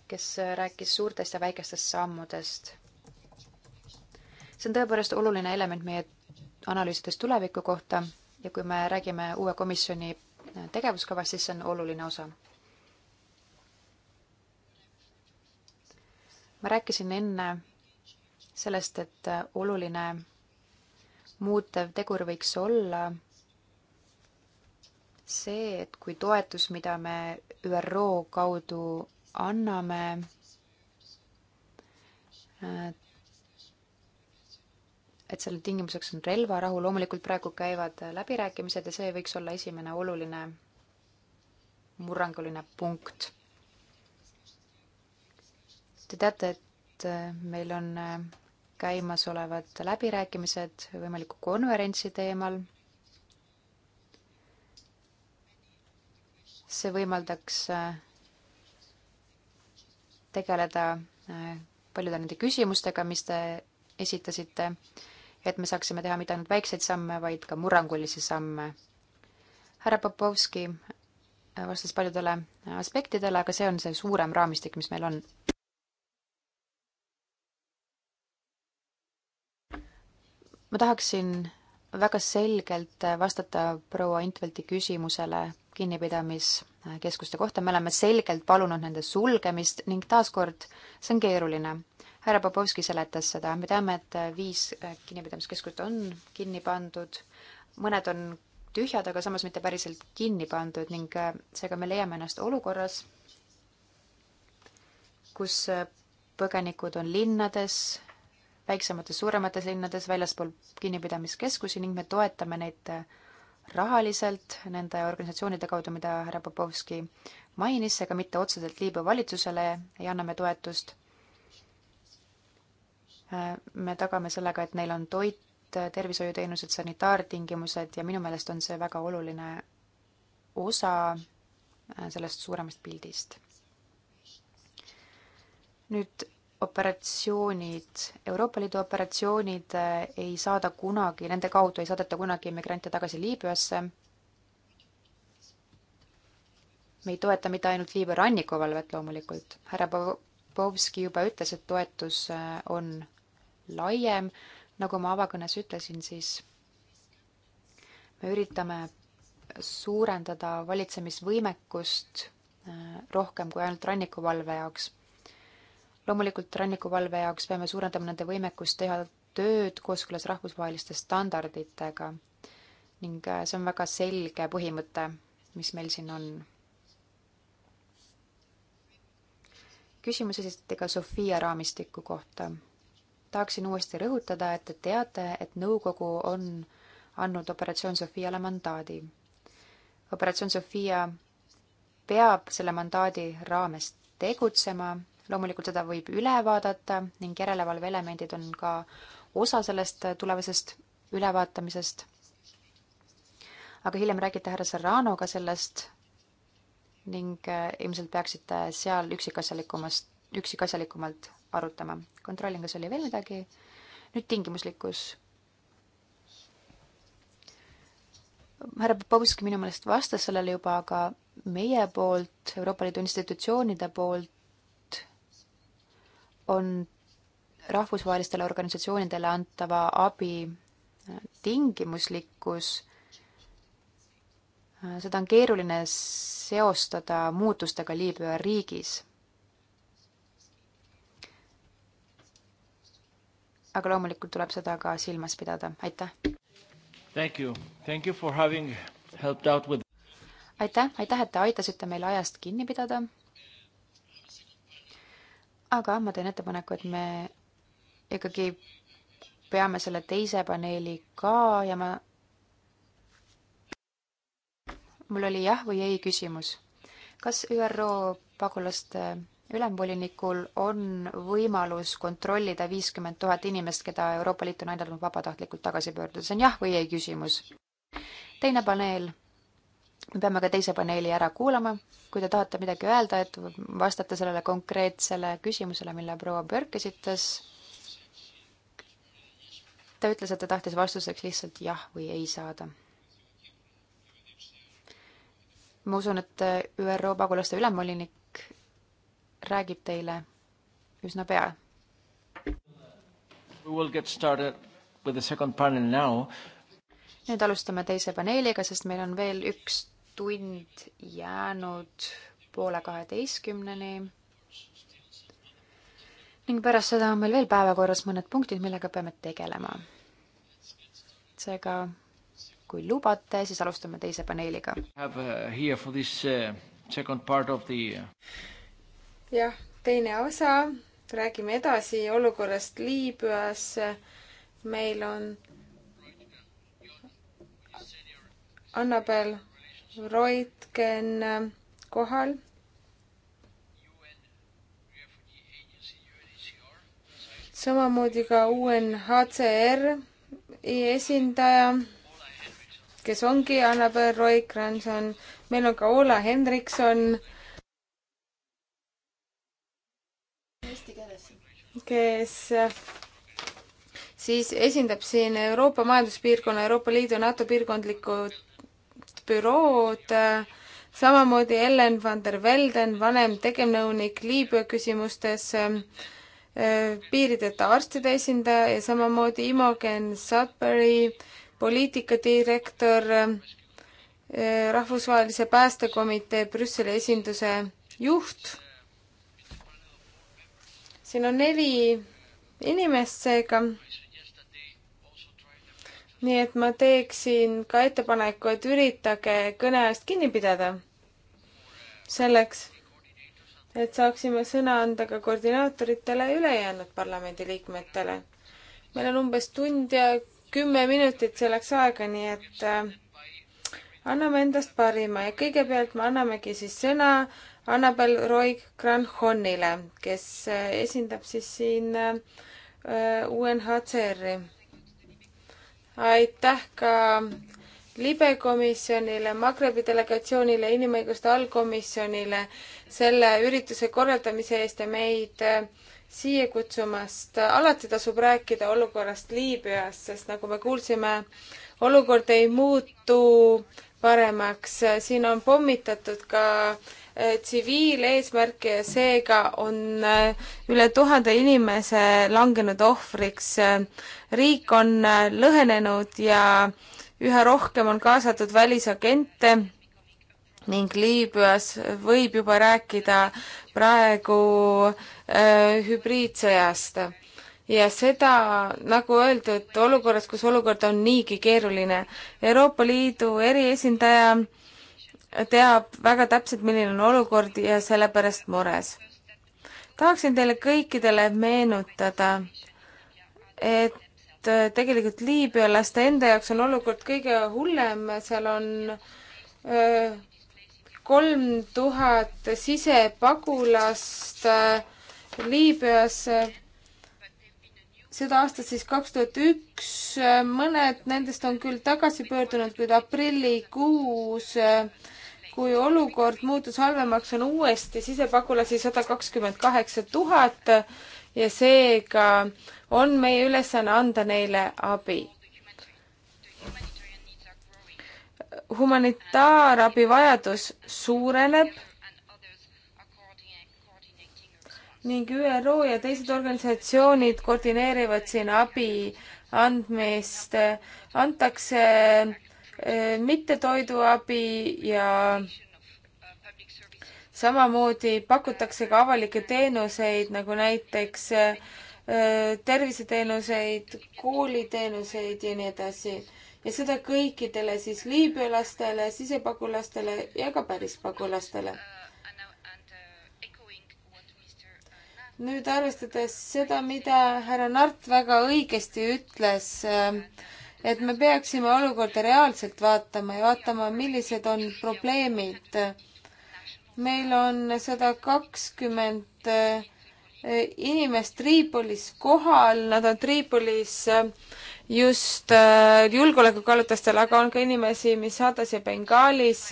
kes rääkis suurtest ja väikestest sammudest. see on tõepoolest oluline element meie analüüsidest tuleviku kohta ja kui me räägime uue komisjoni tegevuskavast, siis see on oluline osa. ma rääkisin enne sellest, et oluline muutev tegur võiks olla see, et kui toetus, mida me ÜRO kaudu anname, et selle tingimuseks on relvarahu, loomulikult praegu käivad läbirääkimised ja see võiks olla esimene oluline murranguline punkt. Te teate, et äh, meil on äh, käimasolevad läbirääkimised võimaliku konverentsi teemal. see võimaldaks äh, tegeleda paljude nende küsimustega, mis te esitasite et me saaksime teha mitte ainult väikseid samme, vaid ka murrangulisi samme. härra Popovski äh, vastas paljudele aspektidele, aga see on see suurem raamistik, mis meil on. ma tahaksin väga selgelt vastata proua Intvelti küsimusele kinnipidamiskeskuste kohta, me oleme selgelt palunud nende sulgemist ning taaskord, see on keeruline härra Popovski seletas seda, me teame, et viis kinnipidamiskeskust on kinni pandud, mõned on tühjad, aga samas mitte päriselt kinni pandud ning äh, seega me leiame ennast olukorras, kus äh, põgenikud on linnades, väiksemates, suuremates linnades, väljaspool kinnipidamiskeskusi ning me toetame neid äh, rahaliselt nende organisatsioonide kaudu, mida härra Popovski mainis, ega mitte otseselt Liibüa valitsusele ei anna me toetust me tagame sellega, et neil on toit, tervishoiuteenused, sanitaartingimused ja minu meelest on see väga oluline osa äh, sellest suuremast pildist. nüüd operatsioonid, Euroopa Liidu operatsioonid äh, ei saada kunagi, nende kaudu ei saadeta kunagi immigrante tagasi Liibüasse. me ei toeta mitte ainult Liibüa rannikuvalvet loomulikult, härra Popovski juba ütles, et toetus äh, on laiem. nagu ma avakõnes ütlesin, siis me üritame suurendada valitsemisvõimekust äh, rohkem kui ainult rannikuvalve jaoks. loomulikult rannikuvalve jaoks peame suurendama nende võimekust teha tööd kooskõlas rahvusvaheliste standarditega ning äh, see on väga selge põhimõte, mis meil siin on. küsimus esitati ka Sofia raamistiku kohta tahaksin uuesti rõhutada, et te teate, et nõukogu on andnud operatsioon Sofiale mandaadi. operatsioon Sofia peab selle mandaadi raames tegutsema, loomulikult seda võib üle vaadata ning järelevalveelemendid on ka osa sellest tulevasest ülevaatamisest. aga hiljem räägite härra Serranoga sellest ning äh, ilmselt peaksite seal üksikasjalikumast, üksikasjalikumalt arutama. kontrollin, kas oli veel midagi. nüüd tingimuslikkus. härra Popovski minu meelest vastas sellele juba, aga meie poolt, Euroopa Liidu institutsioonide poolt on rahvusvahelistele organisatsioonidele antava abi äh, tingimuslikkus, äh, seda on keeruline seostada muutustega Liibüa riigis aga loomulikult tuleb seda ka silmas pidada, aitäh! With... aitäh, aitäh, et te aitasite meil ajast kinni pidada. aga ma teen ettepaneku, et me ikkagi peame selle teise paneeli ka ja ma, mul oli jah või ei küsimus. kas ÜRO pagulaste ülemvolinikul on võimalus kontrollida viiskümmend tuhat inimest, keda Euroopa Liit on aidanud vabatahtlikult tagasi pöörduda, see on jah või ei küsimus. teine paneel, me peame ka teise paneeli ära kuulama, kui te tahate midagi öelda, et vastata sellele konkreetsele küsimusele, mille proua Björk esitas. ta ütles, et ta tahtis vastuseks lihtsalt jah või ei saada ma usun, et ÜRO pagulaste ülemvolinik räägib teile üsna pea. nüüd alustame teise paneeliga, sest meil on veel üks tund jäänud poole kaheteistkümneni. ning pärast seda on meil veel päevakorras mõned punktid, millega peame tegelema. seega, kui lubate, siis alustame teise paneeliga. Have uh, here for this uh, second part of the uh jah, teine osa, räägime edasi olukorrast Liibüas. meil on Annabel Roitgen kohal. samamoodi ka UNHCR esindaja, kes ongi Annabel Roitgenson. meil on ka Ola Hendrikson kes siis esindab siin Euroopa Majanduspiirkonna, Euroopa Liidu, NATO piirkondlikud bürood, samamoodi Ellen van der Velden, vanem tegevnõunik Liibüa küsimustes, piirideta arstide esindaja ja samamoodi Imogen Sudbury, poliitikadirektor, rahvusvahelise päästekomitee Brüsseli esinduse juht siin on neli inimest seega. nii et ma teeksin ka ettepaneku, et üritage kõneajast kinni pidada. selleks, et saaksime sõna anda ka koordinaatoritele ja ülejäänud parlamendiliikmetele. meil on umbes tund ja kümme minutit selleks aega, nii et äh, anname endast parima ja kõigepealt me annamegi siis sõna Annabel Roig Granhonile, kes äh, esindab siis siin äh, UNHCR-i. aitäh ka libekomisjonile, Magrebi delegatsioonile, inimõiguste allkomisjonile selle ürituse korraldamise eest ja meid äh, siia kutsumast. alati tasub rääkida olukorrast Liibüas, sest nagu me kuulsime, olukord ei muutu paremaks. siin on pommitatud ka Äh, tsiviileesmärke ja seega on äh, üle tuhande inimese langenud ohvriks. Äh, riik on lõhenenud ja üha rohkem on kaasatud välisagente ning Liibüas võib juba rääkida praegu äh, hübriidsõjast. ja seda, nagu öeldud, olukorras, kus olukord on niigi keeruline. Euroopa Liidu eriesindaja äh, teab väga täpselt, milline on olukord ja sellepärast mures. tahaksin teile kõikidele meenutada, et äh, tegelikult liibüalaste enda jaoks on olukord kõige hullem, seal on äh, kolm tuhat sisepagulast äh, Liibüas. seda aastat siis kaks tuhat üks, mõned nendest on küll tagasi pöördunud, kuid aprillikuus äh, kui olukord muutus halvemaks, on uuesti sisepagulasi sada kakskümmend kaheksa tuhat ja seega on meie ülesanne anda neile abi. humanitaarabi vajadus suureneb ning ÜRO ja teised organisatsioonid koordineerivad siin abi andmist. antakse Eh, mittetoiduabi ja samamoodi pakutakse ka avalikke teenuseid, nagu näiteks eh, terviseteenuseid, kooliteenuseid ja nii edasi. ja seda kõikidele siis liibüalastele, sisepagulastele ja ka pärispagulastele nüüd arvestades seda, mida härra Nart väga õigesti ütles eh, et me peaksime olukorda reaalselt vaatama ja vaatama, millised on probleemid. meil on sada kakskümmend eh, inimest Tripolis kohal, nad on Tripolis eh, just eh, julgeolekukaalutlustel, aga on ka inimesi, mis Hadas ja Bengaalis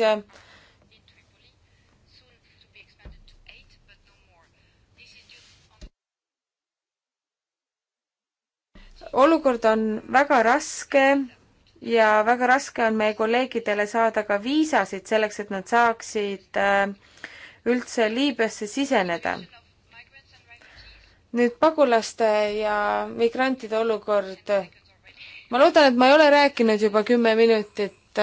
olukord on väga raske ja väga raske on meie kolleegidele saada ka viisasid selleks, et nad saaksid äh, üldse Liibüasse siseneda. nüüd pagulaste ja migrantide olukord. ma loodan, et ma ei ole rääkinud juba kümme minutit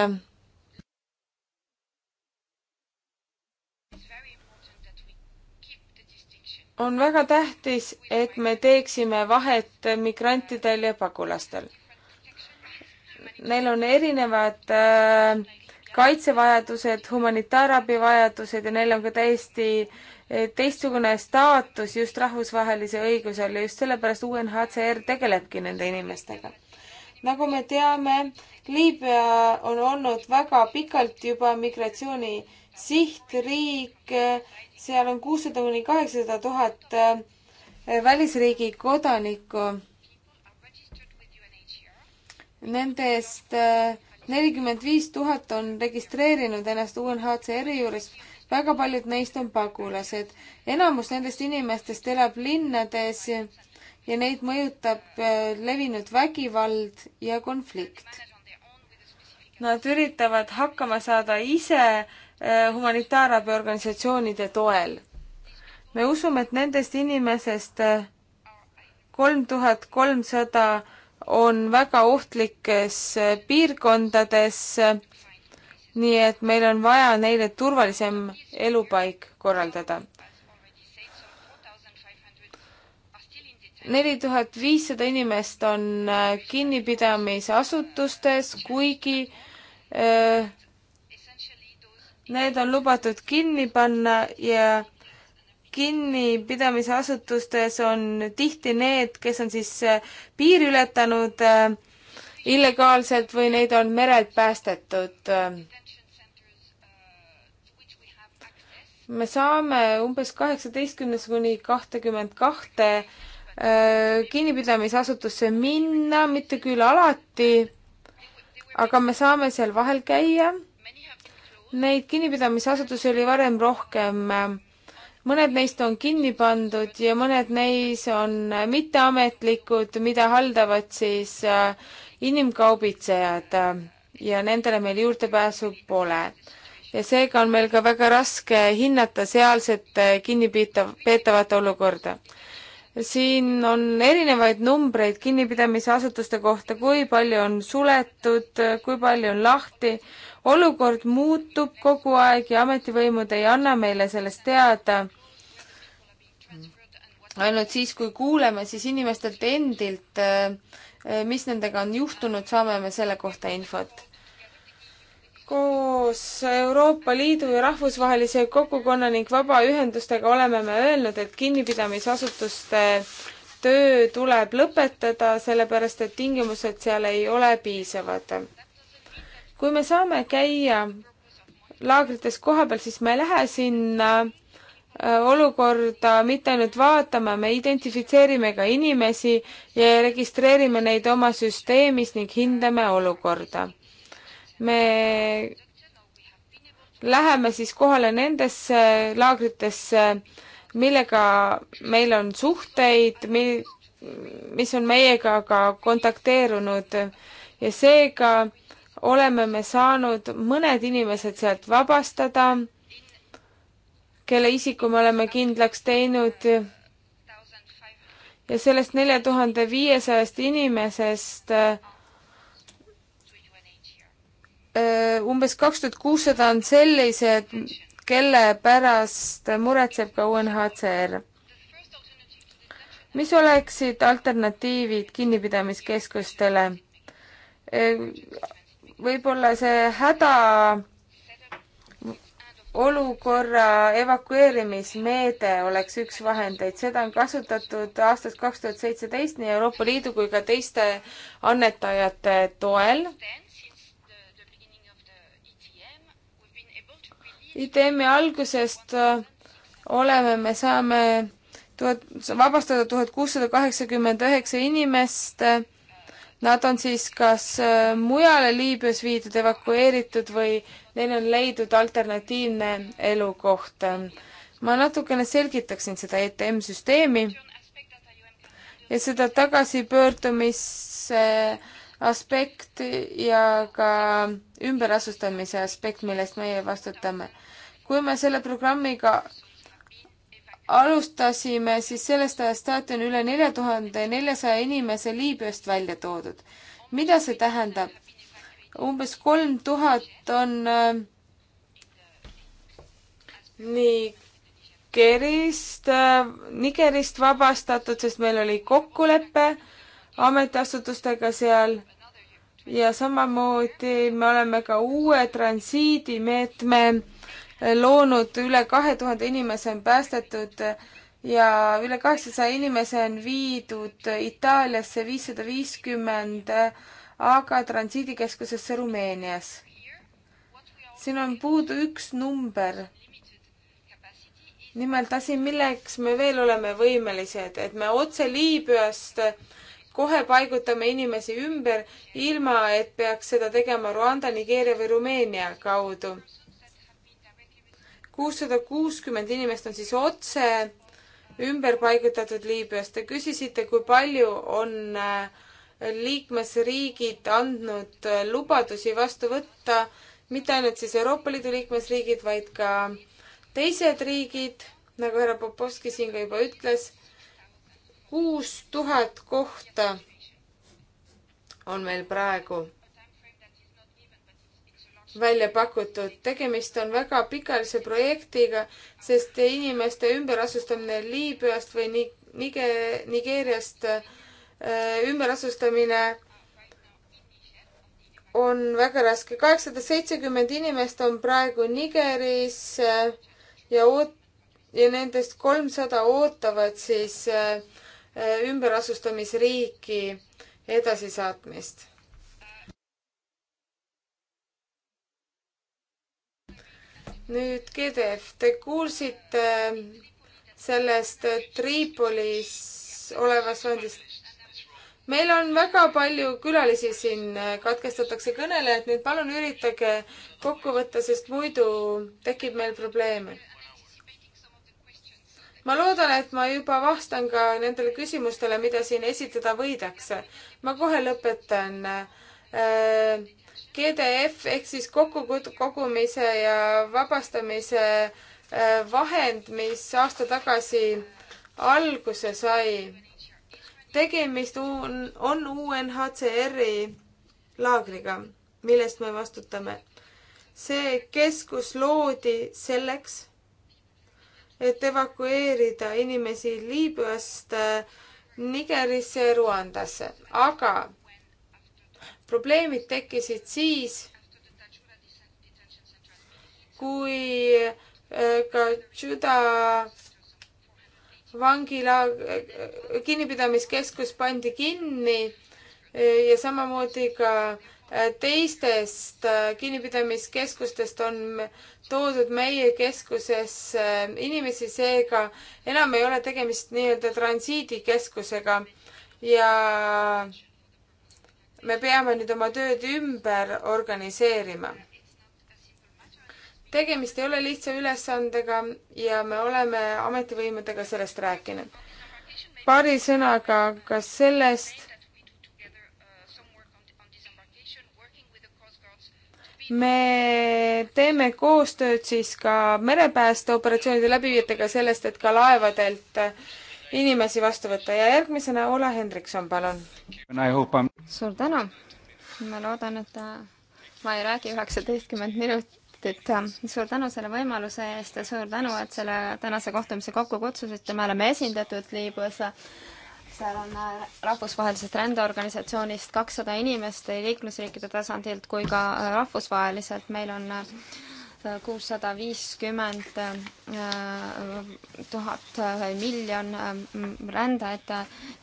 on väga tähtis, et me teeksime vahet migrantidel ja pagulastel. Neil on erinevad äh, kaitsevajadused, humanitaarabivajadused ja neil on ka täiesti äh, teistsugune staatus just rahvusvahelise õigusel ja just sellepärast UNHCR tegelebki nende inimestega. nagu me teame, Liibüa on olnud väga pikalt juba migratsiooni äh, sihtriik, seal on kuussada kuni kaheksasada tuhat eh, välisriigi kodanikku. Nendest eh, nelikümmend viis tuhat on registreerinud ennast UNHCR-i juures, väga paljud neist on pagulased. enamus nendest inimestest elab linnades ja neid mõjutab eh, levinud vägivald ja konflikt. Nad üritavad hakkama saada ise Eh, humanitaarabiorganisatsioonide toel. me usume, et nendest inimesest eh, kolm tuhat kolmsada on väga ohtlikes eh, piirkondades, nii et meil on vaja neile turvalisem elupaik korraldada. neli tuhat viissada inimest on kinnipidamisasutustes, kuigi öö, Need on lubatud kinni panna ja kinnipidamise asutustes on tihti need, kes on siis äh, piiri ületanud äh, illegaalselt või neid on merelt päästetud äh, me saame umbes kaheksateistkümnes kuni kahtekümmend kahte äh, kinnipidamisasutusse minna, mitte küll alati, aga me saame seal vahel käia Neid kinnipidamisasutusi oli varem rohkem. mõned neist on kinni pandud ja mõned neis on mitteametlikud, mida haldavad siis äh, inimkaubitsejad äh, ja nendele meil juurdepääsu pole. ja seega on meil ka väga raske hinnata sealset äh, kinnipeetavate olukorda. siin on erinevaid numbreid kinnipidamise asutuste kohta, kui palju on suletud, kui palju on lahti, olukord muutub kogu aeg ja ametivõimud ei anna meile sellest teada. ainult siis, kui kuuleme siis inimestelt endilt, eh, mis nendega on juhtunud, saame me selle kohta infot koos Euroopa Liidu ja rahvusvahelise kogukonna ning vabaühendustega oleme me öelnud, et kinnipidamisasutuste töö tuleb lõpetada, sellepärast et tingimused seal ei ole piisavad kui me saame käia laagrites kohapeal, siis me ei lähe sinna äh, olukorda mitte ainult vaatama, me identifitseerime ka inimesi ja registreerime neid oma süsteemis ning hindame olukorda. me läheme siis kohale nendesse laagritesse, millega meil on suhteid, mis on meiega ka kontakteerunud ja seega oleme me saanud mõned inimesed sealt vabastada, kelle isiku me oleme kindlaks teinud. ja sellest nelja tuhande viiesajast inimesest äh, umbes kaks tuhat kuussada on sellised, kelle pärast muretseb ka UNHCR. mis oleksid alternatiivid kinnipidamiskeskustele? Äh, võib-olla see häda olukorra evakueerimismeede oleks üks vahendeid, seda on kasutatud aastast kaks tuhat seitseteist nii Euroopa Liidu kui ka teiste annetajate toel. ITM-i algusest äh, oleme me saame tuhat, vabastada tuhat kuussada kaheksakümmend üheksa inimest Nad on siis kas äh, mujale Liibüas viidud, evakueeritud või neil on leidnud alternatiivne elukoht. ma natukene selgitaksin seda ETM süsteemi ja seda tagasipöördumise aspekt ja ka ümberasustamise aspekt, millest meie vastutame. kui me selle programmiga alustasime siis sellest ajast saati on üle nelja tuhande neljasaja inimese Liibüast välja toodud. mida see tähendab? umbes kolm tuhat on äh, Nigerist äh,, Nigerist vabastatud, sest meil oli kokkulepe ametiasutustega seal ja samamoodi me oleme ka uue transiidimeetme äh, loonud, üle kahe tuhande inimese on päästetud ja üle kaheksasaja inimese on viidud Itaaliasse, viissada viiskümmend aga transiidikeskusesse Rumeenias. siin on puudu üks number nimelt asi, milleks me veel oleme võimelised, et me otse Liibüast kohe paigutame inimesi ümber, ilma et peaks seda tegema Rwanda, Nigeeria või Rumeenia kaudu kuussada kuuskümmend inimest on siis otse ümber paigutatud Liibüast. Te küsisite, kui palju on äh, liikmesriigid andnud äh, lubadusi vastu võtta, mitte ainult siis Euroopa Liidu liikmesriigid, vaid ka teised riigid, nagu härra Popovski siin ka juba ütles, kuus tuhat kohta on meil praegu välja pakutud. tegemist on väga pikaajalise projektiga, sest inimeste ümberasustamine Liibüast või Nige-, Nigeeriast äh, ümberasustamine on väga raske. kaheksasada seitsekümmend inimest on praegu Nigeris äh, ja oot-, ja nendest kolmsada ootavad siis äh, ümberasustamisriiki edasisaatmist nüüd GDF, te kuulsite sellest Tripolis olevast fondist. meil on väga palju külalisi siin, katkestatakse kõnelejad, nii et palun üritage kokku võtta, sest muidu tekib meil probleeme. ma loodan, et ma juba vastan ka nendele küsimustele, mida siin esitada võidakse. ma kohe lõpetan äh, GDF ehk siis kokkukogumise ja vabastamise äh, vahend, mis aasta tagasi alguse sai. tegemist on, on UNHCR-i laagriga, millest me vastutame. see keskus loodi selleks, et evakueerida inimesi Liibüast äh, Nigerisse ja Ruandasse, aga probleemid tekkisid siis, kui äh, ka Juda vangila äh, kinnipidamiskeskus pandi kinni äh, ja samamoodi ka teistest kinnipidamiskeskustest on toodud meie keskusesse inimesi, seega enam ei ole tegemist nii-öelda transiidikeskusega ja me peame nüüd oma tööd ümber organiseerima. tegemist ei ole lihtsa ülesandega ja me oleme ametivõimudega sellest rääkinud. paari sõnaga ka sellest, me teeme koostööd siis ka merepäästeoperatsioonide läbiviijatega sellest, et ka laevadelt äh, inimesi vastu võtta ja järgmisena Ole Hendrikson, palun. suur tänu. ma loodan, et äh, ma ei räägi üheksateistkümmend minutit et suur tänu selle võimaluse eest ja suur tänu, et selle tänase kohtumise kokku kutsusite, me oleme esindatud Liibüas. seal on äh, rahvusvahelisest rändeorganisatsioonist kakssada inimest liikmesriikide tasandilt kui ka äh, rahvusvaheliselt. meil on äh, kuussada viiskümmend äh, tuhat või äh, miljon äh, rändajat.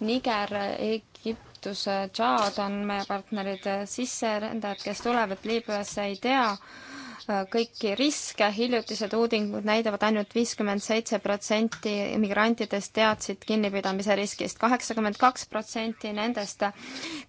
Niger, Egiptus, Tšaad on meie partnerid, sisserändajad, kes tulevad Liibüasse, ei tea, kõiki riske, hiljutised uudingud näidavad ainult viiskümmend seitse protsenti immigrantidest teadsid kinnipidamise riskist. kaheksakümmend kaks protsenti nendest,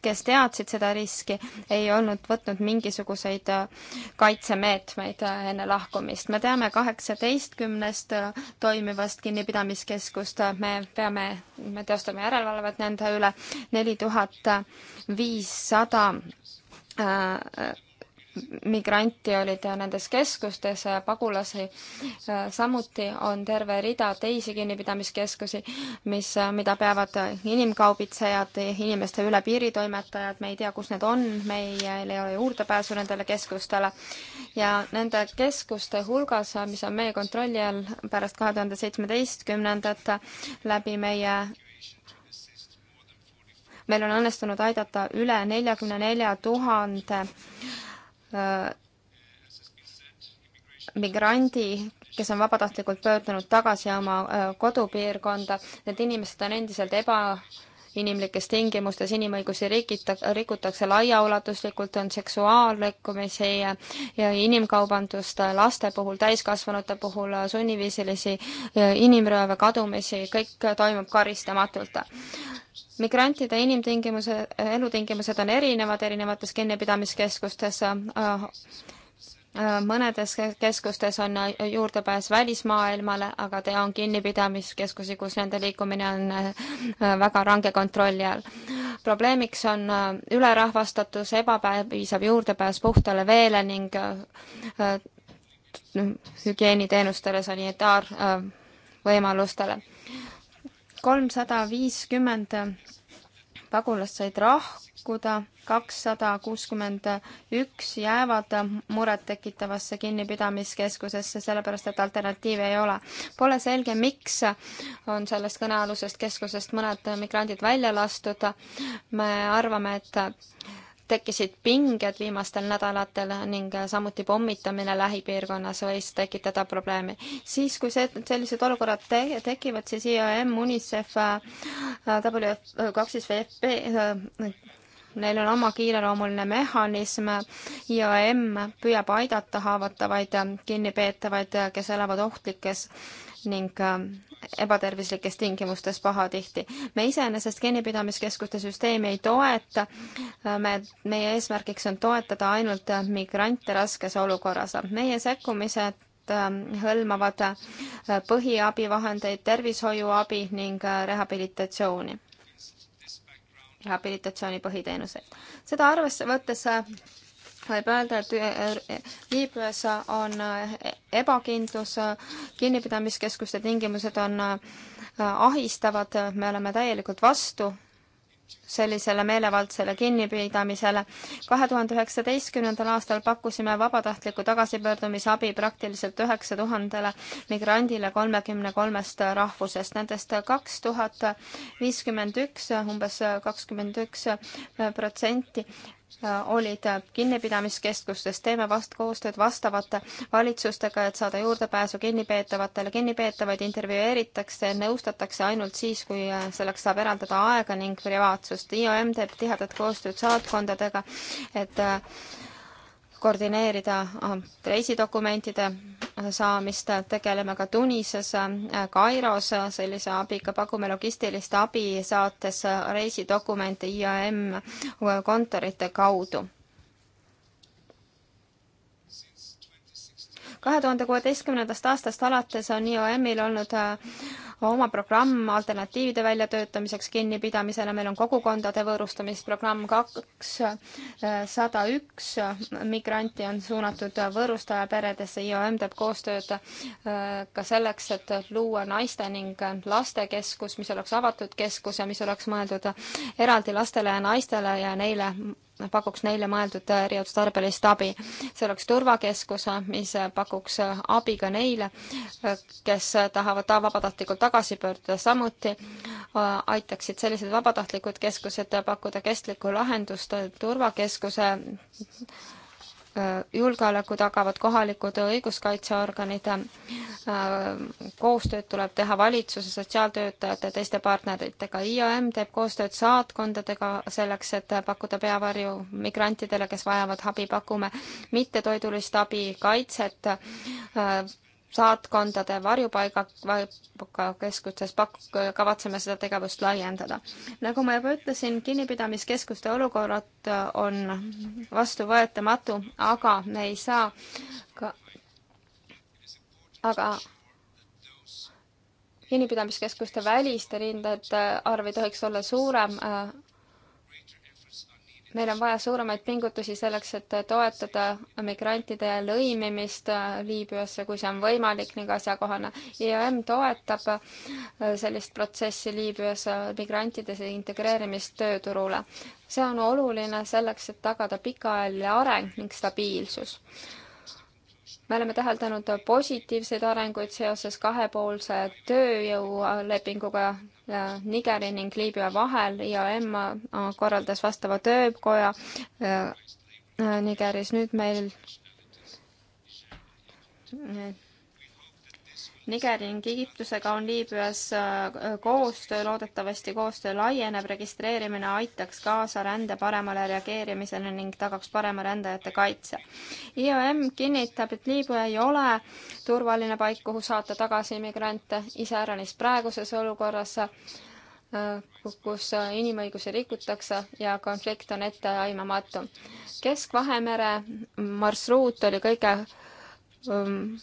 kes teadsid seda riski, ei olnud võtnud mingisuguseid äh, kaitsemeetmeid äh, enne lahkumist. me teame kaheksateistkümnest äh, toimivast kinnipidamiskeskust, me peame, me teostame järelevalvet nende üle, neli tuhat viissada migranti olid nendes keskustes, pagulasi. samuti on terve rida teisi kinnipidamiskeskusi, mis, mida peavad inimkaubitsejad, inimeste üle piiri toimetajad, me ei tea, kus need on, meil ei ole juurdepääsu nendele keskustele. ja nende keskuste hulgas, mis on meie kontrolli all pärast kahe tuhande seitsmeteistkümnendat läbi meie meil on õnnestunud aidata üle neljakümne nelja tuhande Äh, migrandi, kes on vabatahtlikult pöördunud tagasi oma äh, kodupiirkonda, need inimesed on endiselt eba inimlikes tingimustes inimõigusi rikita, rikutakse laiaulatuslikult, on seksuaalrikkumisi ja, ja inimkaubandust laste puhul, täiskasvanute puhul, sunniviisilisi äh, inimrööve, kadumisi, kõik toimub karistamatult migrantide inimtingimuse, elutingimused on erinevad erinevates kinnipidamiskeskustes. Äh, äh, mõnedes keskustes on äh, juurdepääs välismaailmale, aga ta on kinnipidamiskeskusi, kus nende liikumine on väga range kontrolli all. probleemiks on ülerahvastatus, ebapiisav juurdepääs puhtale veele ning hügieeniteenustele, sanitaarvõimalustele äh, kolmsada viiskümmend pagulast said lahkuda, kakssada kuuskümmend üks jäävad murettekitavasse kinnipidamiskeskusesse, sellepärast et alternatiive ei ole. Pole selge, miks on sellest kõnealusest keskusest mõned migrandid välja lastud. me arvame, et tekkisid pinged viimastel nädalatel ning äh, samuti pommitamine lähipiirkonnas võis tekitada probleeme. siis, kui see, sellised olukorrad te tekivad, siis IOM, UNICEF, äh, WF2FP äh, neil on oma kiireloomuline mehhanism, IOM püüab aidata haavatavaid kinnipeetavaid, kes elavad ohtlikes ning ähm, ebatervislikes tingimustes pahatihti. me iseenesest geenipidamiskeskuste süsteemi ei toeta, äh, me, meie eesmärgiks on toetada ainult äh, migrante raskes olukorras. meie sekkumised ähm, hõlmavad äh, põhiabivahendeid, tervishoiuabi ning rehabilitatsiooni, rehabilitatsiooni põhiteenuseid. seda arvesse võttes võib öelda, et äh, Liibüas on äh, ebakindlus, kinnipidamiskeskuste tingimused on äh, ahistavad, me oleme täielikult vastu sellisele meelevaldsele kinnipidamisele. kahe tuhande üheksateistkümnendal aastal pakkusime vabatahtliku tagasipöördumisabi praktiliselt üheksa tuhandele migrandile kolmekümne kolmest rahvusest. Nendest kaks tuhat viiskümmend üks, umbes kakskümmend üks protsenti olid kinnipidamiskeskustes, teeme vast koostööd vastavate valitsustega, et saada juurdepääsu kinnipeetavatele. kinnipeetavaid intervjueeritakse, nõustatakse ainult siis, kui selleks saab eraldada aega ning privaatsust. IOM teeb tihedat koostööd saatkondadega, et äh, koordineerida ah, reisidokumentide ah, saamist, tegeleme ka Tunises, ah, Kairos sellise abiga, pakume logistilist abi, saates reisidokumente IAM kontorite kaudu kahe tuhande kuueteistkümnendast aastast alates on IOM-il olnud äh, oma programm alternatiivide väljatöötamiseks kinnipidamisele, meil on kogukondade võõrustamisprogramm kaks äh, sada üks migranti on suunatud võõrustaja peredesse, IOM teeb koostööd äh, ka selleks, et luua naiste ning laste keskus, mis oleks avatud keskus ja mis oleks mõeldud eraldi lastele ja naistele ja neile Noh, pakuks neile mõeldud äh, eriotstarbelist abi. see oleks turvakeskus, äh, mis äh, pakuks abi ka neile, kes tahavad ta vabatahtlikult tagasi pöörduda, samuti aitaksid sellised vabatahtlikud keskused pakkuda kestlikku lahendust turvakeskuse julgeoleku tagavad kohalikud õiguskaitseorganid. Äh, koostööd tuleb teha valitsuse, sotsiaaltöötajate ja teiste partneritega. IOM teeb koostööd saatkondadega selleks, et pakkuda peavarju migrantidele, kes vajavad abi, pakume mittetoidulist abi, kaitset äh, saatkondade varjupaiga, varjupaiga-keskustes pak-, kavatseme seda tegevust laiendada. nagu ma juba ütlesin, kinnipidamiskeskuste olukorrad on vastuvõetamatu, aga me ei saa ka, aga kinnipidamiskeskuste väliste rindade arv ei tohiks olla suurem meil on vaja suuremaid pingutusi selleks, et toetada migrantide lõimimist Liibüasse, kui see on võimalik ning asjakohane. IOM toetab äh, sellist protsessi Liibüas, äh, migrantide integreerimist tööturule. see on oluline selleks, et tagada pikaajaline areng ning stabiilsus me oleme täheldanud positiivseid arenguid seoses kahepoolse tööjõulepinguga Nigeri ning Liibüa vahel. IOM korraldas vastava töökoja Nigeris. nüüd meil Nigeri ning Egiptusega on Liibüas äh, koostöö, loodetavasti koostöö laieneb, registreerimine aitaks kaasa rände paremale reageerimisele ning tagaks parema rändajate kaitse. IOM kinnitab, et Liibüa ei ole turvaline paik, kuhu saata tagasi immigrante, iseäranis praeguses olukorras, äh, kus inimõigusi rikutakse ja konflikt on etteaimamatu. Kesk-Vahemere marsruut oli kõige um,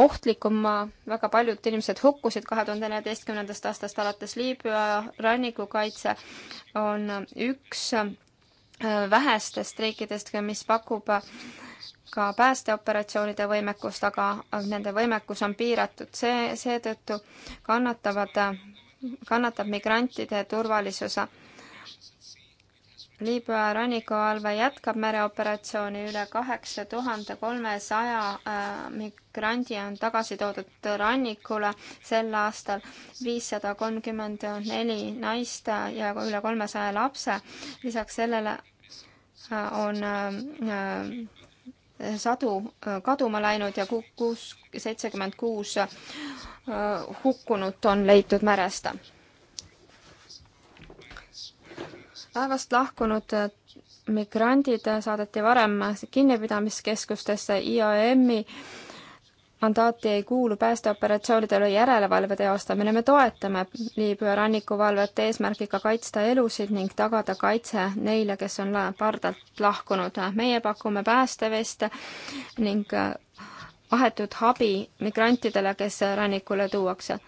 ohtlikum maa, väga paljud inimesed hukkusid kahe tuhande neljateistkümnendast aastast alates Liibüa rannikukaitse on üks äh, vähestest riikidest, mis pakub äh, ka päästeoperatsioonide võimekust, aga äh, nende võimekus on piiratud, see, seetõttu kannatavad, kannatab migrantide turvalisuse Liibüa rannikuvalve jätkab mereoperatsiooni, üle kaheksa tuhande kolmesaja äh, migrandi on tagasi toodud rannikule sel aastal, viissada kolmkümmend neli naist ja üle kolmesaja lapse. lisaks sellele äh, on äh, sadu kaduma läinud ja kuus, seitsekümmend kuus hukkunut on leitud merest laevast lahkunud äh, migrandid äh, saadeti varem äh, kinnipidamiskeskustesse IAM-i mandaati ei kuulu päästeoperatsioonidele järelevalve teostamine. me toetame Liibüa rannikuvalvet eesmärgiga kaitsta elusid ning tagada kaitse neile, kes on pardalt lahkunud. meie pakume päästeveste ning vahetut abi migrantidele, kes rannikule tuuakse.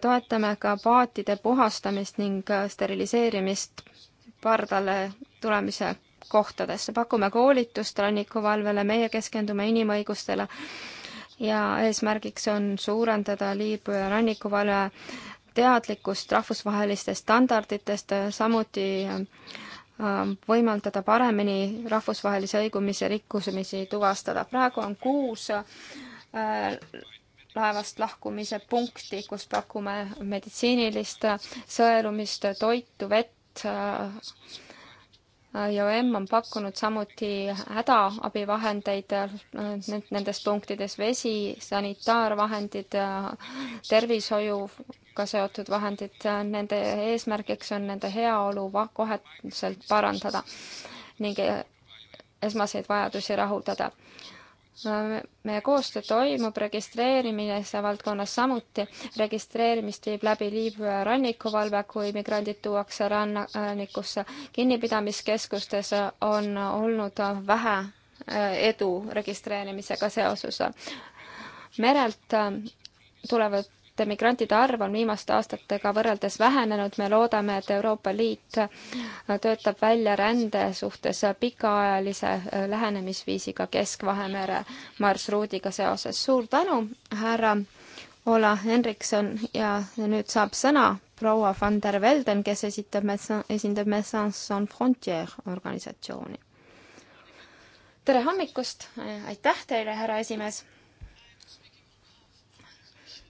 toetame ka paatide puhastamist ning steriliseerimist pardale tulemise kohtadesse, pakume koolitust rannikuvalvele, meie keskendume inimõigustele ja eesmärgiks on suurendada Liibüa rannikuvalve teadlikkust rahvusvahelistest standarditest, samuti äh, võimaldada paremini rahvusvahelise õigumise rikkumisi tuvastada. praegu on kuus äh, laevast lahkumise punkti, kus pakume meditsiinilist sõelumist, toitu, vett, IOM äh, on pakkunud samuti hädaabivahendeid äh, nendes punktides, vesi, sanitaarvahendid, äh, tervishoiuga seotud vahendid, nende eesmärgiks on nende heaolu koheselt parandada ning esmaseid vajadusi rahuldada meie koostöö toimub registreerimise valdkonnas samuti. registreerimist viib läbi Liibüa rannikuvalve, kui migrandid tuuakse äh, rannikusse. kinnipidamiskeskustes on olnud vähe äh, edu registreerimisega seoses. merelt äh, tulevad et migrantide arv on viimaste aastatega võrreldes vähenenud, me loodame, et Euroopa Liit töötab välja rände suhtes pikaajalise lähenemisviisiga Kesk-Vahemere marsruudiga seoses. suur tänu, härra Ola Henrikson ja nüüd saab sõna proua van der Velden, kes esitab, esindab Messins Sans Frontier organisatsiooni. tere hommikust, aitäh teile, härra esimees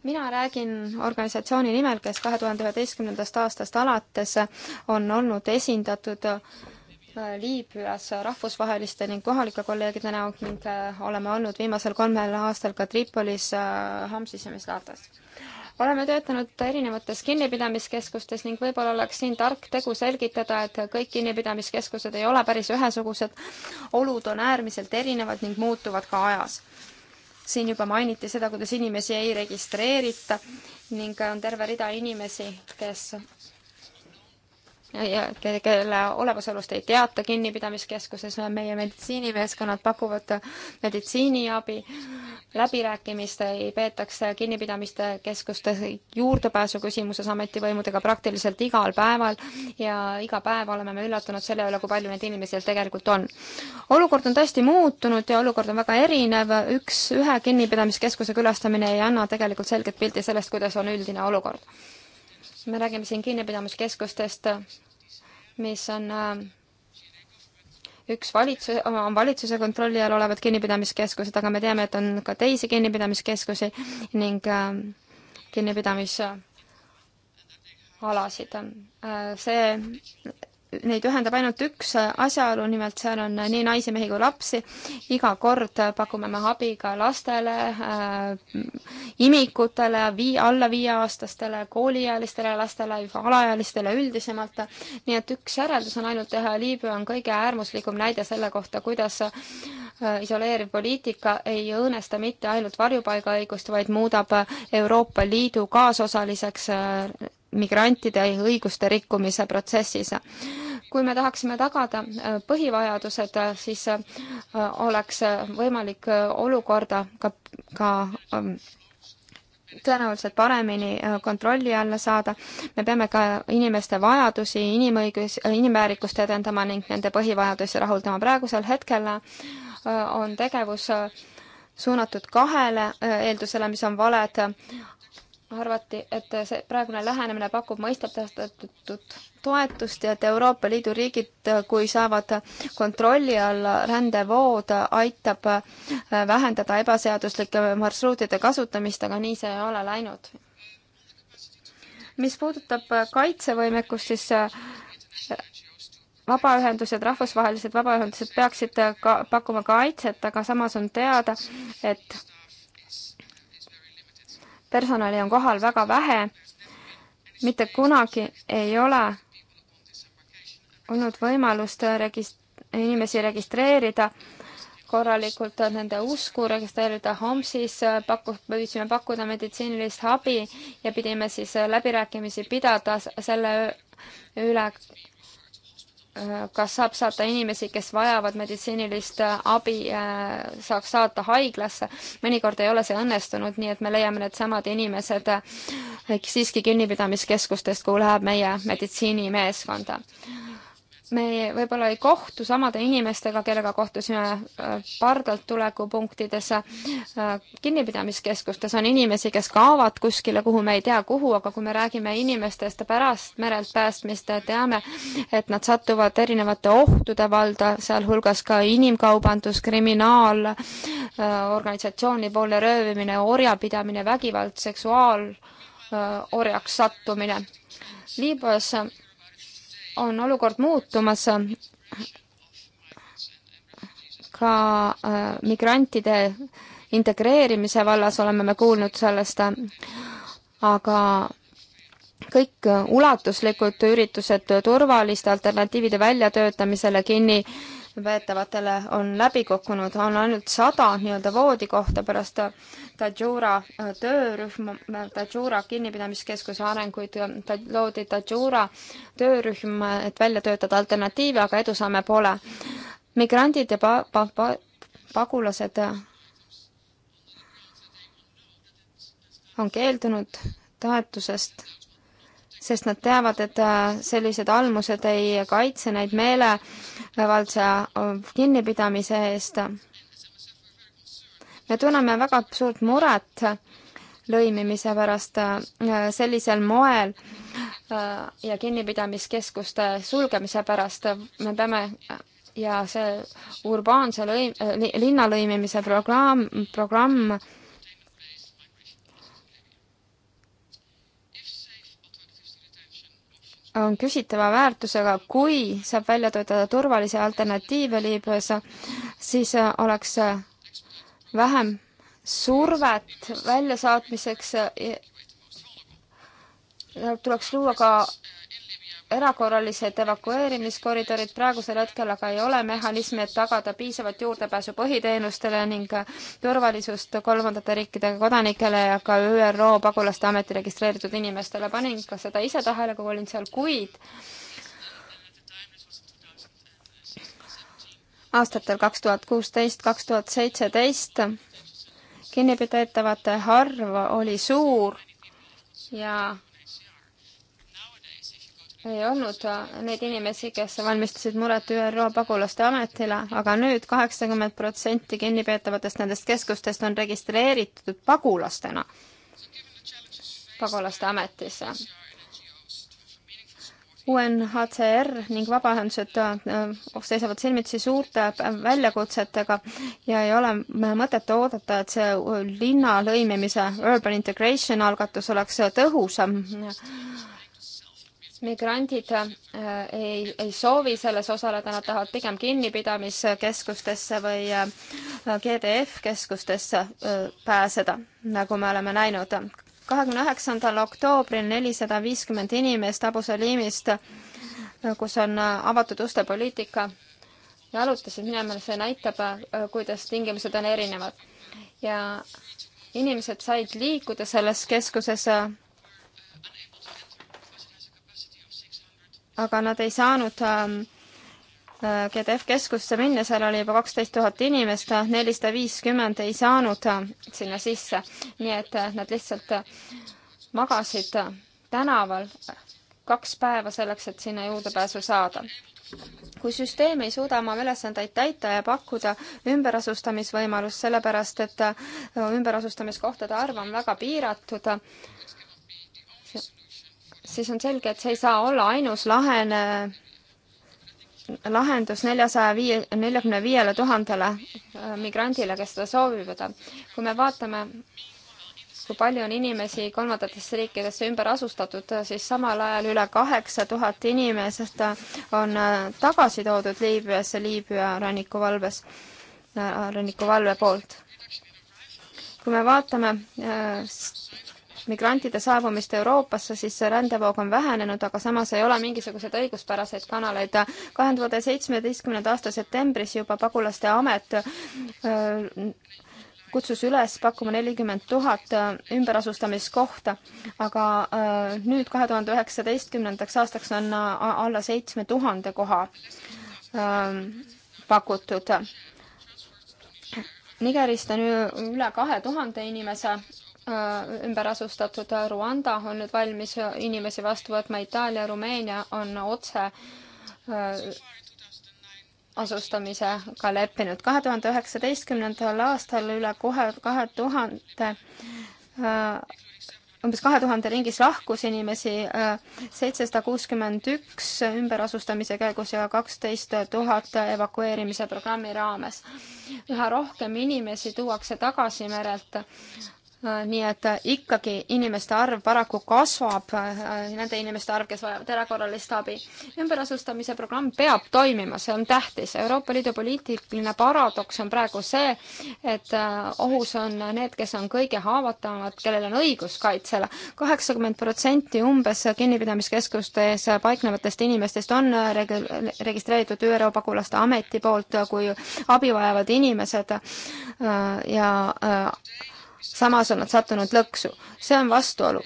mina räägin organisatsiooni nimel, kes kahe tuhande üheteistkümnendast aastast alates on olnud esindatud äh, Liibüas rahvusvaheliste ning kohalike kolleegide näol ning äh, oleme olnud viimasel kolmel aastal ka Tripolis, äh, Hamsis ja Mislatas. oleme töötanud erinevates kinnipidamiskeskustes ning võib-olla oleks siin tark tegu selgitada, et kõik kinnipidamiskeskused ei ole päris ühesugused, olud on äärmiselt erinevad ning muutuvad ka ajas siin juba mainiti seda, kuidas inimesi ei registreerita ning on terve rida inimesi, kes ja kelle olemasolust ei teata kinnipidamiskeskuses, meie meditsiinimeeskonnad pakuvad meditsiiniabi, läbirääkimist ei peetakse kinnipidamiste keskuste juurdepääsu küsimuses ametivõimudega praktiliselt igal päeval ja iga päev oleme me üllatunud selle üle, kui palju neid inimesi seal tegelikult on. olukord on tõesti muutunud ja olukord on väga erinev, üks, ühe kinnipidamiskeskuse külastamine ei anna tegelikult selget pilti sellest, kuidas on üldine olukord me räägime siin kinnipidamiskeskustest, mis on äh, üks valitsuse, on valitsuse kontrolli all olevad kinnipidamiskeskused, aga me teame, et on ka teisi kinnipidamiskeskusi ning äh, kinnipidamis alasid. Äh, see neid ühendab ainult üks asjaolu, nimelt seal on nii naisi, mehi kui lapsi. iga kord pakume me abi ka lastele äh,, imikutele, vii-, alla viieaastastele, kooliealistele lastele, alaealistele üldisemalt. nii et üks järeldus on ainult teha, Liibüa on kõige äärmuslikum näide selle kohta, kuidas äh, isoleeriv poliitika ei õõnesta mitte ainult varjupaigaõigust, vaid muudab Euroopa Liidu kaasosaliseks äh, migrantide õiguste rikkumise protsessis. kui me tahaksime tagada äh, põhivajadused, äh, siis äh, oleks võimalik olukorda ka, ka ähm, tõenäoliselt paremini kontrolli alla saada. me peame ka inimeste vajadusi, inimõigus, inimväärikust edendama ning nende põhivajadusi rahuldama. praegusel hetkel on tegevus suunatud kahele eeldusele, mis on valed, arvati, et see praegune lähenemine pakub mõistetatud toetust ja et Euroopa Liidu riigid, kui saavad kontrolli alla rändevood, aitab äh, vähendada ebaseaduslike marsruutide kasutamist, aga nii see ei ole läinud. mis puudutab äh, kaitsevõimekust, siis äh, vabaühendused, rahvusvahelised vabaühendused peaksid ka pakkuma kaitset, aga samas on teada, et personali on kohal väga vähe. mitte kunagi ei ole olnud võimalust regist-, inimesi registreerida korralikult, nende usku registreerida Homsis, paku-, püüdsime pakkuda meditsiinilist abi ja pidime siis läbirääkimisi pidada selle üle, kas saab saata inimesi, kes vajavad meditsiinilist äh, abi, äh, saaks saata haiglasse. mõnikord ei ole see õnnestunud, nii et me leiame needsamad inimesed äh, siiski kinnipidamiskeskustest, kuhu läheb meie meditsiinimeeskonda me võib-olla ei kohtu samade inimestega, kellega kohtusime äh, pardalt tulekupunktides. Äh, kinnipidamiskeskustes on inimesi, kes kaovad kuskile, kuhu me ei tea, kuhu, aga kui me räägime inimestest pärast merelt päästmist, teame, et nad satuvad erinevate ohtude valda, sealhulgas ka inimkaubandus, kriminaal, äh, organisatsiooni poole röövimine, orjapidamine, vägivald, seksuaalorjaks sattumine. Liibüas on olukord muutumas ka äh, migrantide integreerimise vallas oleme me kuulnud sellest, aga kõik ulatuslikud üritused turvaliste alternatiivide väljatöötamisele kinni veetavatele on läbi kukkunud, on ainult sada nii-öelda voodikohta pärast Tadžura äh, töörühma, äh, Tadžura kinnipidamiskeskuse arenguid, loodi Tadžura töörühm, et välja töötada alternatiive, aga edusamme pole. migrandid ja pa-, pa-, pa-, pagulased äh, on keeldunud toetusest sest nad teavad, et äh, sellised almused ei kaitse neid meelevaldse äh, kinnipidamise eest. me tunneme väga suurt muret lõimimise pärast äh, sellisel moel ja kinnipidamiskeskuste sulgemise pärast me peame ja see urbaanse lõim-, linna lõimimise programm, programm on küsitava väärtusega, kui saab välja töötada turvalisi alternatiive Liibüas, siis oleks vähem survet väljasaatmiseks. tuleks luua ka erakorralised evakueerimiskoridorid, praegusel hetkel aga ei ole mehhanismi, et tagada piisavat juurdepääsu põhiteenustele ning turvalisust kolmandate riikide kodanikele ja ka ÜRO pagulaste ameti registreeritud inimestele. panin ka seda ise tähele, kui olin seal kuid aastatel kaks tuhat kuusteist, kaks tuhat seitseteist kinnipidatavate arv oli suur ja ei olnud äh, neid inimesi, kes valmistasid muret ÜRO pagulaste ametile, aga nüüd kaheksakümmend protsenti kinnipeetavatest nendest keskustest on registreeritud pagulastena pagulaste ametis. UNHCR ning vabaühendused äh, seisavad silmitsi suurte väljakutsetega ja ei ole mõtet oodata, et see linna lõimimise urban integration algatus oleks tõhusam migrandid äh, ei, ei soovi selles osaleda, nad tahavad pigem kinnipidamiskeskustesse või äh, GDF-keskustesse äh, pääseda, nagu me oleme näinud. kahekümne üheksandal oktoobril nelisada viiskümmend inimest Abu Salimist, kus on avatud uste poliitika, jalutasid minema, see näitab, kuidas tingimused on erinevad. ja inimesed said liikuda selles keskuses aga nad ei saanud ähm, äh, GDF keskusse minna, seal oli juba kaksteist tuhat inimest, nelisada viiskümmend ei saanud äh, sinna sisse, nii et äh, nad lihtsalt magasid tänaval kaks päeva selleks, et sinna juurdepääsu saada. kui süsteem ei suuda oma ülesandeid täita ja pakkuda ümberasustamisvõimalust, sellepärast et ümberasustamiskohtade arv on väga piiratud, siis on selge, et see ei saa olla ainus lahene, lahendus neljasaja viie, neljakümne viiele tuhandele äh, migrandile, kes seda soovivad. kui me vaatame, kui palju on inimesi kolmandatesse riikidesse ümber asustatud, siis samal ajal üle kaheksa tuhat inimesest on äh, tagasi toodud Liibüasse Liibüa rannikuvalves, äh, rannikuvalve poolt. kui me vaatame migrantide saabumist Euroopasse, siis see rändevoog on vähenenud, aga samas ei ole mingisuguseid õiguspäraseid kanaleid. kahe tuhande seitsmeteistkümnenda aasta septembris juba pagulaste amet öö, äh, kutsus üles pakkuma nelikümmend tuhat äh, ümberasustamiskohta, aga öö, äh, nüüd kahe tuhande üheksateistkümnendaks aastaks on alla seitsme tuhande koha öö, pakutud Nigerist on üle kahe tuhande inimese Äh, ümberasustatud Rwanda on nüüd valmis inimesi vastu võtma, Itaalia, Rumeenia on otse äh, asustamisega leppinud. kahe tuhande üheksateistkümnendal aastal üle kohe kahe tuhande äh, umbes kahe tuhande ringis lahkus inimesi, seitsesada kuuskümmend üks ümberasustamise käigus ja kaksteist tuhat evakueerimise programmi raames. üha rohkem inimesi tuuakse tagasi merelt Äh, nii et äh, ikkagi inimeste arv paraku kasvab, äh, nende inimeste arv, kes vajavad erakorralist abi. ümberasustamise programm peab toimima, see on tähtis. Euroopa Liidu poliitiline paradoks on praegu see, et ohus on need, kes on kõige haavatavamad, kellel on õigus kaitsele. kaheksakümmend protsenti umbes kinnipidamiskeskustes paiknevatest inimestest on reg-, registreeritud ÜRO pagulaste ameti poolt kui abi vajavad inimesed ja samas on nad sattunud lõksu. see on vastuolu.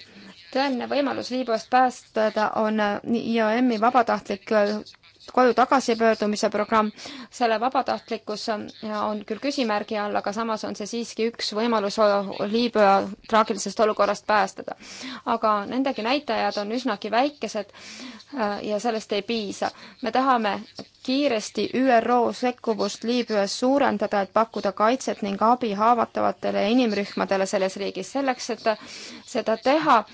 tõeline võimalus Liibüast päästada on IOM-i vabatahtlik koju tagasipöördumise programm, selle vabatahtlikkus on küll küsimärgi all, aga samas on see siiski üks võimalus Liibüa traagilisest olukorrast päästada. aga nendegi näitajad on üsnagi väikesed äh, ja sellest ei piisa. me tahame kiiresti ÜRO sekkuvust Liibüas suurendada, et pakkuda kaitset ning abi haavatavatele inimrühmadele selles riigis. selleks, et seda teha,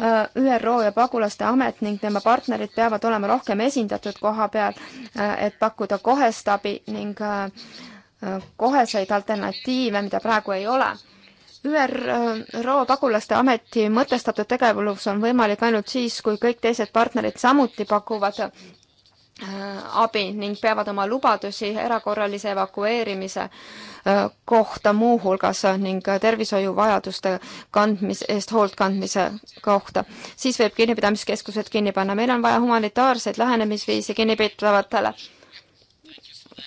Äh, ÜRO ja pagulaste amet ning tema partnerid peavad olema rohkem esindatud koha peal, äh, et pakkuda kohest abi ning äh, koheseid alternatiive, mida praegu ei ole. ÜRO pagulaste ameti mõtestatud tegevus on võimalik ainult siis, kui kõik teised partnerid samuti pakuvad Äh, abi ning peavad oma lubadusi erakorralise evakueerimise äh, kohta muuhulgas ning tervishoiuvajaduste kandmise eest hoolt kandmise kohta. siis võib kinnipidamiskeskused kinni panna. meil on vaja humanitaarseid lähenemisviise kinnipidavatele.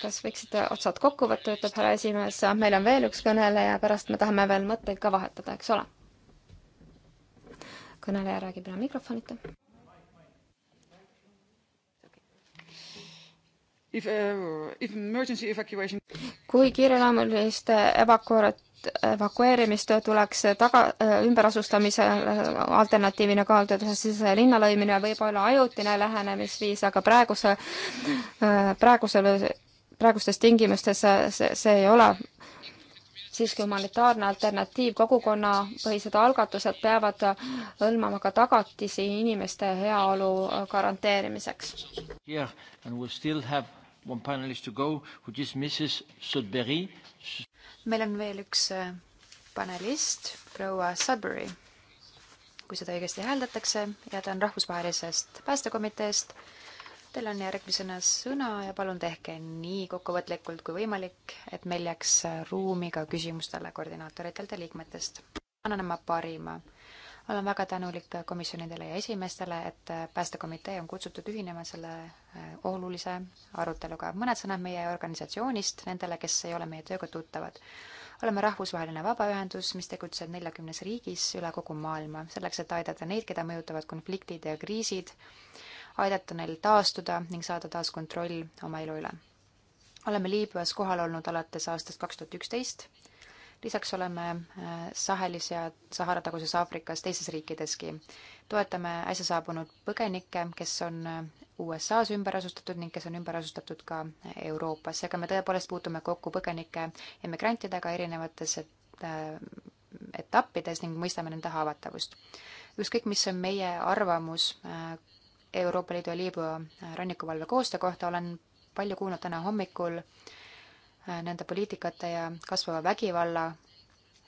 kas võiksite otsad kokku võtta, ütleb härra esimees. meil on veel üks kõneleja, pärast me tahame veel mõtteid ka vahetada, eks ole? kõneleja räägib enam mikrofonita If, uh, if emergency evacuation... kui kiireloomuliste evakuat-, evakueerimist tuleks taga, äh, ümberasustamise alternatiivina kaaluda, siis linna lõimine võib olla ajutine lähenemisviis, aga praeguse, äh, praegusel, praegustes tingimustes see, see ei ole siiski humanitaarne alternatiiv, kogukonnapõhised algatused peavad hõlmama ka tagatisi inimeste heaolu garanteerimiseks. jah yeah,, and we still have One panelist to go, which is Mrs Sudbury. meil on veel üks äh, panelist, proua Sudbury, kui seda õigesti hääldatakse ja ta on rahvusvahelisest päästekomiteest. Teil on järgmisena sõna ja palun tehke nii kokkuvõtlikult kui võimalik, et meil jääks äh, ruumi ka küsimustele koordinaatoritelt ja liikmetest. annan oma parima olen väga tänulik komisjonidele ja esimeestele, et Päästekomitee on kutsutud ühinema selle äh, olulise aruteluga. mõned sõnad meie organisatsioonist nendele, kes ei ole meie tööga tuttavad. oleme rahvusvaheline vabaühendus, mis tegutseb neljakümnes riigis üle kogu maailma, selleks et aidata neid, keda mõjutavad konfliktid ja kriisid, aidata neil taastuda ning saada taas kontroll oma elu üle oleme Liibüas kohal olnud alates aastast kaks tuhat üksteist lisaks oleme äh, Sahelis ja Sahara taguses Aafrikas teistes riikideski. toetame äsja saabunud põgenikke, kes on äh, USA-s ümber asustatud ning kes on ümber asustatud ka äh, Euroopas, seega me tõepoolest puutume kokku põgenike ja migrantidega erinevates et, etappides ning mõistame nende haavatavust. ükskõik, mis on meie arvamus Euroopa Liidu ja Liibüa rannikuvalve koostöö kohta, olen palju kuulnud täna hommikul äh, Äh, nende poliitikate ja kasvava vägivalla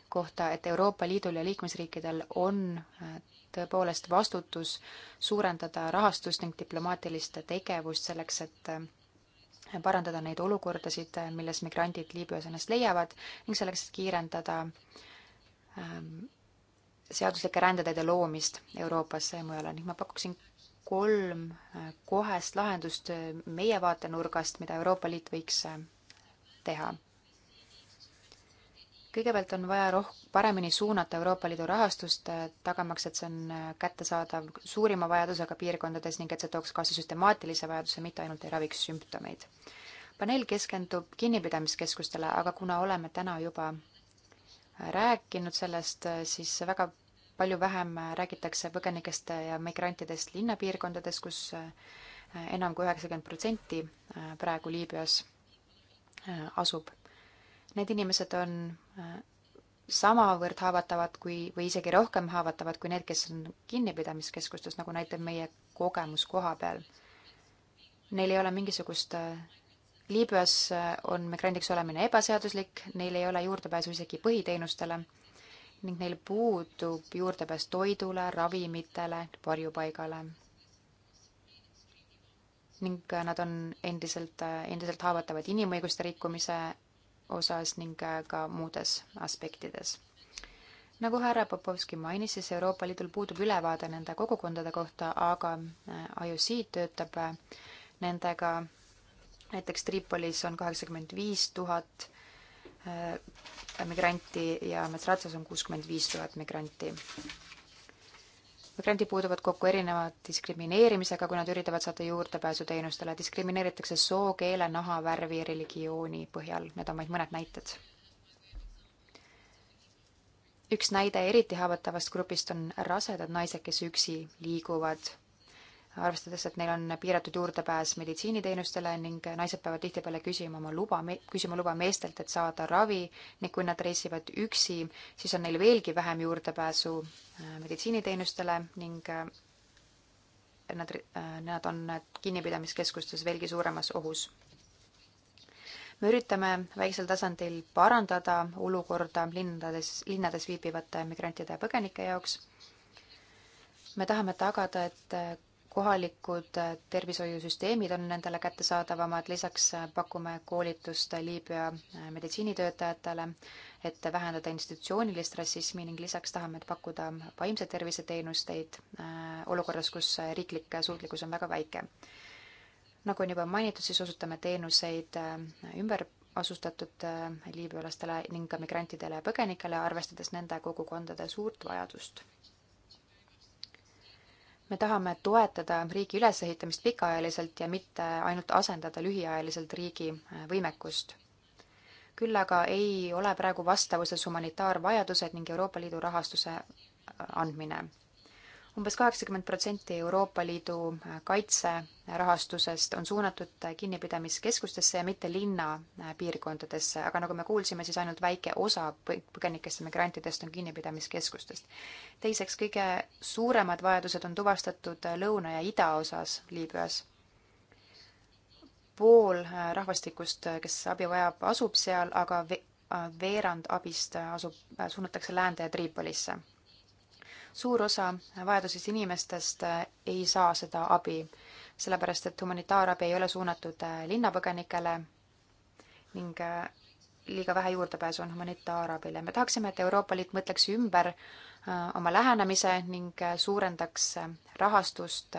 kohta, et Euroopa Liidul ja liikmesriikidel on äh, tõepoolest vastutus suurendada rahastust ning diplomaatilist tegevust selleks, et äh, parandada neid olukordasid, milles migrandid Liibüas ennast leiavad ning selleks, et kiirendada ähm, seaduslike rändeteede loomist Euroopasse ja mujale ning ma pakuksin kolm kohest lahendust meie vaatenurgast, mida Euroopa Liit võiks teha. kõigepealt on vaja roh-, paremini suunata Euroopa Liidu rahastust, äh, tagamaks, et see on äh, kättesaadav suurima vajadusega piirkondades ning et see tooks kaasa süstemaatilise vajaduse, mitte ainult ei raviks sümptomeid. paneel keskendub kinnipidamiskeskustele, aga kuna oleme täna juba äh, rääkinud sellest, siis väga palju vähem räägitakse põgenikest ja migrantidest linnapiirkondades, kus enam kui üheksakümmend protsenti praegu Liibüas Äh, asub. Need inimesed on äh, samavõrd haavatavad kui, või isegi rohkem haavatavad kui need, kes on kinnipidamiskeskustes, nagu näitab meie kogemus koha peal. Neil ei ole mingisugust äh, Liibüas on migrandiks olemine ebaseaduslik, neil ei ole juurdepääsu isegi põhiteenustele ning neil puudub juurdepääs toidule, ravimitele, varjupaigale ning äh, nad on endiselt, äh, endiselt haavatavad inimõiguste rikkumise osas ning äh, ka muudes aspektides. nagu härra Popovski mainis, siis Euroopa Liidul puudub ülevaade nende kogukondade kohta, aga IOC töötab nendega, näiteks Tripolis on kaheksakümmend viis tuhat migranti ja Metsratsas on kuuskümmend viis tuhat migranti migrandid puuduvad kokku erineva diskrimineerimisega, kui nad üritavad saada juurdepääsu teenustele. diskrimineeritakse soo, keele, naha, värvi ja religiooni põhjal. Need on vaid mõned näited. üks näide eriti haavatavast grupist on rasedad naised, kes üksi liiguvad arvestades, et neil on piiratud juurdepääs meditsiiniteenustele ning naised peavad tihtipeale küsima oma luba, küsima luba meestelt, et saada ravi ning kui nad reisivad üksi, siis on neil veelgi vähem juurdepääsu äh, meditsiiniteenustele ning äh, nad, äh, nad on kinnipidamiskeskustes veelgi suuremas ohus. me üritame väiksel tasandil parandada olukorda linnades, linnades viibivate migrantide ja põgenike jaoks me tahame tagada, et kohalikud äh, tervishoiusüsteemid on nendele kättesaadavamad, lisaks äh, pakume koolitust Liibüa äh, meditsiinitöötajatele, et vähendada institutsioonilist rassismi ning lisaks tahame pakkuda vaimse tervise teenusteid olukorras, kus riiklik suutlikkus on väga väike. nagu on juba mainitud, siis osutame teenuseid ümber asustatud liibüalastele ning ka migrantidele ja põgenikele, arvestades nende kogukondade suurt vajadust me tahame toetada riigi ülesehitamist pikaajaliselt ja mitte ainult asendada lühiajaliselt riigi äh, võimekust. küll aga ei ole praegu vastavuses humanitaarvajadused ning Euroopa Liidu rahastuse äh, andmine umbes kaheksakümmend protsenti Euroopa Liidu äh, kaitserahastusest on suunatud äh, kinnipidamiskeskustesse ja mitte linnapiirkondadesse, äh, aga nagu me kuulsime, siis ainult väike osa põgenikest ja migrantidest on kinnipidamiskeskustest. teiseks, kõige suuremad vajadused on tuvastatud lõuna- ja idaosas Liibüas. pool rahvastikust, kes abi vajab, asub seal, aga veerand abist asub, suunatakse läände ja Tripolisse suur osa vajadusest inimestest äh, ei saa seda abi, sellepärast et humanitaarabi ei ole suunatud äh, linnapõgenikele ning äh, liiga vähe juurdepääsu on humanitaarabile. me tahaksime, et Euroopa Liit mõtleks ümber oma lähenemise ning suurendaks rahastust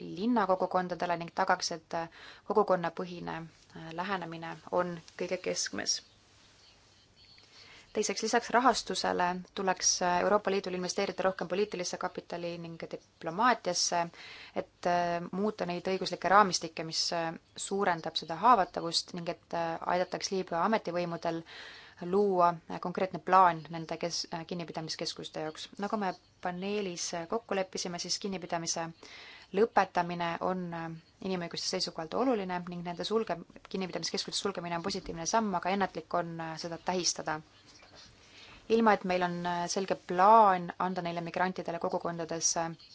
linnakogukondadele ning tagaks, et kogukonnapõhine lähenemine on kõige keskmes teiseks, lisaks rahastusele tuleks Euroopa Liidul investeerida rohkem poliitilisse kapitali ning diplomaatiasse, et äh, muuta neid õiguslikke raamistikke, mis äh, suurendab seda haavatavust ning et äh, aidataks Liibüa ametivõimudel luua konkreetne plaan nende kes-, kinnipidamiskeskuste jaoks. nagu me paneelis kokku leppisime, siis kinnipidamise lõpetamine on inimõiguste seisukohalt oluline ning nende sulge, kinnipidamiskeskuste sulgemine on positiivne samm, aga ennatlik on seda tähistada ilma et meil on äh, selge plaan anda neile migrantidele kogukondadesse äh,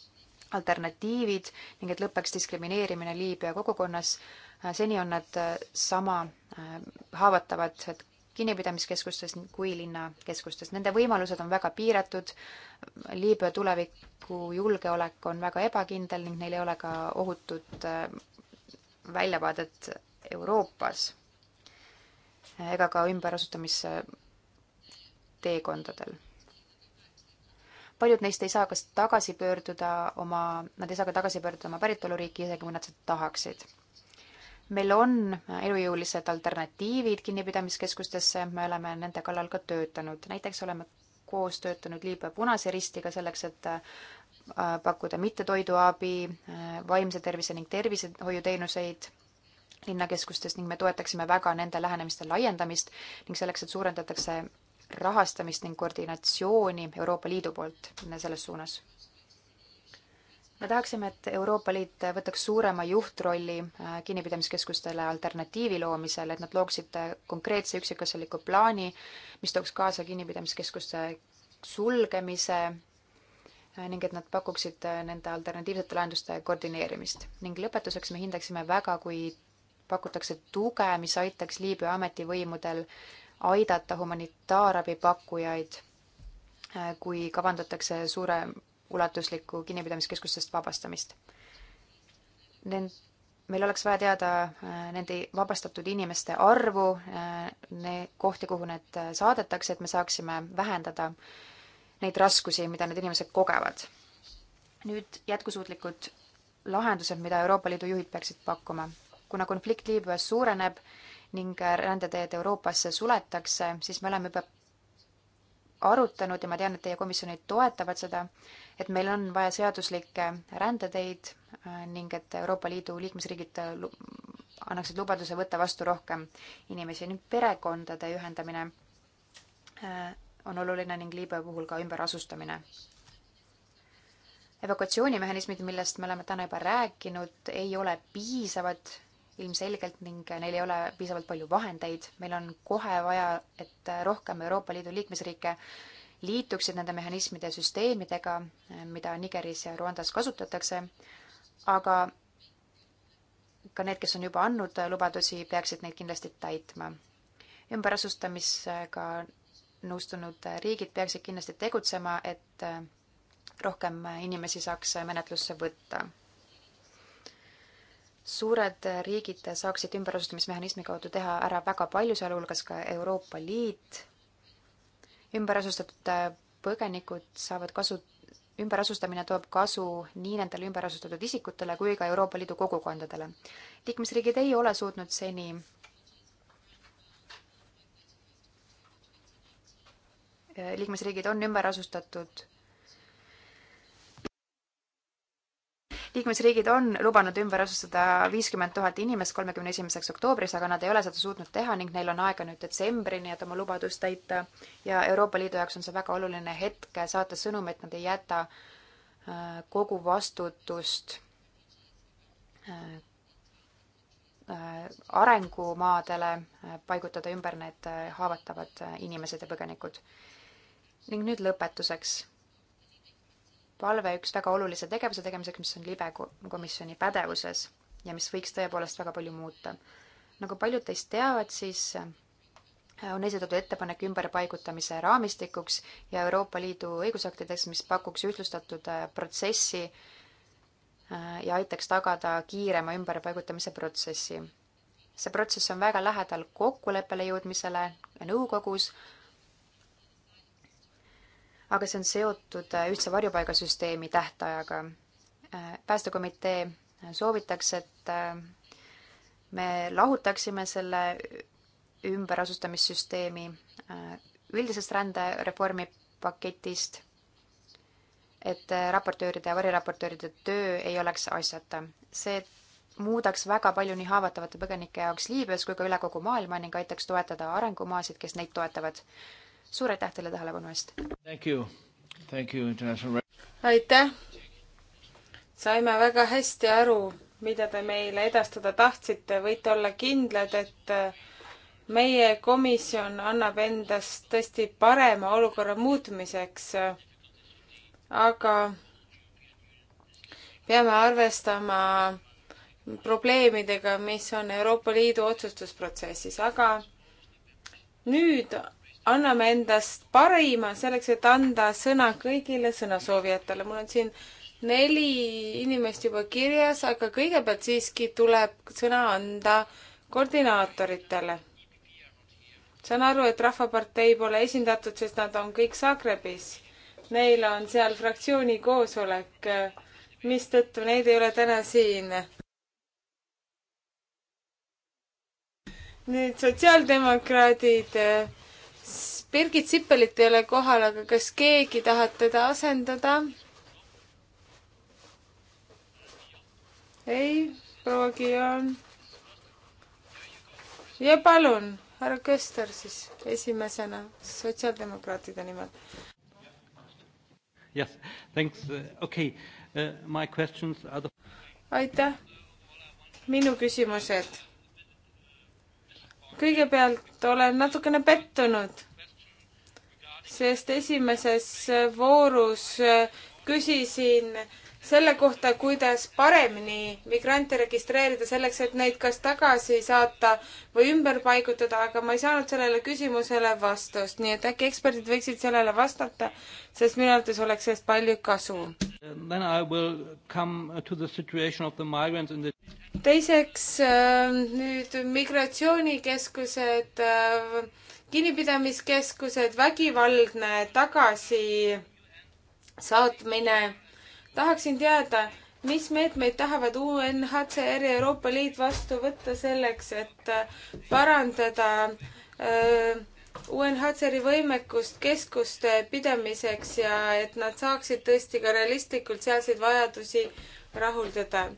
alternatiivid ning et lõpeks diskrimineerimine Liibüa kogukonnas. Äh, seni on nad sama haavatavad kinnipidamiskeskustes kui linnakeskustes. Nende võimalused on väga piiratud, Liibüa tuleviku julgeolek on väga ebakindel ning neil ei ole ka ohutut väljavaadet Euroopas ega ka ümberasustamispoliitika teekondadel. paljud neist ei saa kas tagasi pöörduda oma, nad ei saa ka tagasi pöörduda oma päritoluriiki, isegi kui nad seda tahaksid. meil on elujõulised alternatiivid kinnipidamiskeskustesse, me oleme nende kallal ka töötanud, näiteks oleme koos töötanud Liibüa Punase Ristiga selleks, et äh, pakkuda mittetoiduabi, äh, vaimse tervise ning tervishoiuteenuseid linnakeskustes ning me toetaksime väga nende lähenemiste laiendamist ning selleks, et suurendatakse rahastamist ning koordinatsiooni Euroopa Liidu poolt selles suunas. me tahaksime, et Euroopa Liit võtaks suurema juhtrolli äh, kinnipidamiskeskustele alternatiivi loomisel, et nad looksid äh, konkreetse üksikasjaliku plaani, mis tooks kaasa kinnipidamiskeskuste sulgemise äh, ning et nad pakuksid nende alternatiivsete lahenduste koordineerimist. ning lõpetuseks me hindaksime väga, kui pakutakse tuge, mis aitaks Liibüa ametivõimudel aidata humanitaarabipakkujaid, äh, kui kavandatakse suure ulatuslikku kinnipidamiskeskustest vabastamist. Nend-, meil oleks vaja teada äh, nende vabastatud inimeste arvu, äh, ne-, kohti, kuhu need saadetakse, et me saaksime vähendada neid raskusi, mida need inimesed kogevad. nüüd jätkusuutlikud lahendused, mida Euroopa Liidu juhid peaksid pakkuma. kuna konflikt Liibüas suureneb, ning rändeteed Euroopasse suletakse, siis me oleme juba arutanud ja ma tean, et teie komisjonid toetavad seda, et meil on vaja seaduslikke rändeteid äh, ning et Euroopa Liidu liikmesriigid äh, annaksid lubaduse võtta vastu rohkem inimesi ning perekondade ühendamine äh, on oluline ning Liibüa puhul ka ümberasustamine. evakuatsioonimehhanismid, millest me oleme täna juba rääkinud, ei ole piisavad ilmselgelt ning neil ei ole piisavalt palju vahendeid. meil on kohe vaja, et rohkem Euroopa Liidu liikmesriike liituksid nende mehhanismide ja süsteemidega, mida Nigeris ja Rwandas kasutatakse, aga ka need, kes on juba andnud lubadusi, peaksid neid kindlasti täitma. ümberasustamisega nõustunud riigid peaksid kindlasti tegutsema, et rohkem inimesi saaks menetlusse võtta suured riigid saaksid ümberasustamismehhanismi kaudu teha ära väga palju, sealhulgas ka Euroopa Liit. ümberasustatud äh, põgenikud saavad kasu, ümberasustamine toob kasu nii nendele ümberasustatud isikutele kui ka Euroopa Liidu kogukondadele. liikmesriigid ei ole suutnud seni äh, liikmesriigid on ümberasustatud liikmesriigid on lubanud ümber asustada viiskümmend tuhat inimest kolmekümne esimeseks oktoobriks, aga nad ei ole seda suutnud teha ning neil on aega nüüd detsembrini, et oma lubadust täita. ja Euroopa Liidu jaoks on see väga oluline hetk saata sõnum, et nad ei jäta äh, kogu vastutust äh, äh, arengumaadele paigutada ümber need haavatavad inimesed ja põgenikud. ning nüüd lõpetuseks palve üks väga olulise tegevuse tegemiseks, mis on libe komisjoni pädevuses ja mis võiks tõepoolest väga palju muuta. nagu paljud teist teavad, siis äh, on esitatud ettepanek ümberpaigutamise raamistikuks ja Euroopa Liidu õigusaktides, mis pakuks ühtlustatud äh, protsessi äh, ja aitaks tagada kiirema ümberpaigutamise protsessi. see protsess on väga lähedal kokkuleppele jõudmisele nõukogus aga see on seotud äh, ühtse varjupaigasüsteemi tähtajaga. Äh, päästekomitee soovitaks, et äh, me lahutaksime selle ümberasustamissüsteemi üldisest rändereformi paketist, et raportööride ja variraportööride töö ei oleks asjata. see muudaks väga palju nii haavatavate põgenike jaoks Liibüas kui ka üle kogu maailma ning aitaks toetada arengumaasid, kes neid toetavad suur aitäh teile tähelepanu eest! International... aitäh! saime väga hästi aru, mida te meile edastada tahtsite, võite olla kindlad, et äh, meie komisjon annab endast tõesti parema olukorra muutmiseks. aga peame arvestama probleemidega, mis on Euroopa Liidu otsustusprotsessis, aga nüüd anname endast parima selleks, et anda sõna kõigile sõnasoovijatele. mul on siin neli inimest juba kirjas, aga kõigepealt siiski tuleb sõna anda koordinaatoritele. saan aru, et Rahvapartei pole esindatud, sest nad on kõik Zagrebis. Neil on seal fraktsiooni koosolek, mistõttu neid ei ole täna siin. nüüd sotsiaaldemokraadid Birgit Sippelit ei ole kohal, aga kas keegi tahab teda asendada? ei, proua Guillaume. ja palun, härra Köster siis esimesena sotsiaaldemokraatide nimel. Yes, thanks. Uh, okay, uh, my questions are the... aitäh. minu küsimused. kõigepealt olen natukene pettunud sest esimeses voorus küsisin selle kohta, kuidas paremini migrante registreerida selleks, et neid kas tagasi saata või ümber paigutada, aga ma ei saanud sellele küsimusele vastust, nii et äkki eksperdid võiksid sellele vastata, sest minu arvates oleks sellest palju kasu. The... teiseks äh, nüüd migratsioonikeskused äh, kinnipidamiskeskused, vägivaldne tagasisaatmine. tahaksin teada, mis meetmeid tahavad UNHCR ja Euroopa Liit vastu võtta selleks, et parandada öö, UNHCR-i võimekust keskuste pidamiseks ja et nad saaksid tõesti ka realistlikult sealseid vajadusi rahuldada.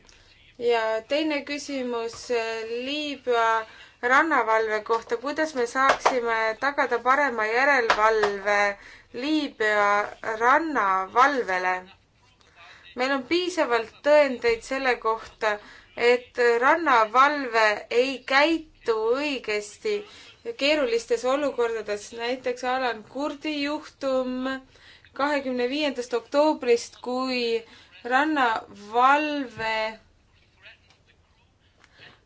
ja teine küsimus, Liibüa rannavalve kohta, kuidas me saaksime tagada parema järelevalve Liibüa rannavalvele. meil on piisavalt tõendeid selle kohta, et rannavalve ei käitu õigesti keerulistes olukordades, näiteks Alan Kurdi juhtum kahekümne viiendast oktoobrist, kui rannavalve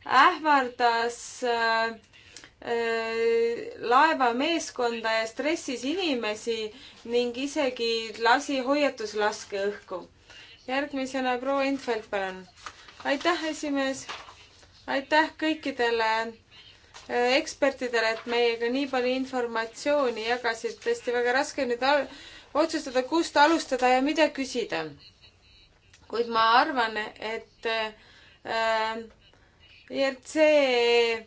ähvardas äh, äh, laeva meeskonda ja stressis inimesi ning isegi lasi hoiatuslaske õhku. järgmisena proua Infeld, palun. aitäh, esimees. aitäh kõikidele äh, ekspertidele, et meiega nii palju informatsiooni jagasid. tõesti väga raske nüüd otsustada, kust alustada ja mida küsida. kuid ma arvan, et äh, IRC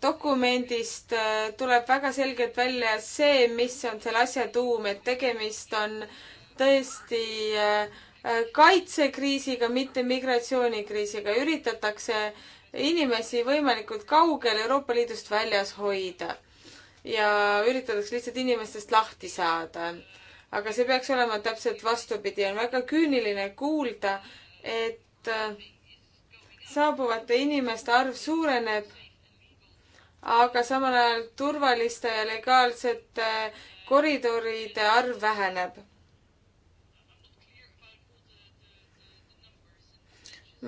dokumendist äh, tuleb väga selgelt välja see, mis on selle asja tuum, et tegemist on tõesti äh, äh, kaitsekriisiga, mitte migratsioonikriisiga. üritatakse inimesi võimalikult kaugel Euroopa Liidust väljas hoida ja üritatakse lihtsalt inimestest lahti saada. aga see peaks olema täpselt vastupidi. on väga küüniline kuulda, et saabuvate inimeste arv suureneb, aga samal ajal turvaliste ja legaalsete koridoride arv väheneb.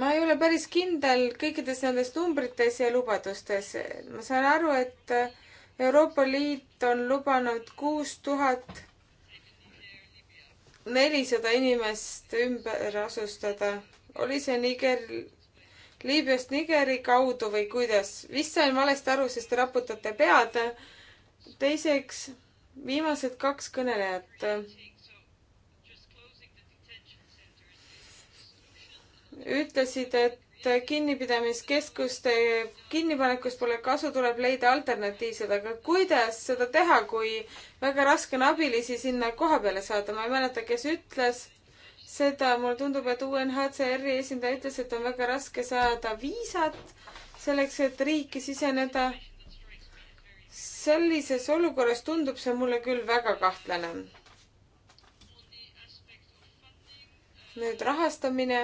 ma ei ole päris kindel kõikides nendes numbrites ja lubadustes. ma saan aru, et Euroopa Liit on lubanud kuus tuhat nelisada inimest ümber asustada. oli see Niger Liibüast Nigeri kaudu või kuidas? vist sain valesti aru, sest te raputate pead. teiseks, viimased kaks kõnelejat. ütlesid, et kinnipidamiskeskuste kinnipanekust pole kasu, tuleb leida alternatiivsed, aga kuidas seda teha, kui väga raske on abilisi sinna koha peale saada, ma ei mäleta, kes ütles seda, mulle tundub, et UNHCR-i esindaja ütles, et on väga raske saada viisat selleks, et riiki siseneda. sellises olukorras tundub see mulle küll väga kahtlane. nüüd rahastamine.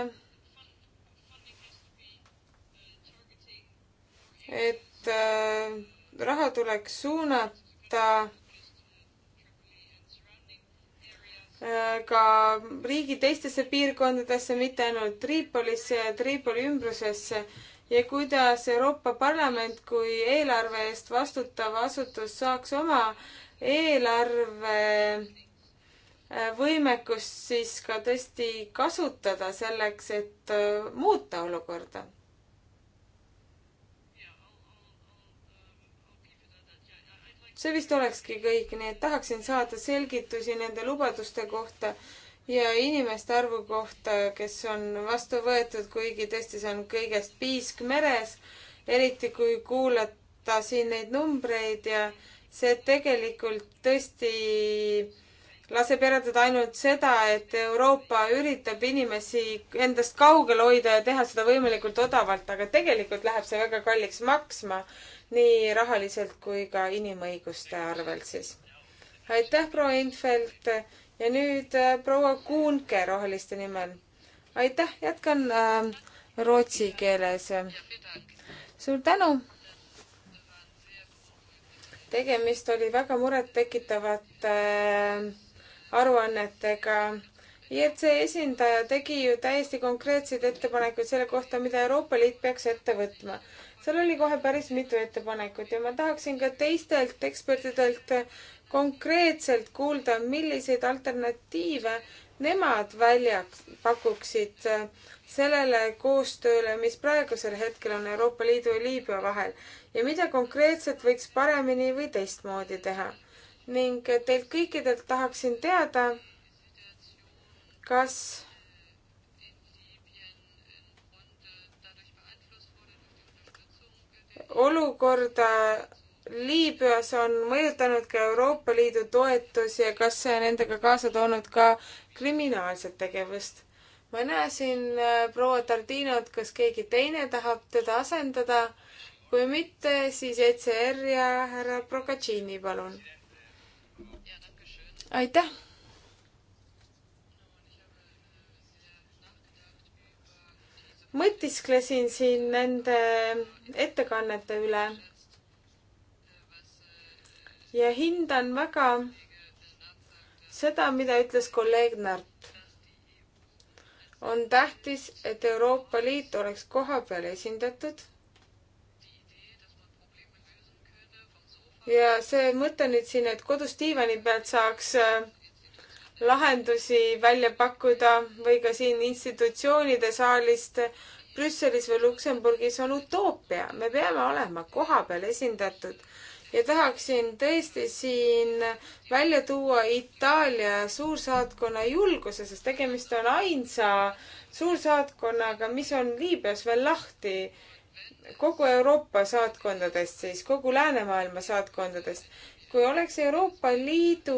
et äh, raha tuleks suunata ka riigi teistesse piirkondadesse, mitte ainult Tripolisse ja Tripoli ümbrusesse ja kuidas Euroopa Parlament kui eelarve eest vastutav asutus saaks oma eelarve äh, võimekust siis ka tõesti kasutada selleks, et äh, muuta olukorda see vist olekski kõik, nii et tahaksin saada selgitusi nende lubaduste kohta ja inimeste arvu kohta, kes on vastu võetud, kuigi tõesti, see on kõigest piisk meres. eriti kui kuulata siin neid numbreid ja see tegelikult tõesti laseb järeldada ainult seda, et Euroopa üritab inimesi endast kaugel hoida ja teha seda võimalikult odavalt, aga tegelikult läheb see väga kalliks maksma nii rahaliselt kui ka inimõiguste arvelt siis. aitäh, proua Infeld ja nüüd äh, proua Kuunke Roheliste nimel. aitäh, jätkan äh, rootsi keeles. suur tänu. tegemist oli väga murettekitavate äh, aruannetega IRC esindaja tegi ju täiesti konkreetseid ettepanekuid selle kohta, mida Euroopa Liit peaks ette võtma seal oli kohe päris mitu ettepanekut ja ma tahaksin ka teistelt ekspertidelt konkreetselt kuulda, milliseid alternatiive nemad välja pakuksid äh, sellele koostööle, mis praegusel hetkel on Euroopa Liidu ja Liibüa vahel ja mida konkreetselt võiks paremini või teistmoodi teha. ning teilt kõikidelt tahaksin teada, kas olukorda Liibüas on mõjutanud ka Euroopa Liidu toetus ja kas see on endaga kaasa toonud ka kriminaalset tegevust? ma ei näe siin äh, proua Tardinot, kas keegi teine tahab teda asendada. kui mitte, siis ECR ja härra Procaccini, palun. aitäh mõtisklesin siin nende ettekannete üle ja hindan väga seda, mida ütles kolleeg Närt. on tähtis, et Euroopa Liit oleks kohapeal esindatud. ja see mõte nüüd siin, et kodus diivani pealt saaks äh, lahendusi välja pakkuda või ka siin institutsioonide saalist Brüsselis või Luksemburgis on utoopia. me peame olema kohapeal esindatud ja tahaksin tõesti siin välja tuua Itaalia suursaatkonna julguse, sest tegemist on ainsa suursaatkonnaga, mis on Liibüas veel lahti kogu Euroopa saatkondadest siis, kogu läänemaailma saatkondadest kui oleks Euroopa Liidu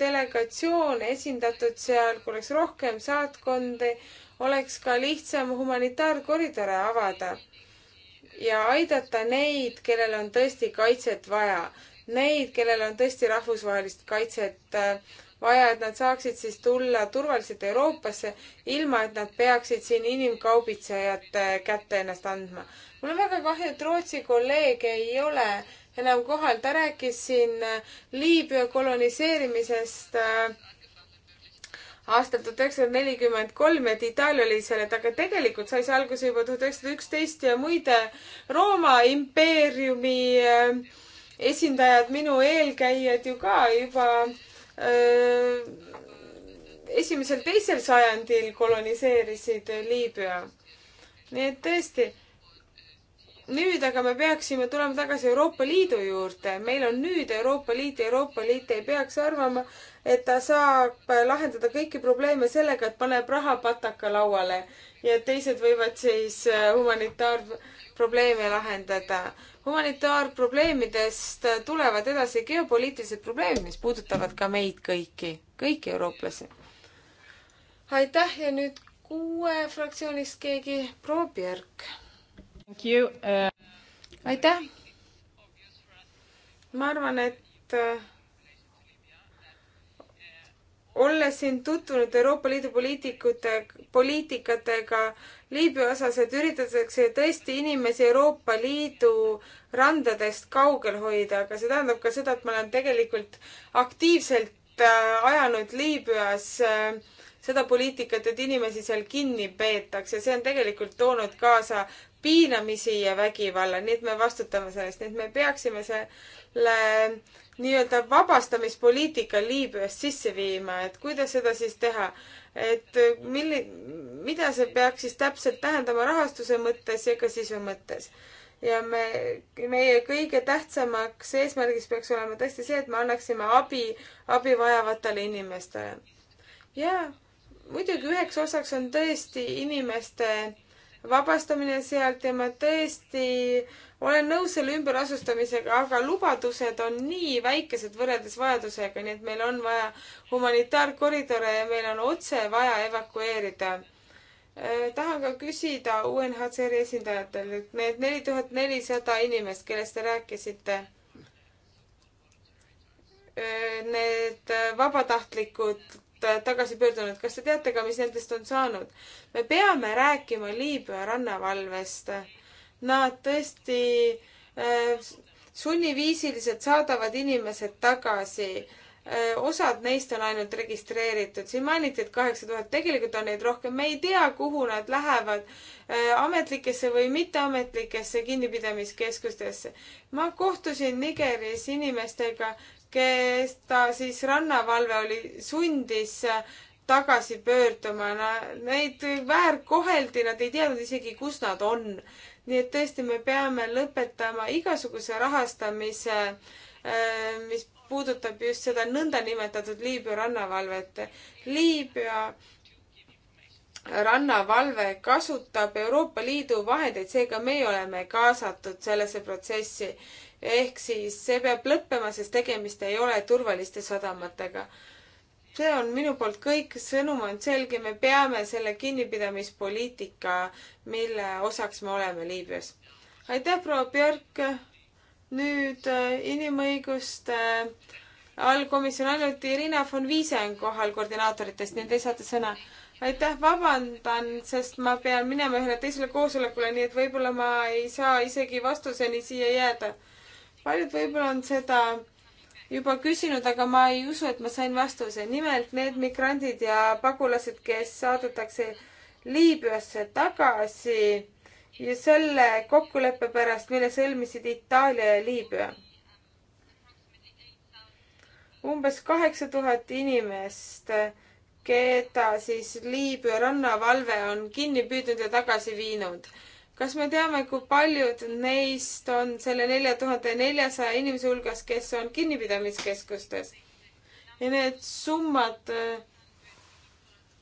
delegatsioon esindatud seal, kui oleks rohkem saatkondi, oleks ka lihtsam humanitaarkoridore avada ja aidata neid, kellel on tõesti kaitset vaja. Neid, kellel on tõesti rahvusvahelist kaitset äh, vaja, et nad saaksid siis tulla turvaliselt Euroopasse, ilma et nad peaksid siin inimkaubitsejate kätte ennast andma. mul on väga kahju, et Rootsi kolleege ei ole äh, enam kohal. ta rääkis siin äh, Liibüa koloniseerimisest äh, aastal tuhat üheksasada nelikümmend kolm, et Itaalia oli selle taga. tegelikult sai see alguse juba tuhat üheksasada üksteist ja muide Rooma impeeriumi äh, esindajad, minu eelkäijad ju ka juba öö, esimesel-teisel sajandil koloniseerisid Liibüa. nii et tõesti nüüd aga me peaksime tulema tagasi Euroopa Liidu juurde. meil on nüüd Euroopa Liit ja Euroopa Liit ei peaks arvama, et ta saab lahendada kõiki probleeme sellega, et paneb raha pataka lauale ja teised võivad siis äh, humanitaarprobleeme lahendada. humanitaarprobleemidest äh, tulevad edasi geopoliitilised probleemid, mis puudutavad ka meid kõiki, kõiki eurooplasi. aitäh ja nüüd kuue fraktsioonist keegi, proua Björk Uh, aitäh! ma arvan, et äh, olles siin tutvunud Euroopa Liidu poliitikute, poliitikatega Liibüa osas, et üritatakse tõesti inimesi Euroopa Liidu randadest kaugel hoida, aga see tähendab ka seda, et ma olen tegelikult aktiivselt Äh, ajanud Liibüas äh, seda poliitikat, et inimesi seal kinni peetakse, see on tegelikult toonud kaasa piinamisi ja vägivalla, nii et me vastutame selle eest, nii et me peaksime selle äh, nii-öelda vabastamispoliitika Liibüast sisse viima, et kuidas seda siis teha, et milli-, mida see peaks siis täpselt tähendama rahastuse mõttes ja ka sisu mõttes ja me, meie kõige tähtsamaks eesmärgiks peaks olema tõesti see, et me annaksime abi, abi vajavatele inimestele. ja muidugi üheks osaks on tõesti inimeste vabastamine sealt ja ma tõesti olen nõus selle ümberasustamisega, aga lubadused on nii väikesed võrreldes vajadusega, nii et meil on vaja humanitaarkoridore ja meil on otse vaja evakueerida Äh, tahan ka küsida UNHCR-i esindajatel, et need neli tuhat nelisada inimest, kellest te rääkisite, äh, need äh, vabatahtlikud tagasi pöördunud, kas te teate ka, mis nendest on saanud? me peame rääkima Liibüa rannavalvest. Nad tõesti sunniviisiliselt saadavad inimesed tagasi Äh, osad neist on ainult registreeritud. siin mainiti, et kaheksa tuhat, tegelikult on neid rohkem. me ei tea, kuhu nad lähevad, äh, ametlikesse või mitteametlikesse kinnipidamiskeskustesse. ma kohtusin Nigeris inimestega, kes ta siis, rannavalve oli, sundis äh, tagasi pöörduma. Neid väärkoheldi, nad ei teadnud isegi, kus nad on. nii et tõesti, me peame lõpetama igasuguse rahastamise, mis puudutab just seda nõndanimetatud Liibüa rannavalvet. Liibüa rannavalve kasutab Euroopa Liidu vahendeid, seega meie oleme kaasatud sellesse protsessi. ehk siis see peab lõppema, sest tegemist ei ole turvaliste sadamatega. see on minu poolt kõik, sõnum on selge, me peame selle kinnipidamispoliitika, mille osaks me oleme Liibüas. aitäh, proua Björk nüüd äh, inimõiguste äh, allkomisjon ainult Irina von Viise on kohal koordinaatoritest, nii et te saate sõna. aitäh, vabandan, sest ma pean minema ühele teisele koosolekule, nii et võib-olla ma ei saa isegi vastuseni siia jääda. paljud võib-olla on seda juba küsinud, aga ma ei usu, et ma sain vastuse. nimelt need migrandid ja pagulased, kes saadetakse Liibüasse tagasi ja selle kokkuleppe pärast, mille sõlmisid Itaalia ja Liibüa. umbes kaheksa tuhat inimest, keda siis Liibüa rannavalve on kinni püüdnud ja tagasi viinud. kas me teame, kui paljud neist on selle nelja tuhande neljasaja inimese hulgas, kes on kinnipidamiskeskustes? ja need summad äh,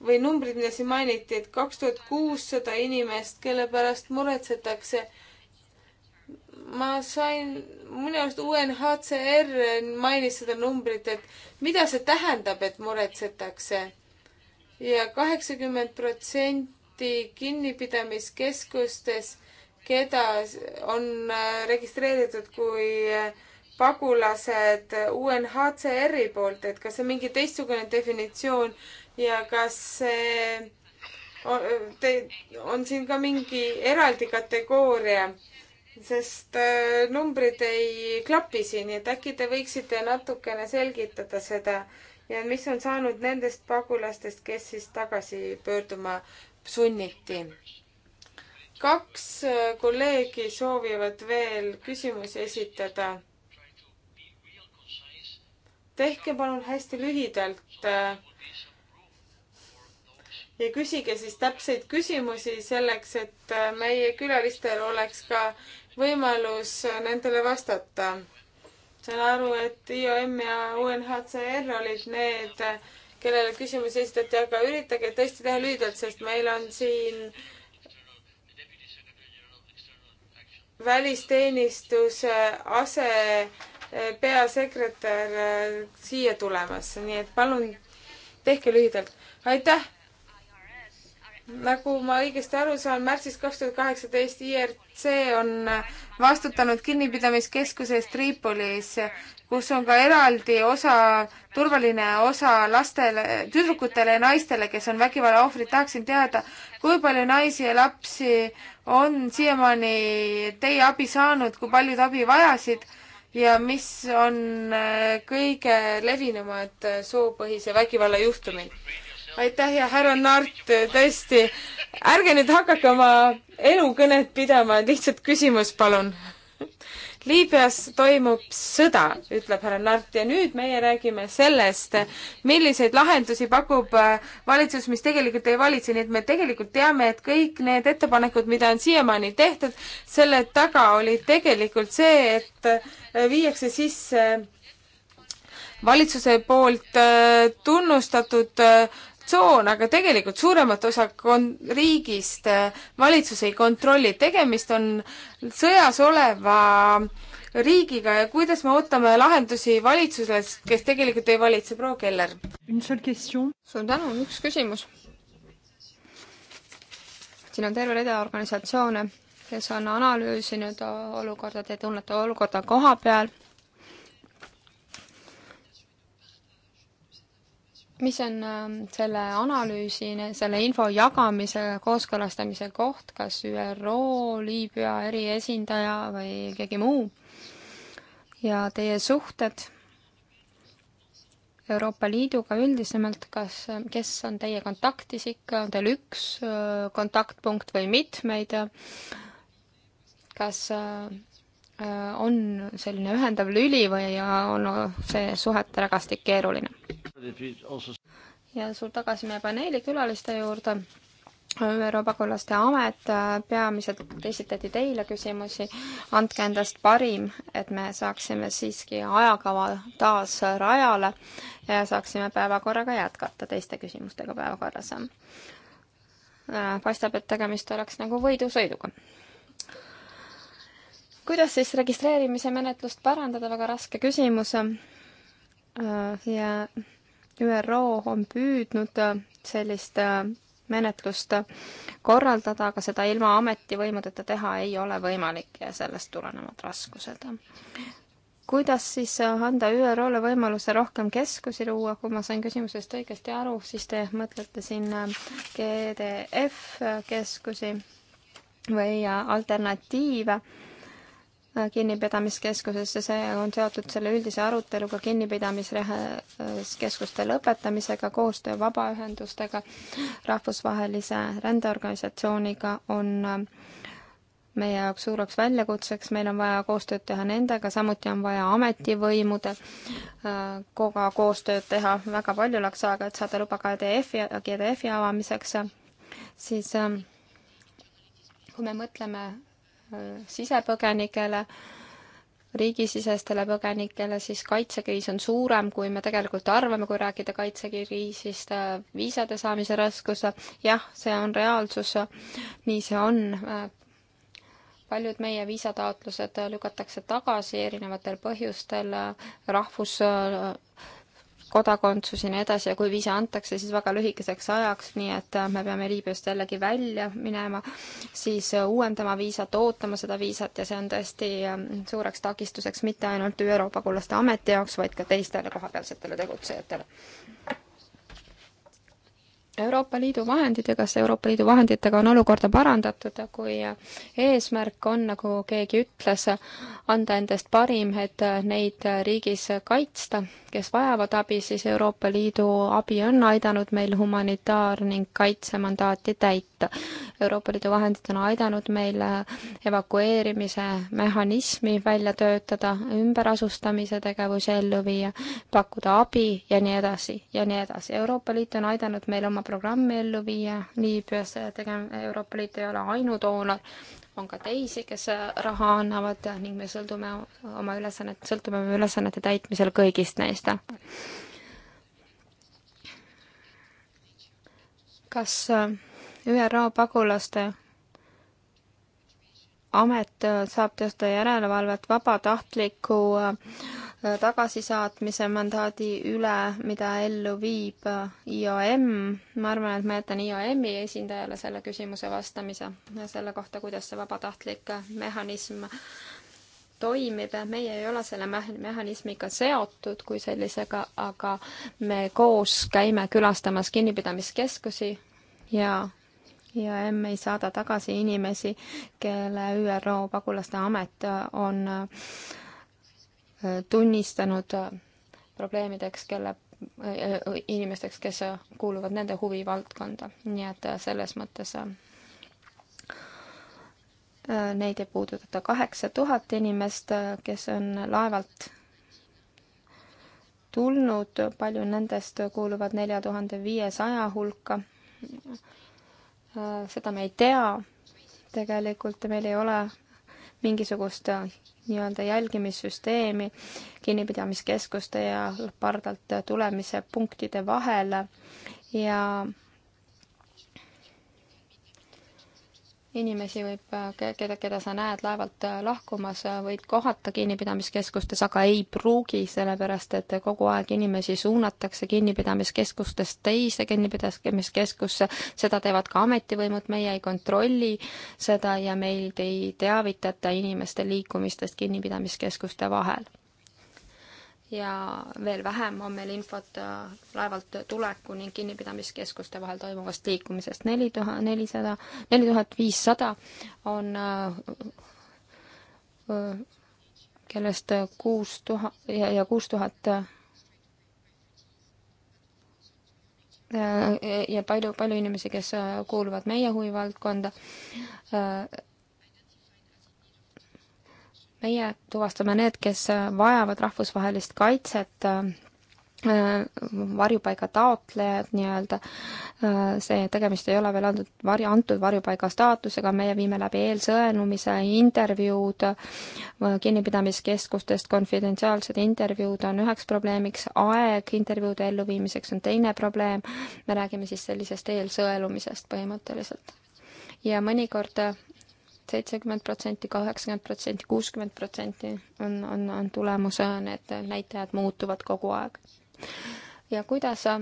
või numbrid, mida siin mainiti, et kaks tuhat kuussada inimest, kelle pärast muretsetakse. ma sain, minu arust UNHCR mainis seda numbrit, et mida see tähendab, et muretsetakse ja. ja kaheksakümmend protsenti kinnipidamiskeskustes, keda on äh, registreeritud kui äh, pagulased UNHCR-i poolt, et kas see on mingi teistsugune definitsioon ja kas see te, on siin ka mingi eraldi kategooria, sest äh, numbrid ei klapi siin, nii et äkki te võiksite natukene selgitada seda ja mis on saanud nendest pagulastest, kes siis tagasi pöörduma sunniti? kaks äh, kolleegi soovivad veel küsimusi esitada. tehke palun hästi lühidalt äh, ja küsige siis täpseid küsimusi selleks, et äh, meie külalistel oleks ka võimalus äh, nendele vastata. saan aru, et IOM ja UNHCR olid need, äh, kellele küsimusi esitati, aga üritage tõesti teha lühidalt, sest meil on siin välisteenistuse ase peasekretär siia tulemas, nii et palun tehke lühidalt. aitäh nagu ma õigesti aru saan, märtsis kaks tuhat kaheksateist IRC on vastutanud kinnipidamiskeskuses Tripolis, kus on ka eraldi osa, turvaline osa lastele, tüdrukutele ja naistele, kes on vägivalla ohvrid. tahaksin teada, kui palju naisi ja lapsi on siiamaani teie abi saanud, kui paljud abi vajasid ja mis on äh, kõige levinumad äh, soopõhise vägivalla juhtumid? aitäh ja härra Nart, tõesti, ärge nüüd hakake oma elukõnet pidama, lihtsalt küsimus, palun. Liibüas toimub sõda, ütleb härra Nart ja nüüd meie räägime sellest, milliseid lahendusi pakub äh, valitsus, mis tegelikult ei valitse, nii et me tegelikult teame, et kõik need ettepanekud, mida on siiamaani tehtud, selle taga oli tegelikult see, et äh, viiakse sisse äh, valitsuse poolt tunnustatud tsoon, aga tegelikult suuremat osa kon-, riigist äh, valitsus ei kontrolli. tegemist on sõjas oleva riigiga ja kuidas me ootame lahendusi valitsuses, kes tegelikult ei valitse, proua Keller? suur tänu, üks küsimus. siin on terve rida organisatsioone, kes on analüüsinud olukorda, te tunnete olukorda koha peal mis on ähm, selle analüüsi, selle info jagamise, kooskõlastamise koht, kas ÜRO, Liibüa eriesindaja või keegi muu? ja teie suhted Euroopa Liiduga üldisemalt, kas, ähm, kes on teie kontaktisik, on teil üks äh, kontaktpunkt või mitmeid? kas äh, Äh, on selline ühendav lüli või on see suhete rägastik keeruline? ja suur tagasi meie paneeli külaliste juurde. ÜRO pagulaste amet, äh, peamiselt esitati teile küsimusi, andke endast parim, et me saaksime siiski ajakava taas rajale ja saaksime päevakorraga jätkata teiste küsimustega päevakorras. Äh, paistab, et tegemist oleks nagu võidusõiduga kuidas siis registreerimise menetlust parandada, väga raske küsimus. Äh, ja ÜRO on püüdnud äh, sellist äh, menetlust korraldada, aga seda ilma ametivõimudeta teha ei ole võimalik ja sellest tulenevad raskused. kuidas siis anda ÜRO-le võimaluse rohkem keskusi luua, kui ma sain küsimusest õigesti aru, siis te mõtlete siin GDF keskusi või alternatiive Äh, kinnipidamiskeskusesse, see on seotud selle üldise aruteluga kinnipidamiskeskuste lõpetamisega, koostöö vabaühendustega, rahvusvahelise rändeorganisatsiooniga on äh, meie jaoks suureks väljakutseks, meil on vaja koostööd teha nendega, samuti on vaja ametivõimude äh, koga koostööd teha, väga palju läks aega, et saada luba ka EDF-i, GDF-i avamiseks, siis kui me mõtleme sisepõgenikele, riigisisestele põgenikele, siis kaitsekriis on suurem, kui me tegelikult arvame, kui rääkida kaitsekriisist, äh, viisade saamise raskus, jah, see on reaalsus, nii see on. Äh, paljud meie viisataotlused lükatakse tagasi erinevatel põhjustel, äh, rahvus kodakondsus ja nii edasi ja kui viisa antakse, siis väga lühikeseks ajaks, nii et äh, me peame Liibüast jällegi välja minema, siis äh, uuendama viisat, ootama seda viisat ja see on tõesti ähm, suureks takistuseks mitte ainult ÜRO pagulaste ameti jaoks, vaid ka teistele kohapealsetele tegutsejatele. Euroopa Liidu vahendid ja kas Euroopa Liidu vahenditega on olukorda parandatud, kui eesmärk on, nagu keegi ütles, anda endast parim, et neid riigis kaitsta, kes vajavad abi, siis Euroopa Liidu abi on aidanud meil humanitaar- ning kaitsemandaati täita võtta. Euroopa Liidu vahendid on aidanud meil evakueerimise mehhanismi välja töötada, ümberasustamise tegevusi ellu viia, pakkuda abi ja nii edasi ja nii edasi. Euroopa Liit on aidanud meil oma programmi ellu viia Liibüas, tegem-, Euroopa Liit ei ole ainudoonor, on ka teisi, kes raha annavad ning me sõldume oma ülesannet, sõltume oma ülesannete täitmisel kõigist neist. kas ÜRO pagulaste amet saab teostada järelevalvet vabatahtliku äh, tagasisaatmise mandaadi üle, mida ellu viib äh, IOM. ma arvan, et ma jätan IOM-i esindajale selle küsimuse vastamise selle kohta, kuidas see vabatahtlik äh, mehhanism toimib, meie ei ole selle mehhanismiga seotud kui sellisega, aga me koos käime külastamas kinnipidamiskeskusi ja IOM ei saada tagasi inimesi, kelle ÜRO pagulaste amet on äh, tunnistanud äh, probleemideks, kelle äh, inimesteks, kes kuuluvad nende huvivaldkonda, nii et selles mõttes neid ei puudutata. kaheksa tuhat inimest, kes on laevalt tulnud, palju nendest kuuluvad nelja tuhande viiesaja hulka Äh, seda me ei tea tegelikult ja meil ei ole mingisugust äh, nii-öelda jälgimissüsteemi kinnipidamiskeskuste ja pardalt tulemise punktide vahel ja inimesi võib, keda, keda sa näed laevalt äh, lahkumas, äh, võid kohata kinnipidamiskeskustes, aga ei pruugi, sellepärast et kogu aeg inimesi suunatakse kinnipidamiskeskustest teise kinnipidamiskeskusse, seda teevad ka ametivõimud, meie ei kontrolli seda ja meid ei teavitata inimeste liikumistest kinnipidamiskeskuste vahel ja veel vähem on meil infot äh, laevalt tuleku ning kinnipidamiskeskuste vahel toimuvast liikumisest. neli tuhat, nelisada, neli tuhat viissada on äh, äh, kellest kuus tuhat ja, ja kuus tuhat ja palju, palju inimesi, kes kuuluvad meie huvivaldkonda meie tuvastame need, kes äh, vajavad rahvusvahelist kaitset, äh, äh, varjupaiga taotlejad nii-öelda, see, tegemist ei ole veel antud, varju, antud varjupaiga staatusega, meie viime läbi eelsõelumise intervjuud kinnipidamiskeskustest, konfidentsiaalsed intervjuud on üheks probleemiks, aeg intervjuude elluviimiseks on teine probleem, me räägime siis sellisest eelsõelumisest põhimõtteliselt. ja mõnikord seitsekümmend protsenti, kaheksakümmend protsenti, kuuskümmend protsenti on, on, on tulemus, need näitajad muutuvad kogu aeg. ja kuidas äh,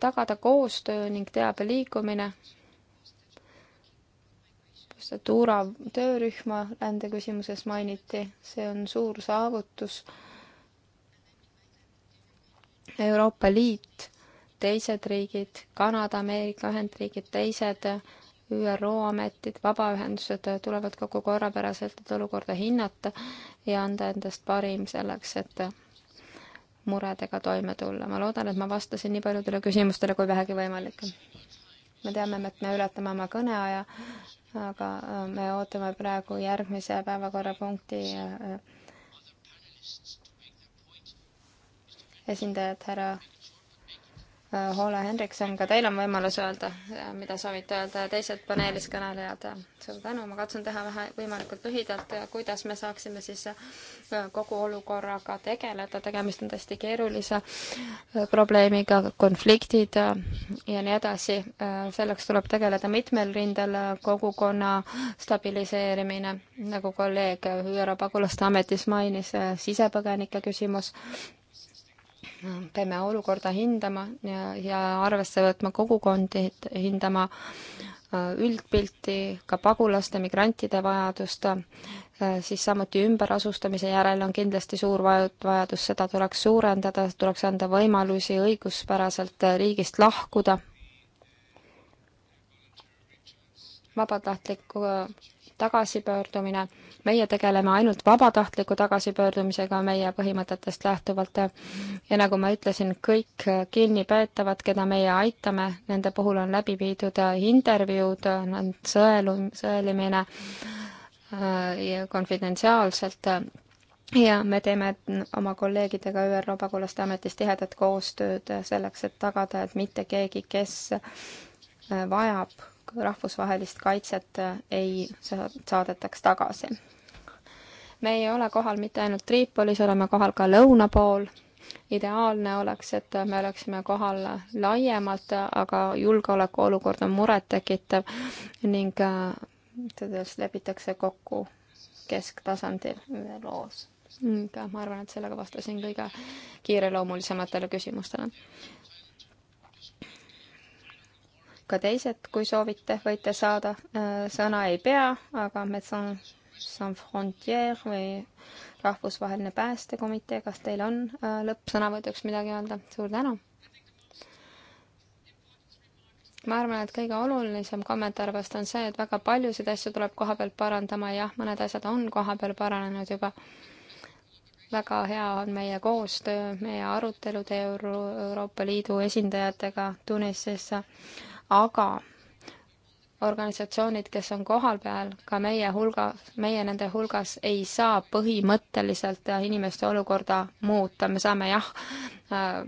tagada koostöö ning teabe liikumine Tuura töörühma rändeküsimuses mainiti, see on suur saavutus. Euroopa Liit, teised riigid, Kanada, Ameerika Ühendriigid, teised ÜRO ametid, vabaühendused tulevad kokku korrapäraselt, et olukorda hinnata ja anda endast parim selleks, et muredega toime tulla. ma loodan, et ma vastasin nii paljudele küsimustele kui vähegi võimalik. me teame, et me ületame oma kõneaja, aga äh, me ootame praegu järgmise päevakorrapunkti äh, äh, esindajat, härra Äh, Ole Henrikson, ka teil on võimalus öelda, äh, mida soovite öelda ja teised paneelis kõnelejad. Äh, suur tänu, ma katsun teha vähe, võimalikult lühidalt, kuidas me saaksime siis kogu olukorraga tegeleda, tegemist on tõesti keerulise probleemiga, konfliktid ja nii edasi. selleks tuleb tegeleda mitmel rindel, kogukonna stabiliseerimine, nagu kolleeg ÜRO pagulaste ametis mainis, sisepõgenike küsimus peame olukorda hindama ja, ja arvesse võtma kogukondi, hindama äh, üldpilti, ka pagulaste, migrantide vajadust, äh, siis samuti ümberasustamise järel on kindlasti suur vajadus, seda tuleks suurendada, tuleks anda võimalusi õiguspäraselt äh, riigist lahkuda. vabatahtlik tagasipöördumine, meie tegeleme ainult vabatahtliku tagasipöördumisega meie põhimõtetest lähtuvalt ja nagu ma ütlesin, kõik kinnipeetavad, keda meie aitame, nende puhul on läbi viidud intervjuud, sõelu, sõelimine äh, ja konfidentsiaalselt ja me teeme oma kolleegidega ÜRO pagulaste ametis tihedat koostööd selleks, et tagada, et mitte keegi, kes äh, vajab rahvusvahelist kaitset äh, ei saadetaks tagasi. me ei ole kohal mitte ainult Tripolis, oleme kohal ka lõuna pool. ideaalne oleks, et me oleksime kohal laiemalt, aga julgeolekuolukord on murettekitav ning äh, selles lepitakse kokku kesktasandil ÜRO-s. Äh, ma arvan, et sellega vastasin kõige kiireloomulisematele küsimustele ka teised, kui soovite, võite saada, äh, sõna ei pea, aga Médecins Sans Frontières või Rahvusvaheline Päästekomitee, kas teil on äh, lõppsõnavõtuks midagi öelda? suur tänu! ma arvan, et kõige olulisem kommentaar vast on see, et väga paljusid asju tuleb koha pealt parandama, jah, mõned asjad on koha peal paranenud juba. väga hea on meie koostöö, meie arutelud Euro Euroopa Liidu esindajatega Tunisisse aga organisatsioonid, kes on kohapeal, ka meie hulga, meie nende hulgas ei saa põhimõtteliselt äh, inimeste olukorda muuta, me saame jah, äh,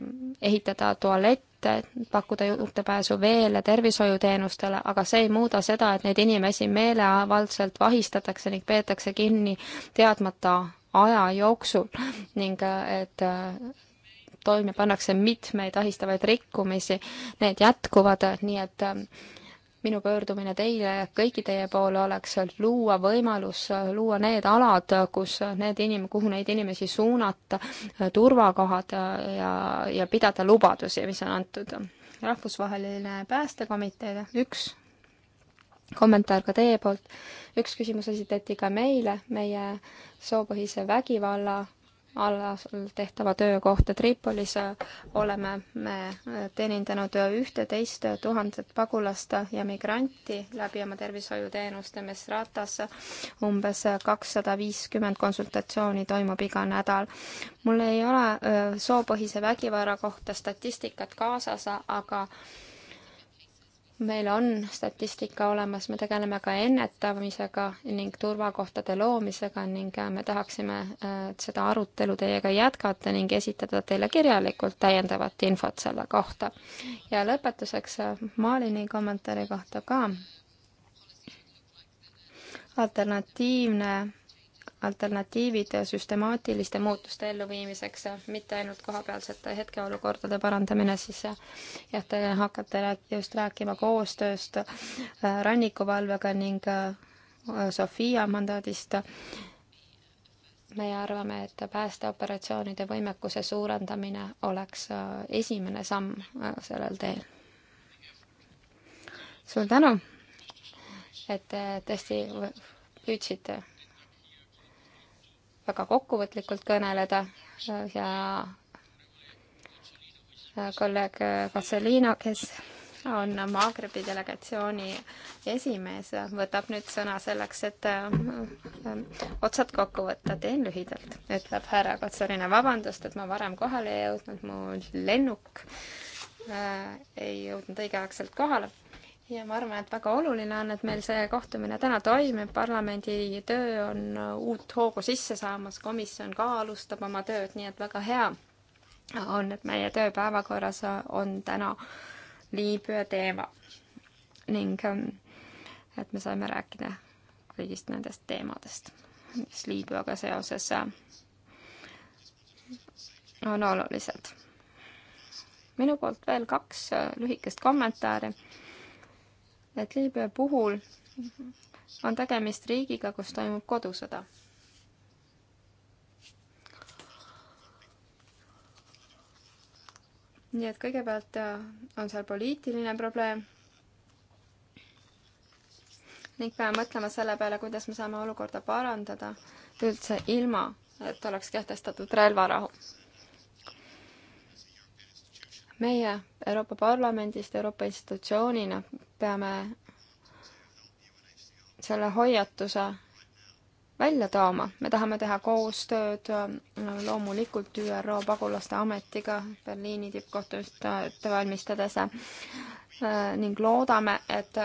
ehitada tualette, pakkuda juurdepääsu veele, tervishoiuteenustele, aga see ei muuda seda, et neid inimesi meeleavaldselt vahistatakse ning peetakse kinni teadmata aja jooksul ning äh, et toime pannakse mitmeid ahistavaid rikkumisi, need jätkuvad, nii et ähm, minu pöördumine teile ja kõigi teie poole oleks luua võimalus, äh, luua need alad, kus need inim-, kuhu neid inimesi suunata, äh, turvakohad äh, ja, ja pidada lubadusi, mis on antud. rahvusvaheline päästekomitee, üks kommentaar ka teie poolt. üks küsimus esitati ka meile, meie soopõhise vägivalla alasel tehtava töökohta Tripolis äh, oleme me äh, teenindanud äh, ühteteist tuhandet pagulast ja migranti läbi oma tervishoiuteenuste Mesratas. umbes kakssada viiskümmend konsultatsiooni toimub iga nädal. mul ei ole soopõhise vägivara kohta statistikat kaasas, aga meil on statistika olemas, me tegeleme ka ennetamisega ning turvakohtade loomisega ning äh, me tahaksime äh, seda arutelu teiega jätkata ning esitada teile kirjalikult täiendavat infot selle kohta. ja lõpetuseks äh, Malini kommentaari kohta ka. alternatiivne alternatiivid süstemaatiliste muutuste elluviimiseks, mitte ainult kohapealsete hetkeolukordade parandamine, siis jah, te hakkate just rääkima koostööst äh, rannikuvalvega ning äh, Sofia mandaadist. meie arvame, et päästeoperatsioonide võimekuse suurendamine oleks äh, esimene samm sellel teel. suur tänu, et tõesti püüdsite väga kokkuvõtlikult kõneleda ja kolleeg Marcelino, kes on Maagrebi delegatsiooni esimees, võtab nüüd sõna selleks, et äh, otsad kokku võtta. teen lühidalt, ütleb härra Katserina. vabandust, et ma varem kohale ei jõudnud, mu lennuk äh, ei jõudnud õigeaegselt kohale ja ma arvan, et väga oluline on, et meil see kohtumine täna toimib, parlamendi töö on uut hoogu sisse saamas, komisjon ka alustab oma tööd, nii et väga hea on, et meie töö päevakorras on täna Liibüa teema. ning ähm, et me saime rääkida kõigist nendest teemadest, mis Liibüaga seoses äh, on olulised. minu poolt veel kaks äh, lühikest kommentaari et Liibüa puhul on tegemist riigiga, kus toimub kodusõda. nii et kõigepealt äh, on seal poliitiline probleem ning peame mõtlema selle peale, kuidas me saame olukorda parandada üldse ilma, et oleks kehtestatud relvarahu meie Euroopa Parlamendist, Euroopa institutsioonina peame selle hoiatuse välja tooma, me tahame teha koostööd äh, loomulikult ÜRO pagulaste ametiga Berliini tippkohtumist ette äh, valmistades äh, ning loodame, et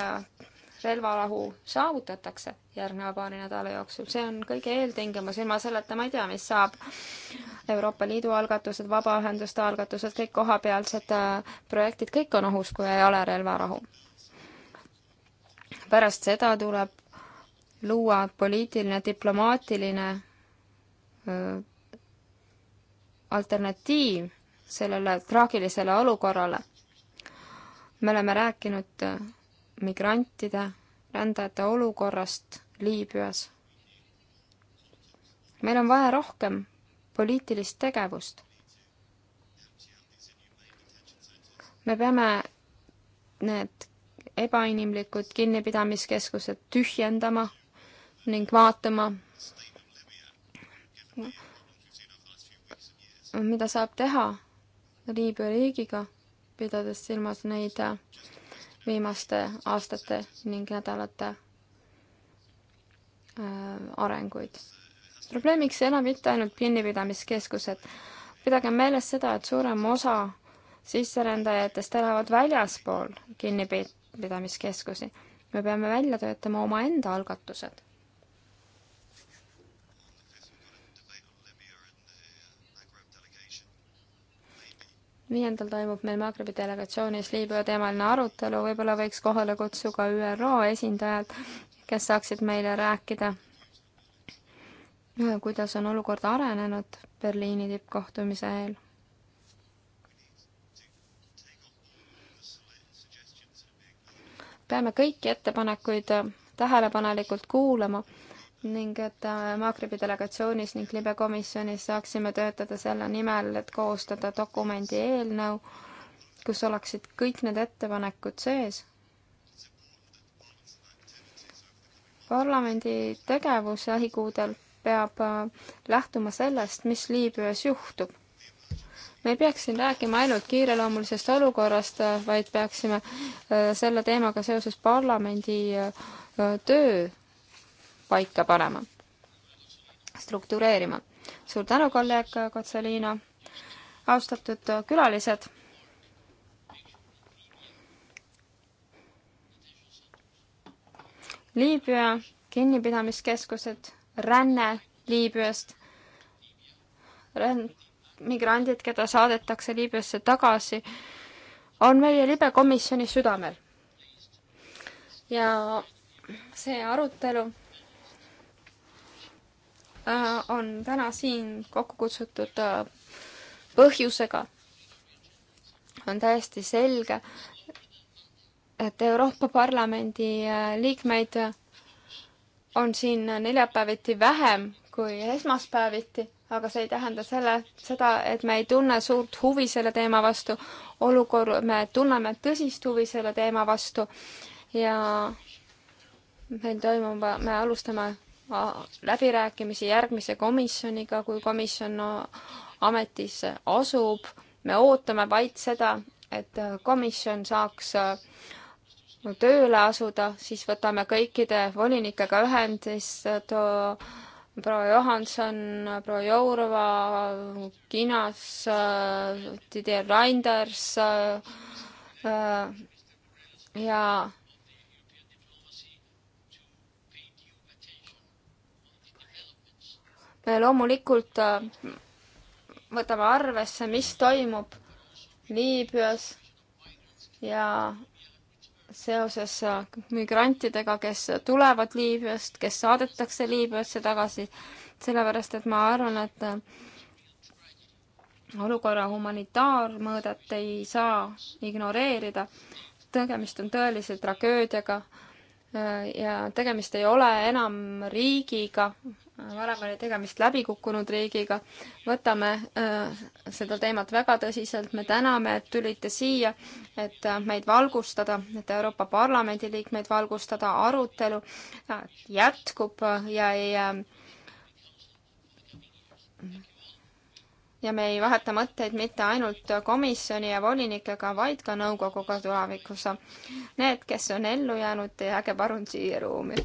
relvarahu saavutatakse järgneva paari nädala jooksul, see on kõige eeltingimus, ilma selleta ma ei tea, mis saab. Euroopa Liidu algatused, vabaühenduste algatused, kõik kohapealsed äh, projektid, kõik on ohus, kui ei ole relvarahu. pärast seda tuleb luua poliitiline, diplomaatiline öö, äh, alternatiiv sellele traagilisele olukorrale. me oleme rääkinud äh, migrantide, rändajate olukorrast Liibüas. meil on vaja rohkem poliitilist tegevust. me peame need ebainimlikud kinnipidamiskeskused tühjendama ning vaatama, mida saab teha Liibüa riigiga, pidades silmas neid viimaste aastate ning nädalate äh, arenguid. probleemiks ei ole mitte ainult kinnipidamiskeskused. pidage meeles seda, et suurem osa sisserändajatest elavad väljaspool kinnipidamiskeskusi. me peame välja töötama omaenda algatused. viiendal toimub meil Maagrebi delegatsioonis Liibüa teemaline arutelu, võib-olla võiks kohale kutsuda ÜRO esindajad, kes saaksid meile rääkida, kuidas on olukord arenenud Berliini tippkohtumise eel. peame kõiki ettepanekuid tähelepanelikult kuulama ning et äh, Maagrebi delegatsioonis ning libekomisjonis saaksime töötada selle nimel, et koostada dokumendi eelnõu, kus oleksid kõik need ettepanekud sees. parlamendi tegevus lähikuudel peab äh, lähtuma sellest, mis Liibüas juhtub. me ei peaks siin rääkima ainult kiireloomulisest olukorrast, äh, vaid peaksime selle teemaga seoses parlamendi töö paika panema, struktureerima. suur tänu, kolleeg Kotseliina, austatud külalised Liibüa kinnipidamiskeskused, ränne Liibüast, migrandid, keda saadetakse Liibüasse tagasi, on meie libe komisjoni südamel. ja see arutelu Äh, on täna siin kokku kutsutud äh, põhjusega. on täiesti selge, et Euroopa Parlamendi äh, liikmeid on siin neljapäeviti vähem kui esmaspäeviti, aga see ei tähenda selle, seda, et me ei tunne suurt huvi selle teema vastu. olukord, me tunneme tõsist huvi selle teema vastu ja meil toimub, me alustame läbirääkimisi järgmise komisjoniga, kui komisjon ametisse asub. me ootame vaid seda, et komisjon saaks äh, tööle asuda, siis võtame kõikide volinikega ühendist, äh, proua Johanson, proua Jourova, Kinas, äh, Didier Reinders ja me loomulikult äh, võtame arvesse, mis toimub Liibüas ja seoses äh, migrantidega, kes tulevad Liibüast, kes saadetakse Liibüasse tagasi, sellepärast et ma arvan, et äh, olukorra humanitaarmõõdet ei saa ignoreerida. tegemist on tõelise tragöödiaga ja tegemist ei ole enam riigiga, varem oli tegemist läbikukkunud riigiga, võtame äh, seda teemat väga tõsiselt, me täname, et tulite siia, et äh, meid valgustada, et Euroopa Parlamendi liikmeid valgustada, arutelu äh, jätkub äh, ja ei ja me ei vaheta mõtteid mitte ainult komisjoni ja volinikega, vaid ka nõukoguga tulevikus. Need, kes on ellu jäänud, jääge palun siia ruumi.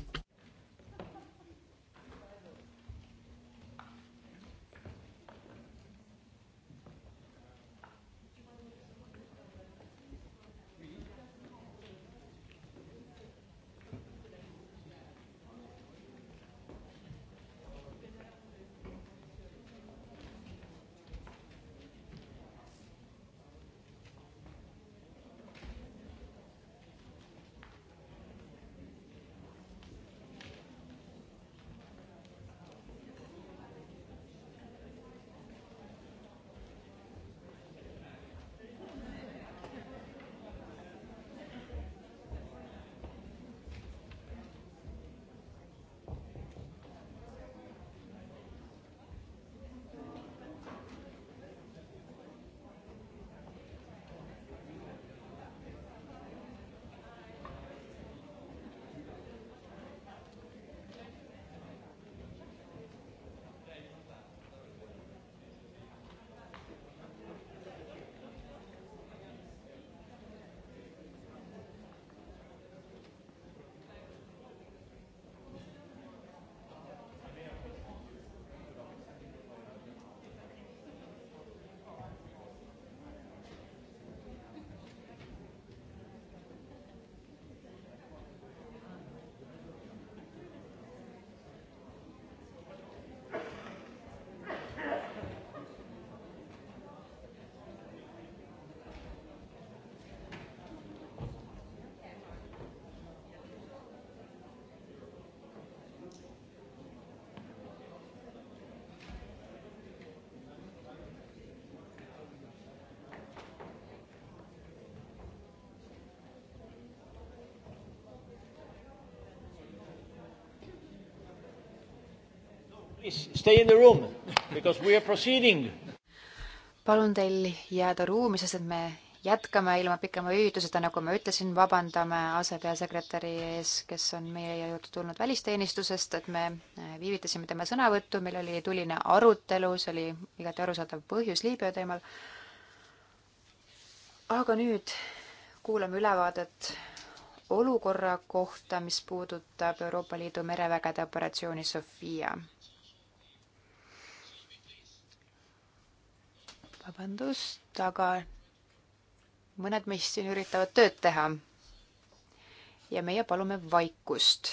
palun teil jääda ruumi, sest et me jätkame ilma pikema viivituseta, nagu ma ütlesin, vabandame asepeasekretäri ees, kes on meie juurde tulnud välisteenistusest, et me äh, viivitasime tema sõnavõttu, meil oli tuline arutelu, see oli igati arusaadav põhjus Liibüa teemal. aga nüüd kuulame ülevaadet olukorra kohta, mis puudutab Euroopa Liidu merevägede operatsiooni Sofia vabandust, aga mõned meist siin üritavad tööd teha. ja meie palume vaikust.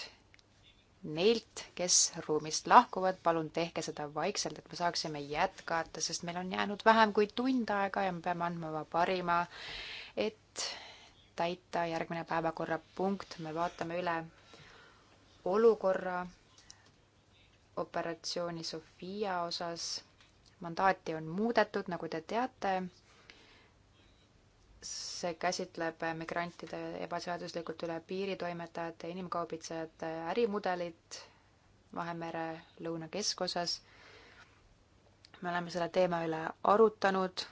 Neilt, kes ruumist lahkuvad, palun tehke seda vaikselt, et me saaksime jätkata, sest meil on jäänud vähem kui tund aega ja me peame andma oma parima, et täita järgmine päevakorrapunkt. me vaatame üle olukorra operatsiooni Sofia osas mandaati on muudetud, nagu te teate. see käsitleb migrantide ebaseaduslikult üle piiri toimetajate, inimkaubitsejate ärimudelit Vahemere lõunakeskosas. me oleme selle teema üle arutanud.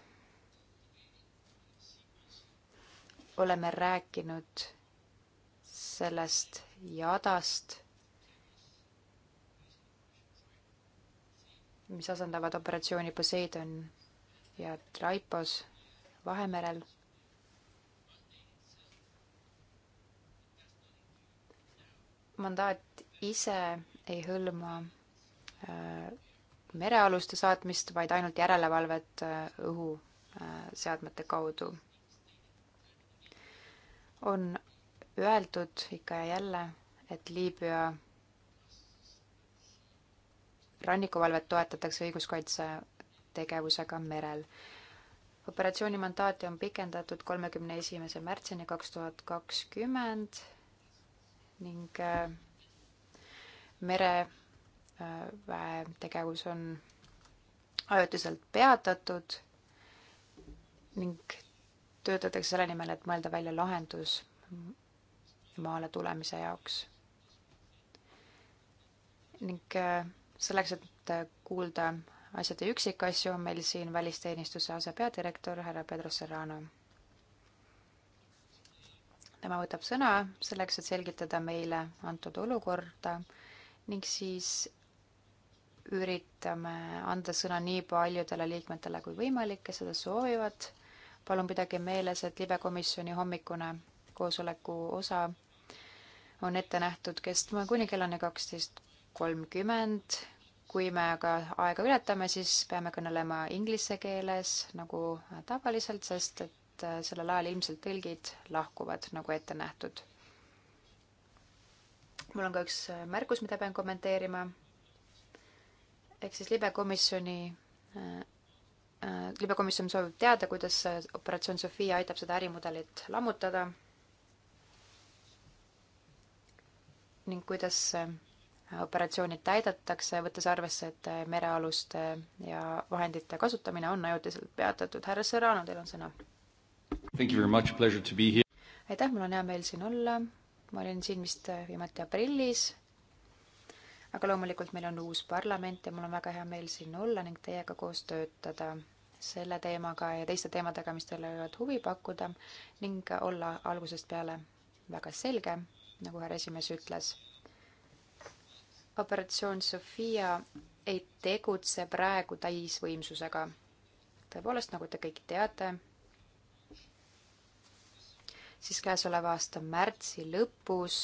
oleme rääkinud sellest jadast mis asendavad operatsiooni Poseidon ja Traipos Vahemerel. mandaat ise ei hõlma äh, merealuste saatmist, vaid ainult järelevalvet äh, õhuseadmete äh, kaudu. on öeldud ikka ja jälle, et Liibüa rannikuvalvet toetatakse õiguskaitsetegevusega merel. operatsiooni mandaati on pikendatud kolmekümne esimese märtsini kaks tuhat kakskümmend ning äh, mereväe äh, tegevus on ajutiselt peatatud ning töötatakse selle nimel, et mõelda välja lahendus maale tulemise jaoks. ning äh, selleks, et äh, kuulda asjade üksikasju, on meil siin välisteenistuse asepeadirektor härra Pedro Serrano. tema võtab sõna selleks, et selgitada meile antud olukorda ning siis üritame anda sõna nii paljudele liikmetele kui võimalik, kes seda soovivad. palun pidage meeles, et libekomisjoni hommikune koosoleku osa on ette nähtud kestma kuni kellani kaksteist kolmkümmend. kui me aga aega ületame, siis peame kõnelema inglise keeles nagu tavaliselt, sest et äh, sellel ajal ilmselt tõlgid lahkuvad, nagu ette nähtud. mul on ka üks äh, märkus, mida pean kommenteerima. ehk siis libekomisjoni äh, libekomisjon soovib teada, kuidas operatsioon Sofia aitab seda ärimudelit lammutada ning kuidas operatsioonid täidetakse, võttes arvesse, et merealuste ja vahendite kasutamine on ajutiselt peatatud. härra Serrano, teil on sõna. aitäh, mul on hea meel siin olla. ma olin siin vist viimati aprillis. aga loomulikult meil on uus parlament ja mul on väga hea meel siin olla ning teiega koos töötada selle teemaga ja teiste teemadega, mis teile võivad huvi pakkuda ning olla algusest peale väga selge, nagu härra esimees ütles operatsioon Sofia ei tegutse praegu täisvõimsusega. tõepoolest, nagu te kõik teate, siis käesoleva aasta märtsi lõpus,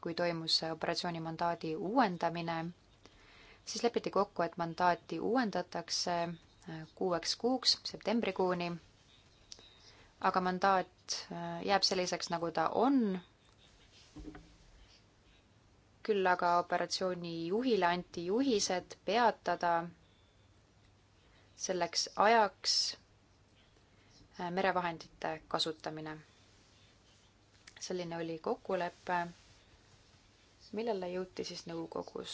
kui toimus operatsiooni mandaadi uuendamine, siis lepiti kokku, et mandaati uuendatakse äh, kuueks kuuks, septembrikuuni, aga mandaat äh, jääb selliseks, nagu ta on küll aga operatsiooni juhile anti juhised peatada selleks ajaks äh, merevahendite kasutamine. selline oli kokkulepe, millele jõuti siis nõukogus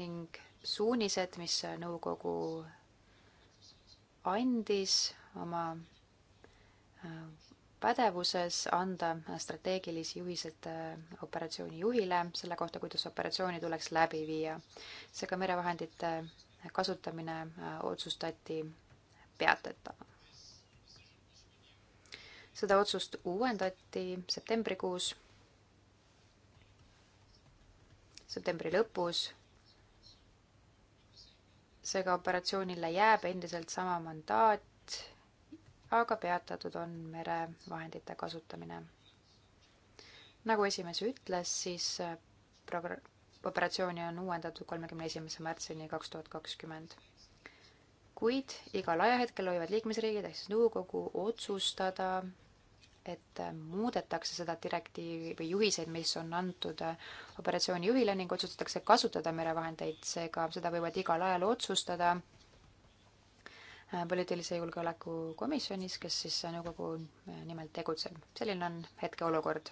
ning suunised, mis nõukogu andis oma äh, pädevuses anda strateegilisi juhiseid äh, operatsiooni juhile selle kohta, kuidas operatsiooni tuleks läbi viia. seega merevahendite kasutamine äh, otsustati peatada. seda otsust uuendati septembrikuus, septembri lõpus. seega operatsioonile jääb endiselt sama mandaat, aga peatatud on merevahendite kasutamine. nagu esimees ütles, siis äh, progr-, operatsiooni on uuendatud kolmekümne esimese märtsini kaks tuhat kakskümmend. kuid igal ajahetkel võivad liikmesriigid ehk siis nõukogu otsustada, et äh, muudetakse seda direktiivi või juhiseid, mis on antud äh, operatsiooni juhile ning otsustatakse kasutada merevahendeid, seega seda võivad igal ajal otsustada Äh, poliitilise julgeoleku komisjonis, kes siis äh, nõukogu äh, nimel tegutseb. selline on hetkeolukord.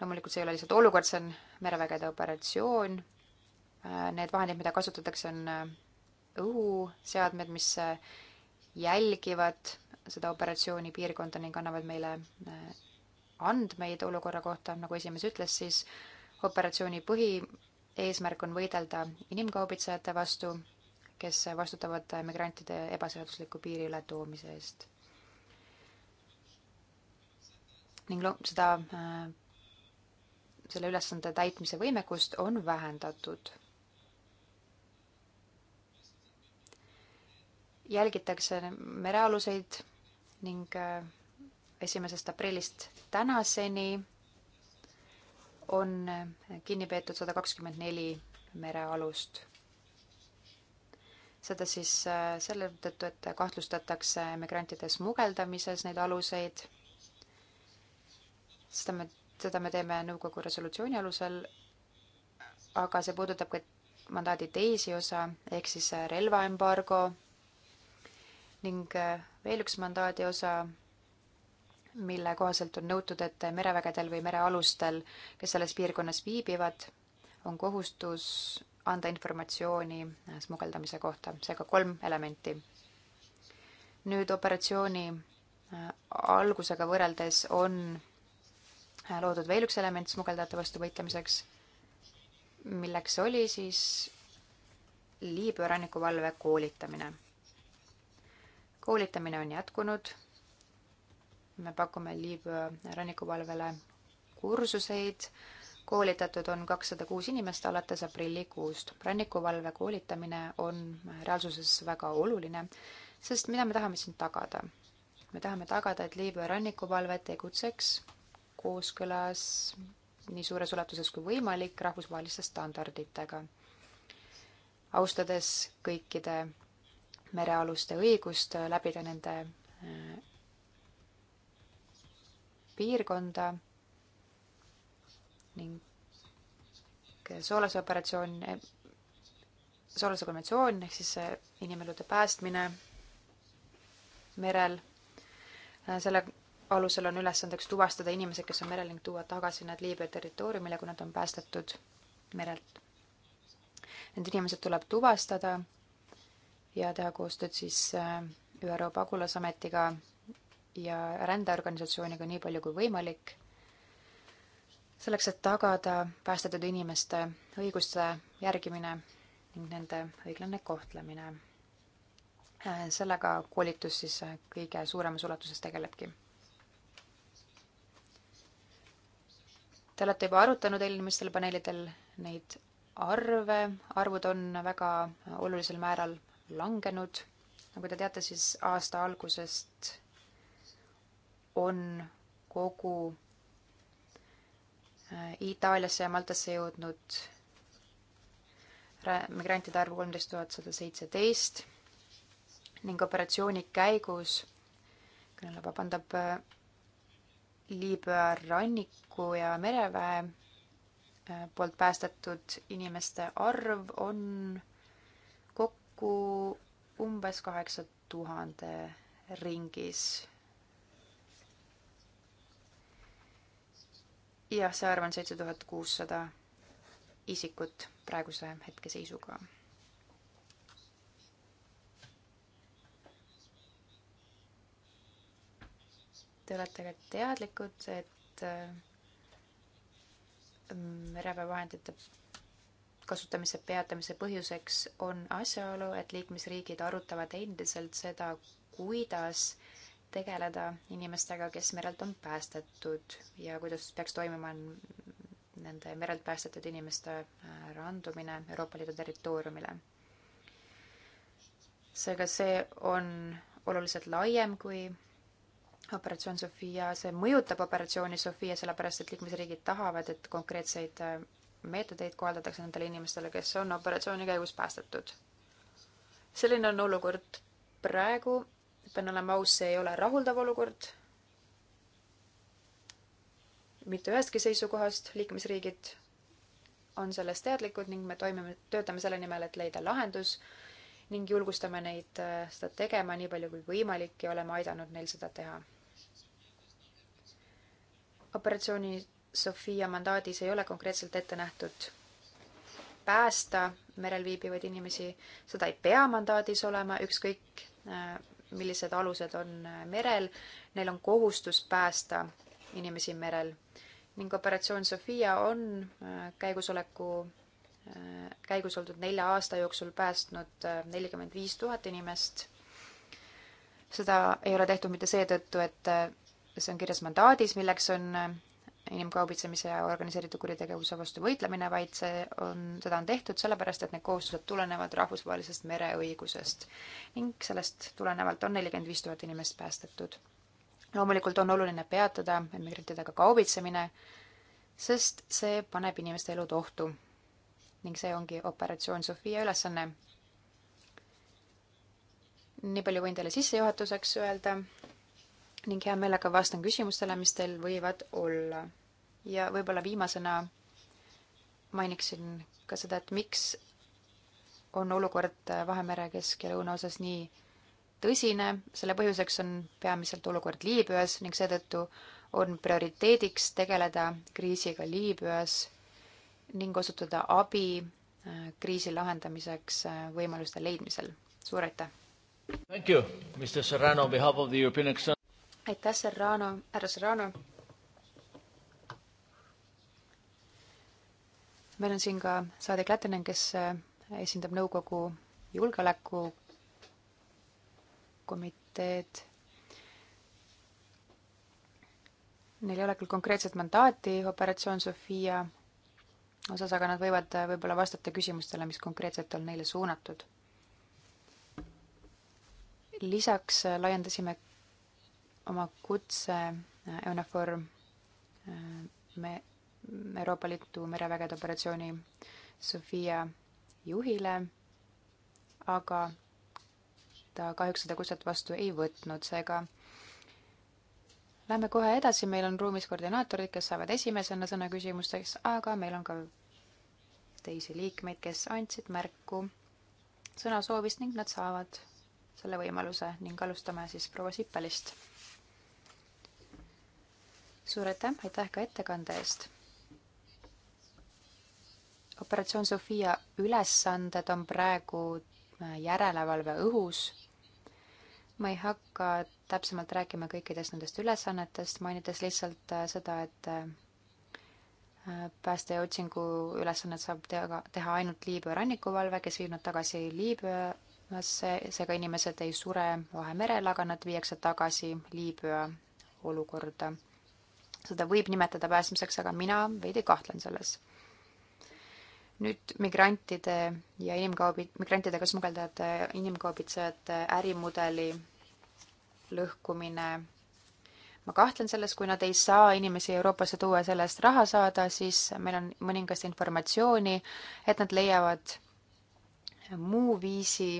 loomulikult see ei ole lihtsalt olukord, see on merevägede operatsioon. Need vahendid, mida kasutatakse, on õhuseadmed, mis jälgivad seda operatsiooni piirkonda ning annavad meile andmeid olukorra kohta, nagu esimees ütles, siis operatsiooni põhieesmärk on võidelda inimkaubitsejate vastu kes vastutavad migrantide ebaseadusliku piirile toomise eest. ning lo-, seda, äh, selle ülesande täitmise võimekust on vähendatud. jälgitakse merealuseid ning äh, esimesest aprillist tänaseni on äh, kinni peetud sada kakskümmend neli merealust seda siis äh, selle tõttu, et kahtlustatakse migrantide smugeldamises neid aluseid. seda me, seda me teeme nõukogu resolutsiooni alusel, aga see puudutab ka mandaadi teisi osa, ehk siis äh, relvaembargo ning äh, veel üks mandaadi osa, mille kohaselt on nõutud, et merevägedel või merealustel, kes selles piirkonnas viibivad, on kohustus anda informatsiooni äh, smugeldamise kohta, seega kolm elementi. nüüd operatsiooni äh, algusega võrreldes on äh, loodud veel üks element smugeldajate vastu võitlemiseks, milleks oli siis Liibüa rannikuvalve koolitamine. koolitamine on jätkunud, me pakume Liibüa rannikuvalvele kursuseid, koolitatud on kakssada kuus inimest alates aprillikuust. rannikuvalve koolitamine on reaalsuses väga oluline, sest mida me tahame siin tagada? me tahame tagada, et Liibüa rannikuvalve tegutseks kooskõlas nii suures ulatuses kui võimalik rahvusvaheliste standarditega, austades kõikide merealuste õigust läbida nende äh, piirkonda ning soolase operatsioon, soolase konventsioon ehk siis inimelude päästmine merel, selle alusel on ülesandeks tuvastada inimesed, kes on merel ning tuua tagasi nad Liibüa territooriumile, kui nad on päästetud merelt. Need inimesed tuleb tuvastada ja teha koostööd siis äh, ÜRO pagulasametiga ja rändeorganisatsiooniga nii palju kui võimalik selleks, et tagada päästetud inimeste õiguste järgimine ning nende õiglane kohtlemine. sellega koolitus siis kõige suuremas ulatuses tegelebki. Te olete juba arutanud eelmistel paneelidel neid arve, arvud on väga olulisel määral langenud. nagu te teate, siis aasta algusest on kogu Itaaliasse ja Maltasse jõudnud migrantide arv kolmteist tuhat sada seitseteist ning operatsiooni käigus kõneleb, vabandab, Liibüa ranniku ja mereväe äh, poolt päästetud inimeste arv on kokku umbes kaheksa tuhande ringis jah, see arv on seitse tuhat kuussada isikut praeguse hetkeseisuga. Te olete ka teadlikud, et mereväevahendite mm, kasutamise peatamise põhjuseks on asjaolu, et liikmesriigid arutavad endiselt seda, kuidas tegeleda inimestega, kes merelt on päästetud ja kuidas peaks toimuma nende merelt päästetud inimeste äh, randumine Euroopa Liidu territooriumile. seega see on oluliselt laiem kui operatsioon Sofia, see mõjutab operatsiooni Sofia, sellepärast et liikmesriigid tahavad, et konkreetseid äh, meetodeid kohaldatakse nendele inimestele, kes on operatsiooni käigus päästetud. selline on olukord praegu pean olema aus, see ei ole rahuldav olukord. mitte ühestki seisukohast liikmesriigid on sellest teadlikud ning me toimime, töötame selle nimel, et leida lahendus ning julgustame neid äh, seda tegema nii palju kui võimalik ja oleme aidanud neil seda teha. operatsiooni Sofia mandaadis ei ole konkreetselt ette nähtud päästa merel viibivaid inimesi, seda ei pea mandaadis olema, ükskõik äh, millised alused on äh, merel, neil on kohustus päästa inimesi merel ning operatsioon Sofia on äh, käigusoleku, äh, käigus oldud nelja aasta jooksul päästnud nelikümmend viis tuhat inimest. seda ei ole tehtud mitte seetõttu, et see on kirjas mandaadis, milleks on inimkaubitsemise ja organiseeritud kuritegevuse vastu võitlemine, vaid see on, seda on tehtud sellepärast, et need kohustused tulenevad rahvusvahelisest mereõigusest. ning sellest tulenevalt on nelikümmend viis tuhat inimest päästetud. loomulikult on oluline peatada immigrantidega kaubitsemine, sest see paneb inimeste elud ohtu. ning see ongi operatsioon Sofia ülesanne. nii palju võin teile sissejuhatuseks öelda ning hea meelega vastan küsimustele, mis teil võivad olla. ja võib-olla viimasena mainiksin ka seda, et miks on olukord Vahemere kesk- ja lõunaosas nii tõsine, selle põhjuseks on peamiselt olukord Liibüas ning seetõttu on prioriteediks tegeleda kriisiga Liibüas ning osutada abi äh, kriisi lahendamiseks äh, võimaluste leidmisel. suur aitäh! Thank you, Mr Serrano on behalf of the European External aitäh, Serrano, härra Serrano. meil on siin ka saadik Lätinen, kes äh, esindab nõukogu julgeolekukomiteed. Neil ei ole küll konkreetset mandaati operatsioon Sofia osas, aga nad võivad äh, võib-olla vastata küsimustele, mis konkreetselt on neile suunatud. lisaks äh, laiendasime oma kutse äh, EUNAFOR äh, me Euroopa Liidu merevägede operatsiooni Sofia juhile, aga ta kahjuks seda kutset vastu ei võtnud, seega lähme kohe edasi, meil on ruumis koordinaatorid, kes saavad esimesena sõna küsimusteks, aga meil on ka teisi liikmeid, kes andsid märku sõnasoovist ning nad saavad selle võimaluse ning alustame siis proua Sippelist suur aitäh, aitäh ka ettekande eest. operatsioon Sofia ülesanded on praegu äh, järelevalve õhus. ma ei hakka täpsemalt rääkima kõikidest nendest ülesannetest, mainides lihtsalt äh, seda, et äh, pääste ja otsingu ülesannet saab teha, teha ainult Liibüa rannikuvalve, kes viib nad tagasi Liibüasse, seega inimesed ei sure Vahemerel, aga nad viiakse tagasi Liibüa olukorda seda võib nimetada päästmiseks, aga mina veidi kahtlen selles. nüüd migrantide ja inimkaubi-, migrantidega smugeldajate, inimkaubitsejate ärimudeli lõhkumine, ma kahtlen selles, kui nad ei saa inimesi Euroopasse tuua ja selle eest raha saada, siis meil on mõningast informatsiooni, et nad leiavad muu viisi,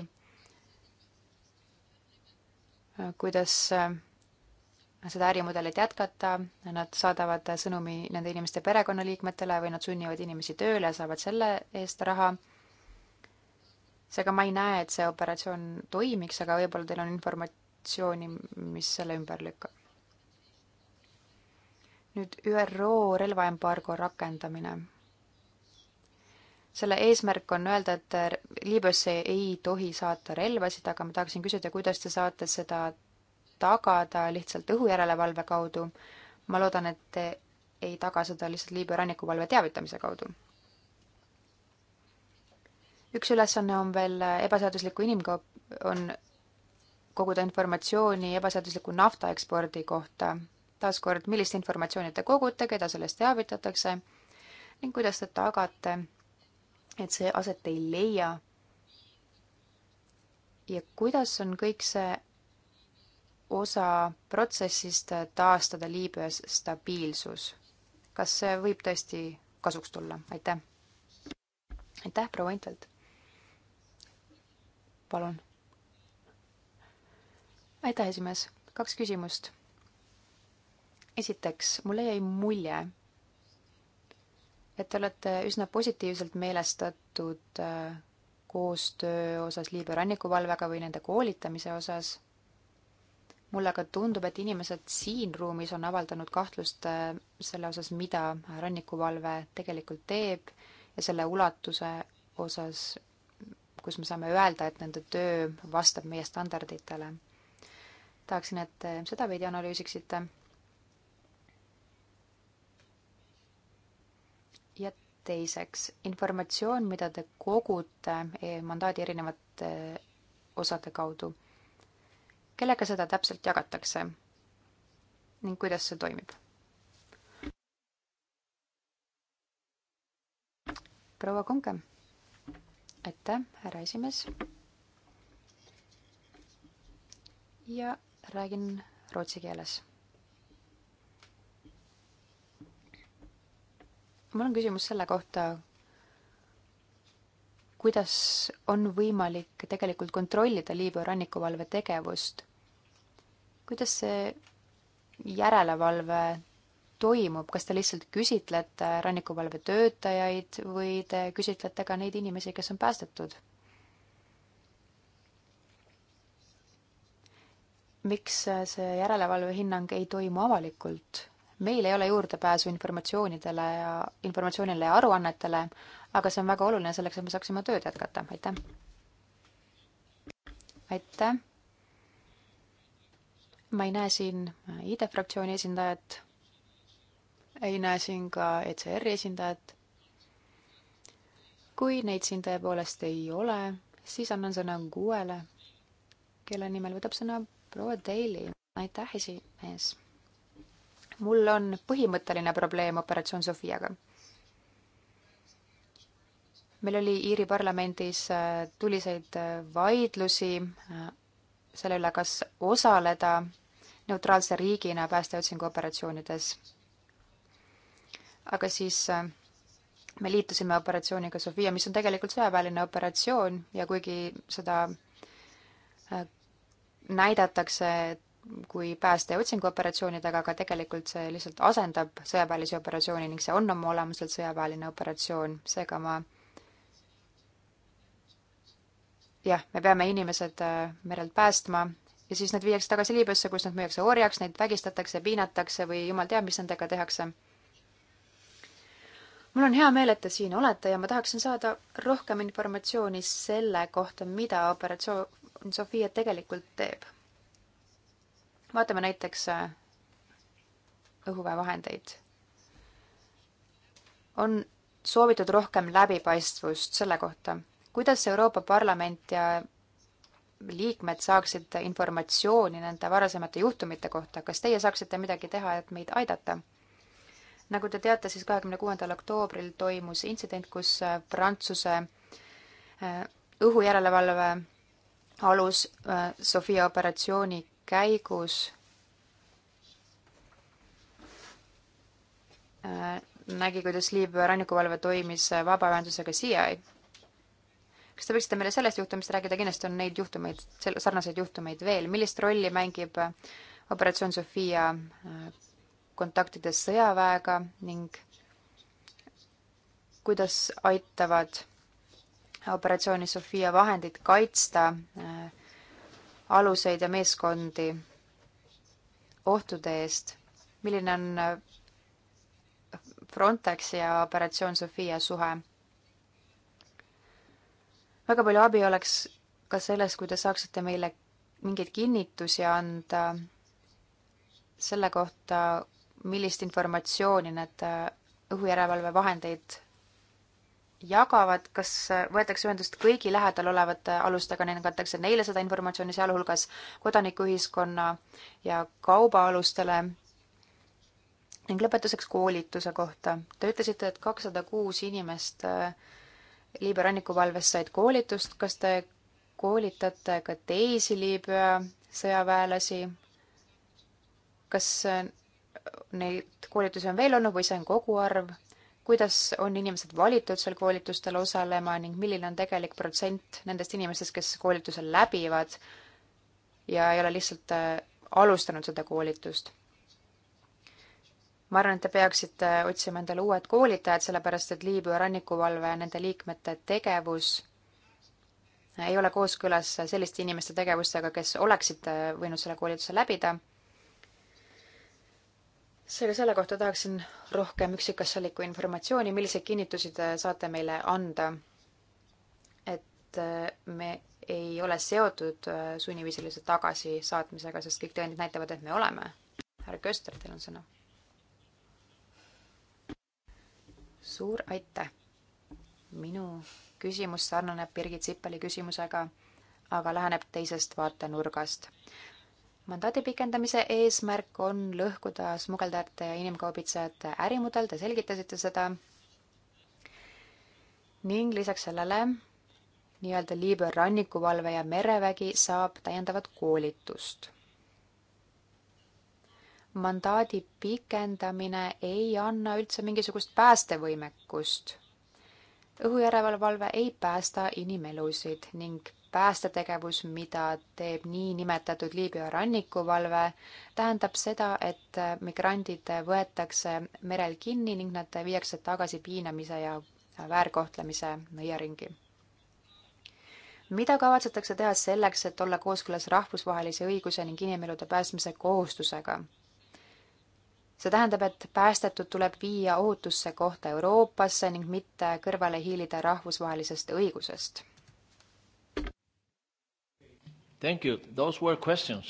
kuidas seda ärimudelit jätkata, nad saadavad sõnumi nende inimeste perekonnaliikmetele või nad sunnivad inimesi tööle ja saavad selle eest raha. seega ma ei näe, et see operatsioon toimiks, aga võib-olla teil on informatsiooni, mis selle ümber lükkab. nüüd ÜRO relvaembargo rakendamine. selle eesmärk on öelda, et Liibüasse ei tohi saata relvasid, aga ma tahaksin küsida, kuidas te saate seda tagada lihtsalt õhujärelevalve kaudu. ma loodan, et te ei taga seda lihtsalt Liibüa rannikuvalve teavitamise kaudu. üks ülesanne on veel ebaseadusliku inimkaup-, on koguda informatsiooni ebaseadusliku naftaekspordi kohta. taaskord, millist informatsiooni te kogute, keda sellest teavitatakse ning kuidas te tagate, et see aset ei leia ja kuidas on kõik see osa protsessist taastada Liibüas stabiilsus. kas see võib tõesti kasuks tulla, aitäh! aitäh, proua Intvelt! palun! aitäh, esimees! kaks küsimust. esiteks, mulle jäi mulje, et te olete üsna positiivselt meelestatud äh, koostöö osas Liibüa rannikuvalvega või nende koolitamise osas mulle aga tundub, et inimesed siin ruumis on avaldanud kahtlust äh, selle osas, mida rannikuvalve tegelikult teeb ja selle ulatuse osas, kus me saame öelda, et nende töö vastab meie standarditele. tahaksin, et seda veidi analüüsiksite. ja teiseks, informatsioon, mida te kogute eh, mandaadi erinevate eh, osade kaudu kellega seda täpselt jagatakse ning kuidas see toimib? proua Kunke. aitäh, härra esimees. ja räägin rootsi keeles. mul on küsimus selle kohta, kuidas on võimalik tegelikult kontrollida Liibüa rannikuvalve tegevust? kuidas see järelevalve toimub, kas te lihtsalt küsitlete rannikuvalve töötajaid või te küsitlete ka neid inimesi, kes on päästetud? miks see järelevalve hinnang ei toimu avalikult? meil ei ole juurdepääsu informatsioonidele ja informatsioonile ja aruannetele, aga see on väga oluline selleks, et me saaksime tööd jätkata, aitäh. aitäh. ma ei näe siin ID e fraktsiooni esindajat. ei näe siin ka ECR-i esindajat. kui neid siin tõepoolest ei ole, siis annan sõna Guele, kelle nimel võtab sõna proua Daly. aitäh, esimees mul on põhimõtteline probleem operatsioon Sofiaga. meil oli Iiri parlamendis äh, tuliseid äh, vaidlusi äh, selle üle, kas osaleda neutraalse riigina päästeotsingu operatsioonides. aga siis me liitusime operatsiooniga Sofia, mis on tegelikult sõjaväeline operatsioon ja kuigi seda näidatakse, et kui pääste- ja otsinguoperatsioonidega, aga tegelikult see lihtsalt asendab sõjaväelisi operatsioone ning see on oma olemuselt sõjaväeline operatsioon, seega ma jah, me peame inimesed äh, merelt päästma ja siis nad viiakse tagasi Liibüasse, kus nad müüakse orjaks, neid vägistatakse, piinatakse või jumal teab, mis nendega tehakse. mul on hea meel, et te siin olete ja ma tahaksin saada rohkem informatsiooni selle kohta, mida operatsioon Sofia tegelikult teeb vaatame näiteks äh, õhuväevahendeid. on soovitud rohkem läbipaistvust selle kohta, kuidas Euroopa Parlament ja liikmed saaksid informatsiooni nende varasemate juhtumite kohta, kas teie saaksite midagi teha, et meid aidata? nagu te teate, siis kahekümne kuuendal oktoobril toimus intsident, kus äh, Prantsuse äh, õhujärelevalve alus Sofia operatsiooni käigus äh, nägi, kuidas Liibüa rannikuvalve toimis vabaühendusega CIA. kas te võiksite meile sellest juhtumist rääkida, kindlasti on neid juhtumeid, sarnaseid juhtumeid veel, millist rolli mängib äh, operatsioon Sofia äh, kontaktides sõjaväega ning kuidas aitavad operatsiooni Sofia vahendid kaitsta äh, aluseid ja meeskondi ohtude eest. milline on äh, Frontex ja operatsioon Sofia suhe? väga palju abi oleks ka selles, kui te saaksite meile mingeid kinnitusi anda selle kohta, millist informatsiooni need äh, õhujärelevalve vahendeid jagavad, kas võetakse ühendust kõigi lähedal olevate alustega, neile kantakse neile seda informatsiooni, sealhulgas kodanikuühiskonna ja kaubaalustele. ning lõpetuseks koolituse kohta. Te ütlesite, et kakssada kuus inimest äh, Liibüa rannikuvalves said koolitust, kas te koolitate ka teisi Liibüa sõjaväelasi? kas äh, neid koolitusi on veel olnud või see on kogu arv? kuidas on inimesed valitud seal koolitustel osalema ning milline on tegelik protsent nendest inimestest, kes koolitusel läbivad ja ei ole lihtsalt äh, alustanud seda koolitust. ma arvan, et te peaksite otsima endale uued koolitajad, sellepärast et Liibüa rannikuvalve ja nende liikmete tegevus ei ole kooskõlas selliste inimeste tegevustega, kes oleksid äh, võinud selle koolituse läbida seega selle kohta tahaksin rohkem üksikasjalikku informatsiooni, milliseid kinnitusi te saate meile anda, et äh, me ei ole seotud äh, sunniviisilise tagasisaatmisega, sest kõik tõendid näitavad, et me oleme. härra Köster, teil on sõna. suur aitäh! minu küsimus sarnaneb Birgit Sippeli küsimusega, aga läheneb teisest vaatenurgast mandaadi pikendamise eesmärk on lõhkuda smugeldajate ja inimkaubitsejate ärimudel, te selgitasite seda. ning lisaks sellele nii-öelda Liibüa rannikuvalve ja merevägi saab täiendavat koolitust. mandaadi pikendamine ei anna üldse mingisugust päästevõimekust õhujärelevalve ei päästa inimelusid ning päästetegevus, mida teeb niinimetatud Liibüa rannikuvalve, tähendab seda, et migrandid võetakse merel kinni ning nad viiakse tagasi piinamise ja väärkohtlemise nõiaringi. mida kavatsetakse teha selleks, et olla kooskõlas rahvusvahelise õiguse ning inimelude päästmise kohustusega? see tähendab, et päästetud tuleb viia ohutusse kohta Euroopasse ning mitte kõrvale hiilida rahvusvahelisest õigusest Thank you, those were questions.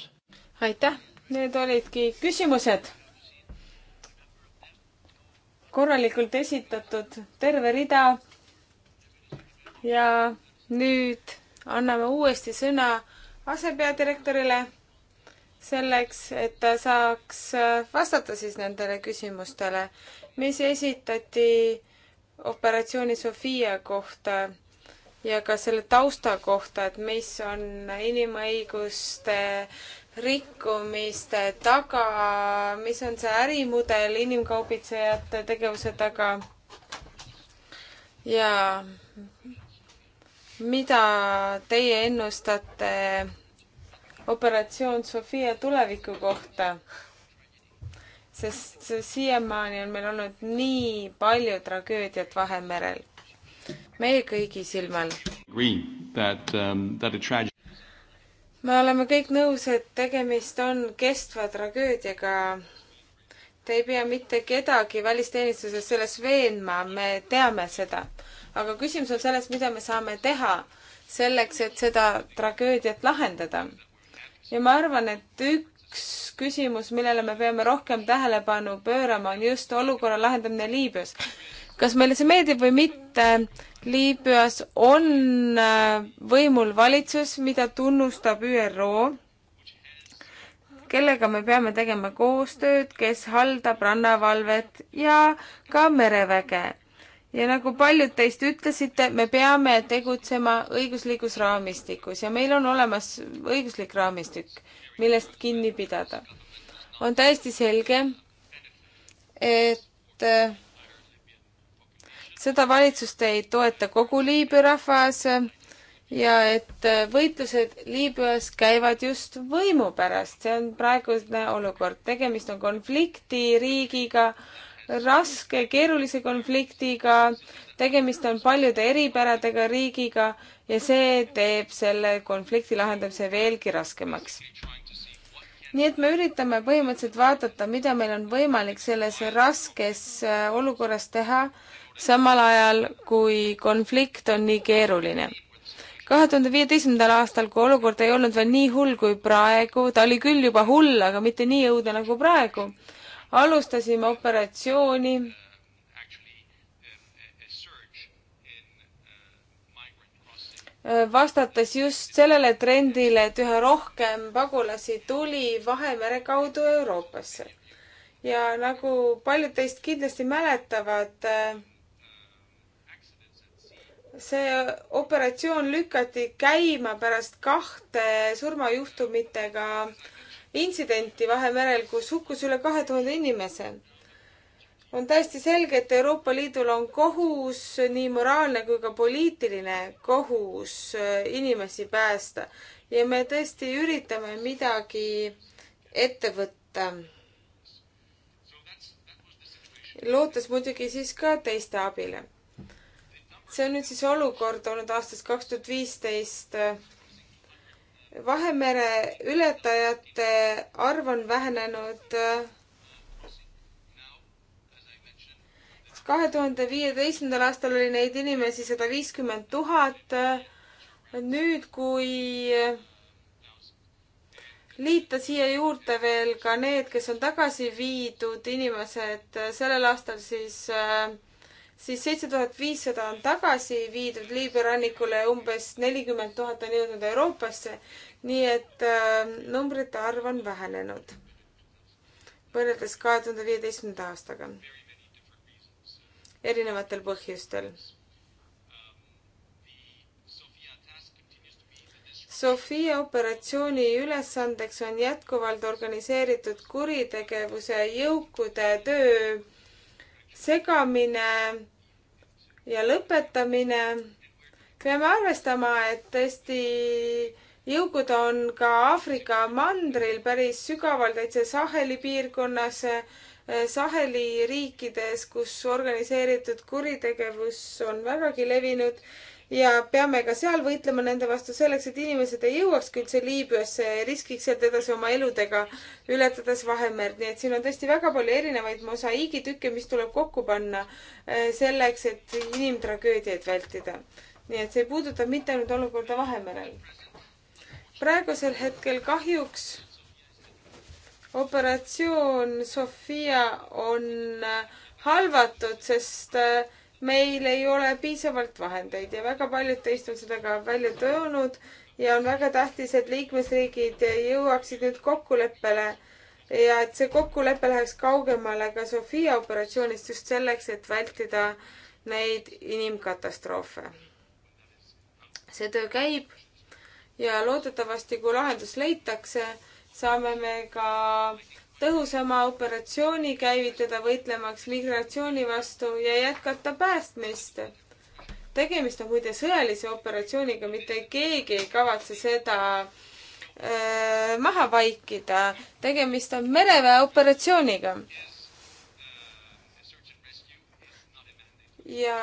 aitäh, need olidki küsimused. korralikult esitatud terve rida. ja nüüd anname uuesti sõna asepeadirektorile selleks, et ta saaks vastata siis nendele küsimustele, mis esitati operatsiooni Sofia kohta ja ka selle tausta kohta, et mis on inimõiguste rikkumiste taga, mis on see ärimudel inimkaubitsejate tegevuse taga ja mida teie ennustate operatsioon Sofia tuleviku kohta? sest siiamaani on meil olnud nii palju tragöödiat Vahemerel meie kõigi silmal. Um, me oleme kõik nõus, et tegemist on kestva tragöödiaga. Te ei pea mitte kedagi välisteenistuses selles veenma, me teame seda. aga küsimus on selles, mida me saame teha selleks, et seda tragöödiat lahendada. ja ma arvan, et üks küsimus, millele me peame rohkem tähelepanu pöörama, on just olukorra lahendamine Liibüas kas meile see meeldib või mitte, Liibüas on äh, võimul valitsus, mida tunnustab ÜRO, kellega me peame tegema koostööd, kes haldab rannavalvet ja ka mereväge. ja nagu paljud teist ütlesite, me peame tegutsema õiguslikus raamistikus ja meil on olemas õiguslik raamistik, millest kinni pidada. on täiesti selge, et äh, seda valitsust ei toeta kogu Liibüa rahvas ja et võitlused Liibüas käivad just võimu pärast, see on praegune olukord, tegemist on konfliktiriigiga, raske, keerulise konfliktiga, tegemist on paljude eripäradega riigiga ja see teeb selle konflikti lahendamise veelgi raskemaks. nii et me üritame põhimõtteliselt vaadata, mida meil on võimalik selles raskes äh, olukorras teha samal ajal kui konflikt on nii keeruline. kahe tuhande viieteistkümnendal aastal, kui olukord ei olnud veel nii hull kui praegu, ta oli küll juba hull, aga mitte nii õudne nagu praegu, alustasime operatsiooni vastates just sellele trendile, et üha rohkem pagulasi tuli Vahemere kaudu Euroopasse. ja nagu paljud teist kindlasti mäletavad äh,, see operatsioon lükati käima pärast kahte surmajuhtumitega intsidenti Vahemerel, kus hukkus üle kahe tuhande inimese. on täiesti selge, et Euroopa Liidul on kohus, nii moraalne kui ka poliitiline kohus äh, inimesi päästa ja me tõesti üritame midagi ette võtta. lootes muidugi siis ka teiste abile see on nüüd siis olukord olnud aastast kaks tuhat viisteist. Vahemere ületajate arv on vähenenud kahe tuhande viieteistkümnendal aastal oli neid inimesi sada viiskümmend tuhat. nüüd, kui liita siia juurde veel ka need, kes on tagasi viidud inimesed sellel aastal, siis äh, siis seitse tuhat viissada on tagasi viidud Liibüa rannikule ja umbes nelikümmend tuhat on jõudnud Euroopasse. nii et äh, numbrite arv on vähenenud võrreldes kahe tuhande viieteistkümnenda aastaga. erinevatel põhjustel. Sofia operatsiooni ülesandeks on jätkuvalt organiseeritud kuritegevuse jõukude töö segamine ja lõpetamine. peame arvestama, et tõesti jõugud on ka Aafrika mandril päris sügaval täitsa Saheli piirkonnas, Saheli riikides, kus organiseeritud kuritegevus on vägagi levinud ja peame ka seal võitlema nende vastu selleks, et inimesed ei jõuakski üldse Liibüasse ja riskiks sealt edasi oma eludega, ületades Vahemerd, nii et siin on tõesti väga palju erinevaid mosaiigitükke, mis tuleb kokku panna eh, selleks, et inimtragöödiaid vältida. nii et see ei puuduta mitte ainult olukorda Vahemerel. praegusel hetkel kahjuks operatsioon Sofia on eh, halvatud, sest äh, meil ei ole piisavalt vahendeid ja väga paljud teist on seda ka välja toonud ja on väga tähtis, et liikmesriigid jõuaksid nüüd kokkuleppele ja et see kokkulepe läheks kaugemale ka Sofia operatsioonist just selleks, et vältida neid inimkatastroofe. see töö käib ja loodetavasti, kui lahendus leitakse, saame me ka tõhusama operatsiooni käivitada võitlemaks migratsiooni vastu ja jätkata päästmist. tegemist on muide sõjalise operatsiooniga, mitte keegi ei kavatse seda öö, maha vaikida. tegemist on mereväe operatsiooniga. ja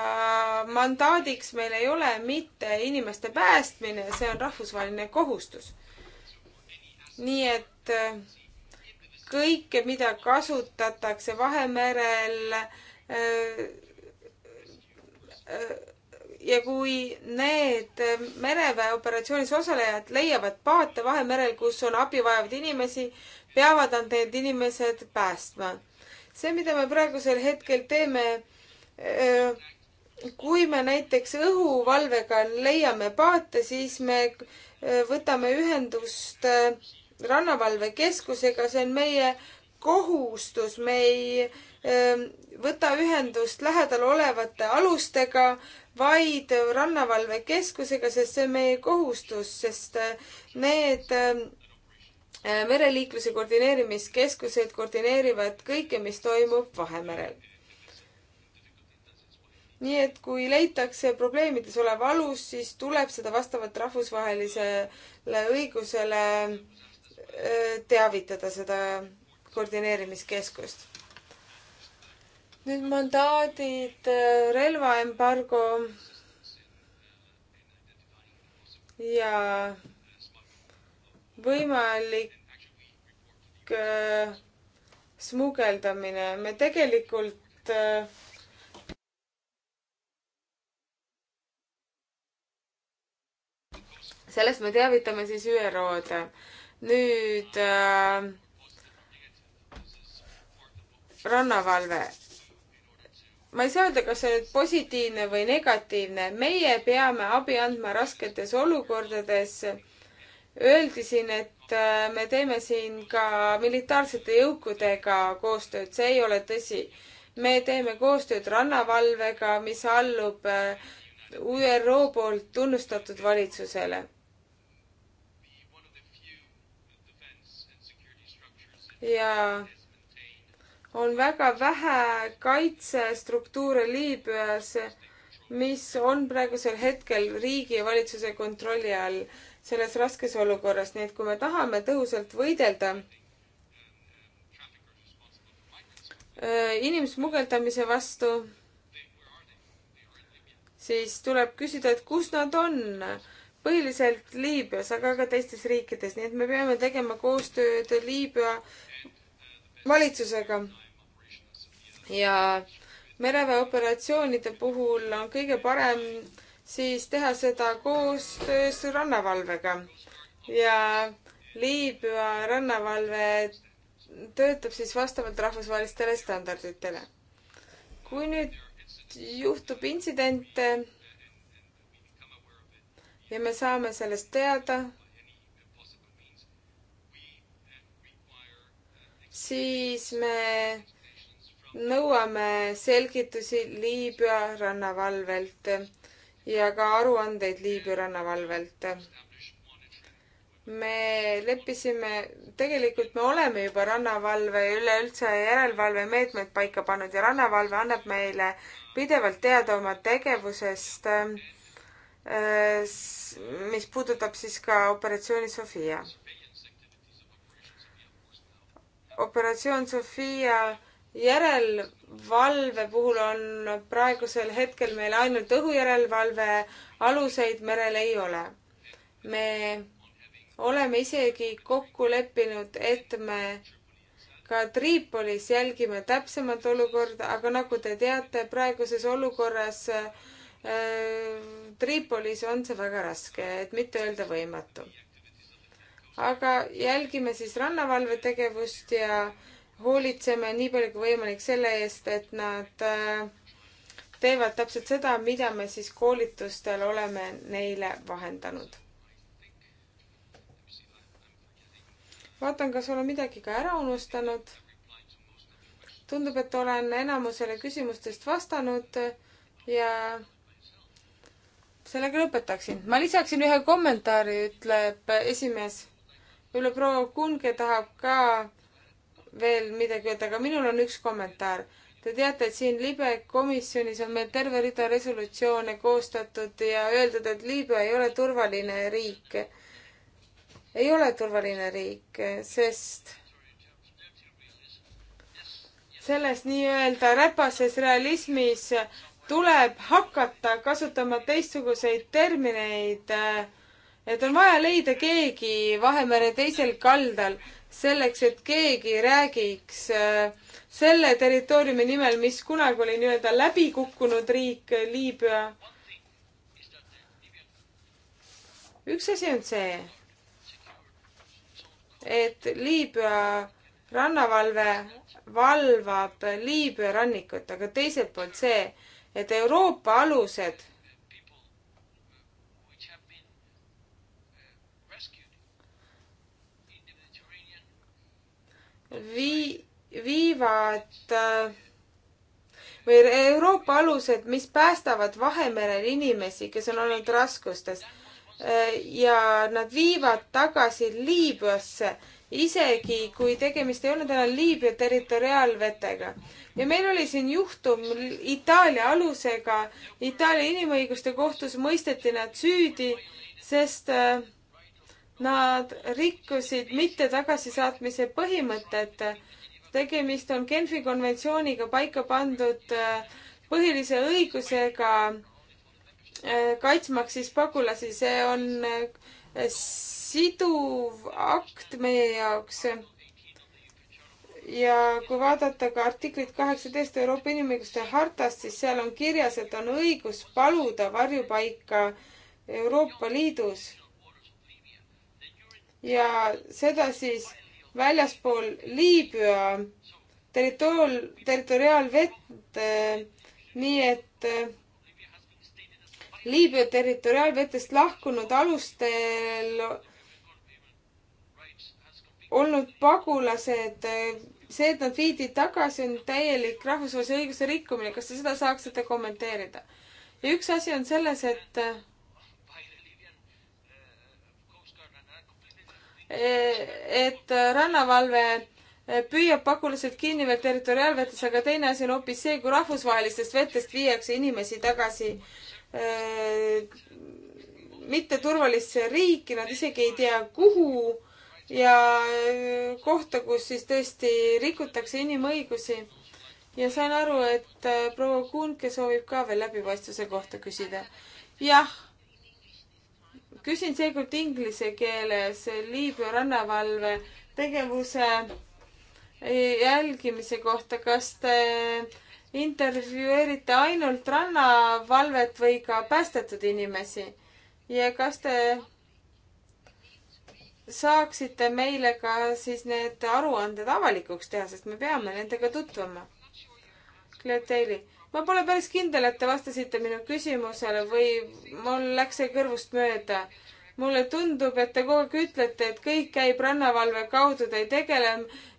mandaadiks meil ei ole mitte inimeste päästmine, see on rahvusvaheline kohustus. nii et öö, kõike, mida kasutatakse Vahemerel ja kui need mereväe operatsioonis osalejad leiavad paate Vahemerel, kus on abi vajavaid inimesi, peavad nad need inimesed päästma. see, mida me praegusel hetkel teeme, kui me näiteks õhuvalvega leiame paate, siis me võtame ühendust äh, rannavalvekeskusega, see on meie kohustus, me ei öö, ähm, võta ühendust lähedal olevate alustega, vaid rannavalvekeskusega, sest see on meie kohustus, sest äh, need öö, ähm, äh, mereliikluse koordineerimiskeskused koordineerivad kõike, mis toimub Vahemerel. nii et kui leitakse probleemides olev alus, siis tuleb seda vastavalt rahvusvahelisele õigusele äh, teavitada seda koordineerimiskeskust. nüüd mandaadid, relvaembargo ja võimalik äh, smugeldamine. me tegelikult äh, sellest me teavitame siis ÜRO-d nüüd äh, rannavalve. ma ei saa öelda, kas see nüüd positiivne või negatiivne, meie peame abi andma rasketes olukordades. Öeldi siin, et äh, me teeme siin ka militaarsete jõukudega koostööd, see ei ole tõsi. me teeme koostööd rannavalvega, mis allub äh, ÜRO poolt tunnustatud valitsusele ja on väga vähe kaitsestruktuure Liibüas, mis on praegusel hetkel riigi ja valitsuse kontrolli all selles raskes olukorras, nii et kui me tahame tõhusalt võidelda äh, inimsmugeldamise vastu, siis tuleb küsida, et kus nad on. põhiliselt Liibüas, aga ka teistes riikides, nii et me peame tegema koostööd Liibüa valitsusega. ja mereväeoperatsioonide puhul on kõige parem siis teha seda koostöös rannavalvega ja Liibüa rannavalve töötab siis vastavalt rahvusvahelistele standarditele. kui nüüd juhtub intsidente ja me saame sellest teada, siis me nõuame selgitusi Liibüa rannavalvelt ja ka aruandeid Liibüa rannavalvelt me leppisime, tegelikult me oleme juba rannavalve ja üleüldse järelevalvemeetmed paika pannud ja rannavalve annab meile pidevalt teada oma tegevusest, äh, mis puudutab siis ka operatsiooni Sofia operatsioon Sofia järelevalve puhul on praegusel hetkel meil ainult õhujärelevalve, aluseid merel ei ole. me oleme isegi kokku leppinud, et me ka Tripolis jälgime täpsemat olukorda, aga nagu te teate, praeguses olukorras äh, Tripolis on see väga raske, et mitte öelda võimatu aga jälgime siis rannavalve tegevust ja hoolitseme nii palju kui võimalik selle eest, et nad äh, teevad täpselt seda, mida me siis koolitustel oleme neile vahendanud. vaatan, kas olen midagi ka ära unustanud. tundub, et olen enamusele küsimustest vastanud ja sellega lõpetaksin. ma lisaksin ühe kommentaari, ütleb esimees võib-olla proua Kunge tahab ka veel midagi öelda, aga minul on üks kommentaar. Te teate, et siin libe komisjonis on meil terve rida resolutsioone koostatud ja öeldud, et Liibüa ei ole turvaline riik. ei ole turvaline riik, sest selles nii-öelda räpases realismis tuleb hakata kasutama teistsuguseid termineid äh, et on vaja leida keegi Vahemere teisel kaldal selleks, et keegi räägiks äh, selle territooriumi nimel, mis kunagi oli nii-öelda läbikukkunud riik, äh, Liibüa. üks asi on see, et Liibüa rannavalve valvab Liibüa rannikut, aga teiselt poolt see, et Euroopa alused vii-, viivad äh, või Euroopa alused, mis päästavad Vahemerel inimesi, kes on olnud raskustes. Äh, ja nad viivad tagasi Liibüasse, isegi kui tegemist ei olnud enam Liibüa territoriaalvetega. ja meil oli siin juhtum Itaalia alusega, Itaalia inimõiguste kohtus mõisteti nad süüdi, sest äh, Nad rikkusid mitte tagasisaatmise põhimõtet. tegemist on Genfi konventsiooniga paika pandud äh, põhilise õigusega äh, kaitsmaks siis pagulasi. see on äh, siduv akt meie jaoks ja kui vaadata ka artiklit kaheksateist Euroopa Inimõiguste hartast, siis seal on kirjas, et on õigus paluda varjupaika Euroopa Liidus ja seda siis väljaspool Liibüa territoor-, territoriaalvett, äh, nii et äh, Liibüa territoriaalvetest lahkunud alustel olnud pagulased, äh, see, et nad viidi tagasi, on täielik rahvusvahelise õiguse rikkumine. kas te seda saaksite kommenteerida? ja üks asi on selles, et et rannavalve püüab pagulased kinni veel territoriaalvetes, aga teine asi on hoopis see, kui rahvusvahelistest vetest viiakse inimesi tagasi äh, mitteturvalisse riiki, nad isegi ei tea, kuhu ja äh, kohta, kus siis tõesti rikutakse inimõigusi. ja sain aru, et äh, proua Kuhnke soovib ka veel läbipaistvuse kohta küsida. jah küsin seekord inglise keeles Liibüa rannavalve tegevuse jälgimise kohta, kas te intervjueerite ainult rannavalvet või ka päästetud inimesi ja kas te saaksite meile ka siis need aruanded avalikuks teha, sest me peame nendega tutvuma. Clear Daily ma pole päris kindel, et te vastasite minu küsimusele või mul läks see kõrvust mööda. mulle tundub, et te kogu aeg ütlete, et kõik käib rannavalve kaudu, te ei tegele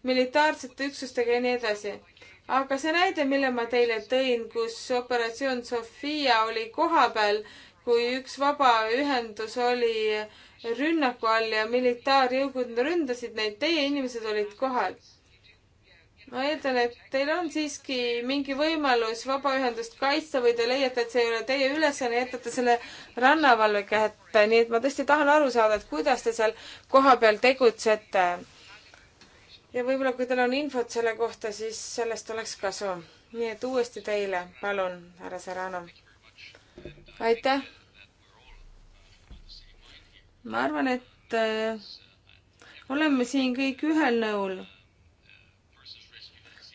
militaarsete üksustega ja nii edasi. aga see näide, mille ma teile tõin, kus operatsioon Sofia oli kohapeal, kui üks vabaühendus oli rünnaku all ja militaarjõugud ründasid neid, teie inimesed olid kohal ma eeldan, et teil on siiski mingi võimalus vabaühendust kaitsta või te leiate, et see ei ole teie ülesanne, jätate selle rannavalve kätte, nii et ma tõesti tahan aru saada, et kuidas te seal kohapeal tegutsete. ja võib-olla, kui teil on infot selle kohta, siis sellest oleks kasu. nii et uuesti teile, palun, härra Serrano. aitäh. ma arvan, et äh, oleme siin kõik ühel nõul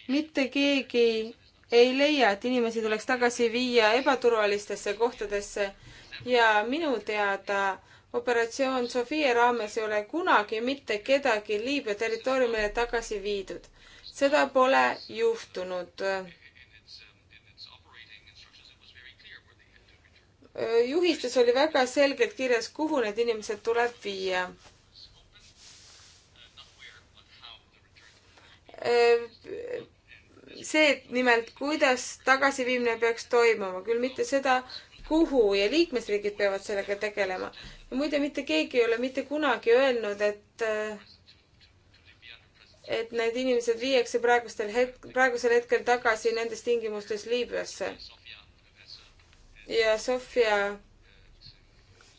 mitte keegi ei leia, et inimesi tuleks tagasi viia ebaturvalistesse kohtadesse ja minu teada operatsioon Sofia raames ei ole kunagi mitte kedagi Liibüa territooriumile tagasi viidud. seda pole juhtunud. juhistes oli väga selgelt kirjas, kuhu need inimesed tuleb viia see nimelt, kuidas tagasiviimine peaks toimuma, küll mitte seda, kuhu ja liikmesriigid peavad sellega tegelema. muide, mitte keegi ei ole mitte kunagi öelnud, et äh, et need inimesed viiakse praegustel hetk-, praegusel hetkel tagasi nendes tingimustes Liibüasse. ja Sofia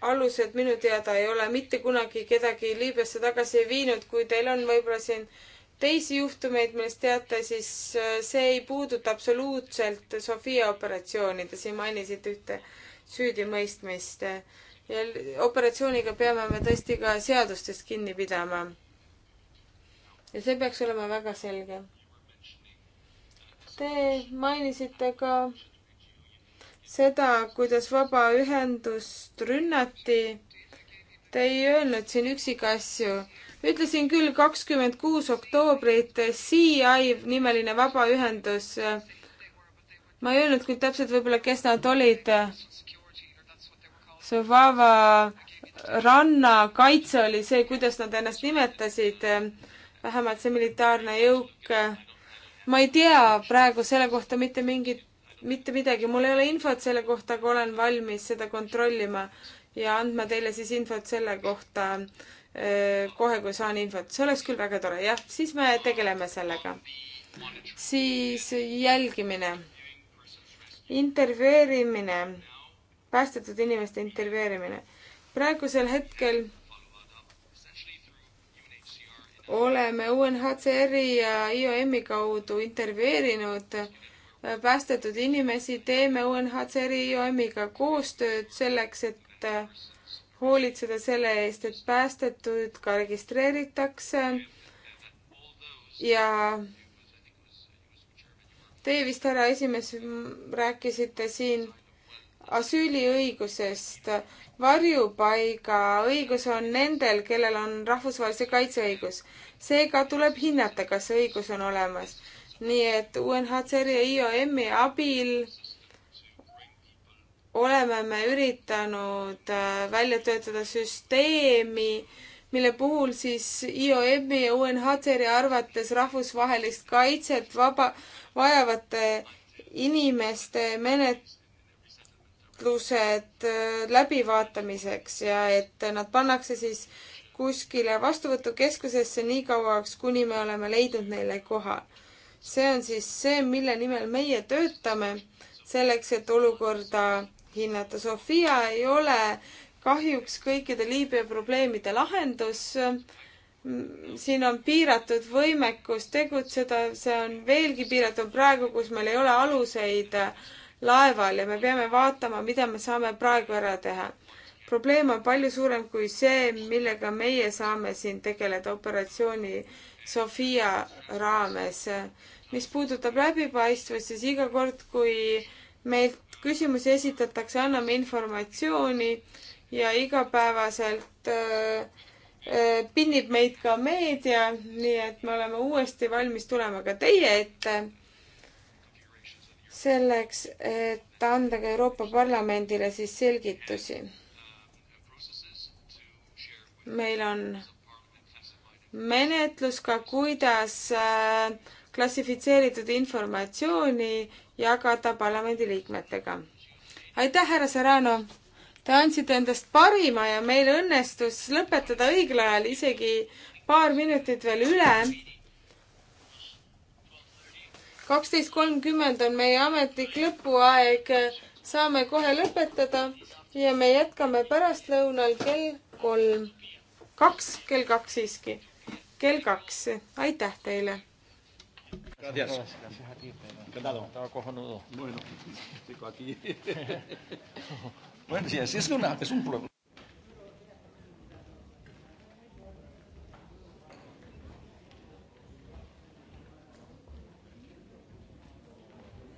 alused minu teada ei ole mitte kunagi kedagi Liibüasse tagasi viinud, kui teil on võib-olla siin äh, teisi juhtumeid, millest teate, siis äh, see ei puuduta absoluutselt Sofia operatsiooni, te siin mainisite ühte süüdimõistmist. ja operatsiooniga peame me tõesti ka seadustest kinni pidama. ja see peaks olema väga selge. Te mainisite ka seda, kuidas vabaühendust rünnati. Te ei öelnud siin üksikasju ütlesin küll kakskümmend kuus oktoobrit, CI nimeline vabaühendus. ma ei öelnud küll täpselt võib-olla, kes nad olid. Suvava rannakaitse oli see, kuidas nad ennast nimetasid, vähemalt see militaarne jõuk. ma ei tea praegu selle kohta mitte mingit, mitte midagi, mul ei ole infot selle kohta, aga olen valmis seda kontrollima ja andma teile siis infot selle kohta Äh, kohe, kui saan infot. see oleks küll väga tore, jah, siis me tegeleme sellega. siis jälgimine, intervjueerimine, päästetud inimeste intervjueerimine. praegusel hetkel oleme UNHCR-i ja IOM-i kaudu intervjueerinud äh, päästetud inimesi, teeme UNHCR-i IOM-iga koostööd selleks, et äh, hoolitseda selle eest, et päästetud ka registreeritakse ja Teie vist, härra esimees, rääkisite siin asüüliõigusest. varjupaiga õigus on nendel, kellel on rahvusvahelise kaitse õigus. seega tuleb hinnata, kas see õigus on olemas. nii et UNHCR ja IOM-i abil oleme me üritanud äh, välja töötada süsteemi, mille puhul siis IOM-i ja UNHCR-i arvates rahvusvahelist kaitset vaba, vajavate inimeste menetlused äh, läbivaatamiseks ja et nad pannakse siis kuskile vastuvõtukeskusesse nii kauaks, kuni me oleme leidnud neile koha. see on siis see, mille nimel meie töötame, selleks et olukorda hinnata. Sofia ei ole kahjuks kõikide Liibüa probleemide lahendus. siin on piiratud võimekus tegutseda, see on veelgi piiratum praegu, kus meil ei ole aluseid laeval ja me peame vaatama, mida me saame praegu ära teha. probleem on palju suurem kui see, millega meie saame siin tegeleda operatsiooni Sofia raames. mis puudutab läbipaistvust, siis iga kord, kui meilt küsimusi esitatakse, anname informatsiooni ja igapäevaselt äh, äh, pinnib meid ka meedia, nii et me oleme uuesti valmis tulema ka teie ette. selleks, et anda ka Euroopa Parlamendile siis selgitusi. meil on menetlus ka, kuidas äh, klassifitseeritud informatsiooni jagada parlamendiliikmetega. aitäh, härra Serrano! Te andsite endast parima ja meil õnnestus lõpetada õigel ajal isegi paar minutit veel üle. kaksteist kolmkümmend on meie ametlik lõpuaeg, saame kohe lõpetada ja me jätkame pärastlõunal kell kolm, kaks, kell kaks siiski, kell kaks, aitäh teile. Gracias. Gracias a ti. Pelado. Estaba cojonudo. Bueno, chico, aquí. bueno, sí, es, una, es un problema.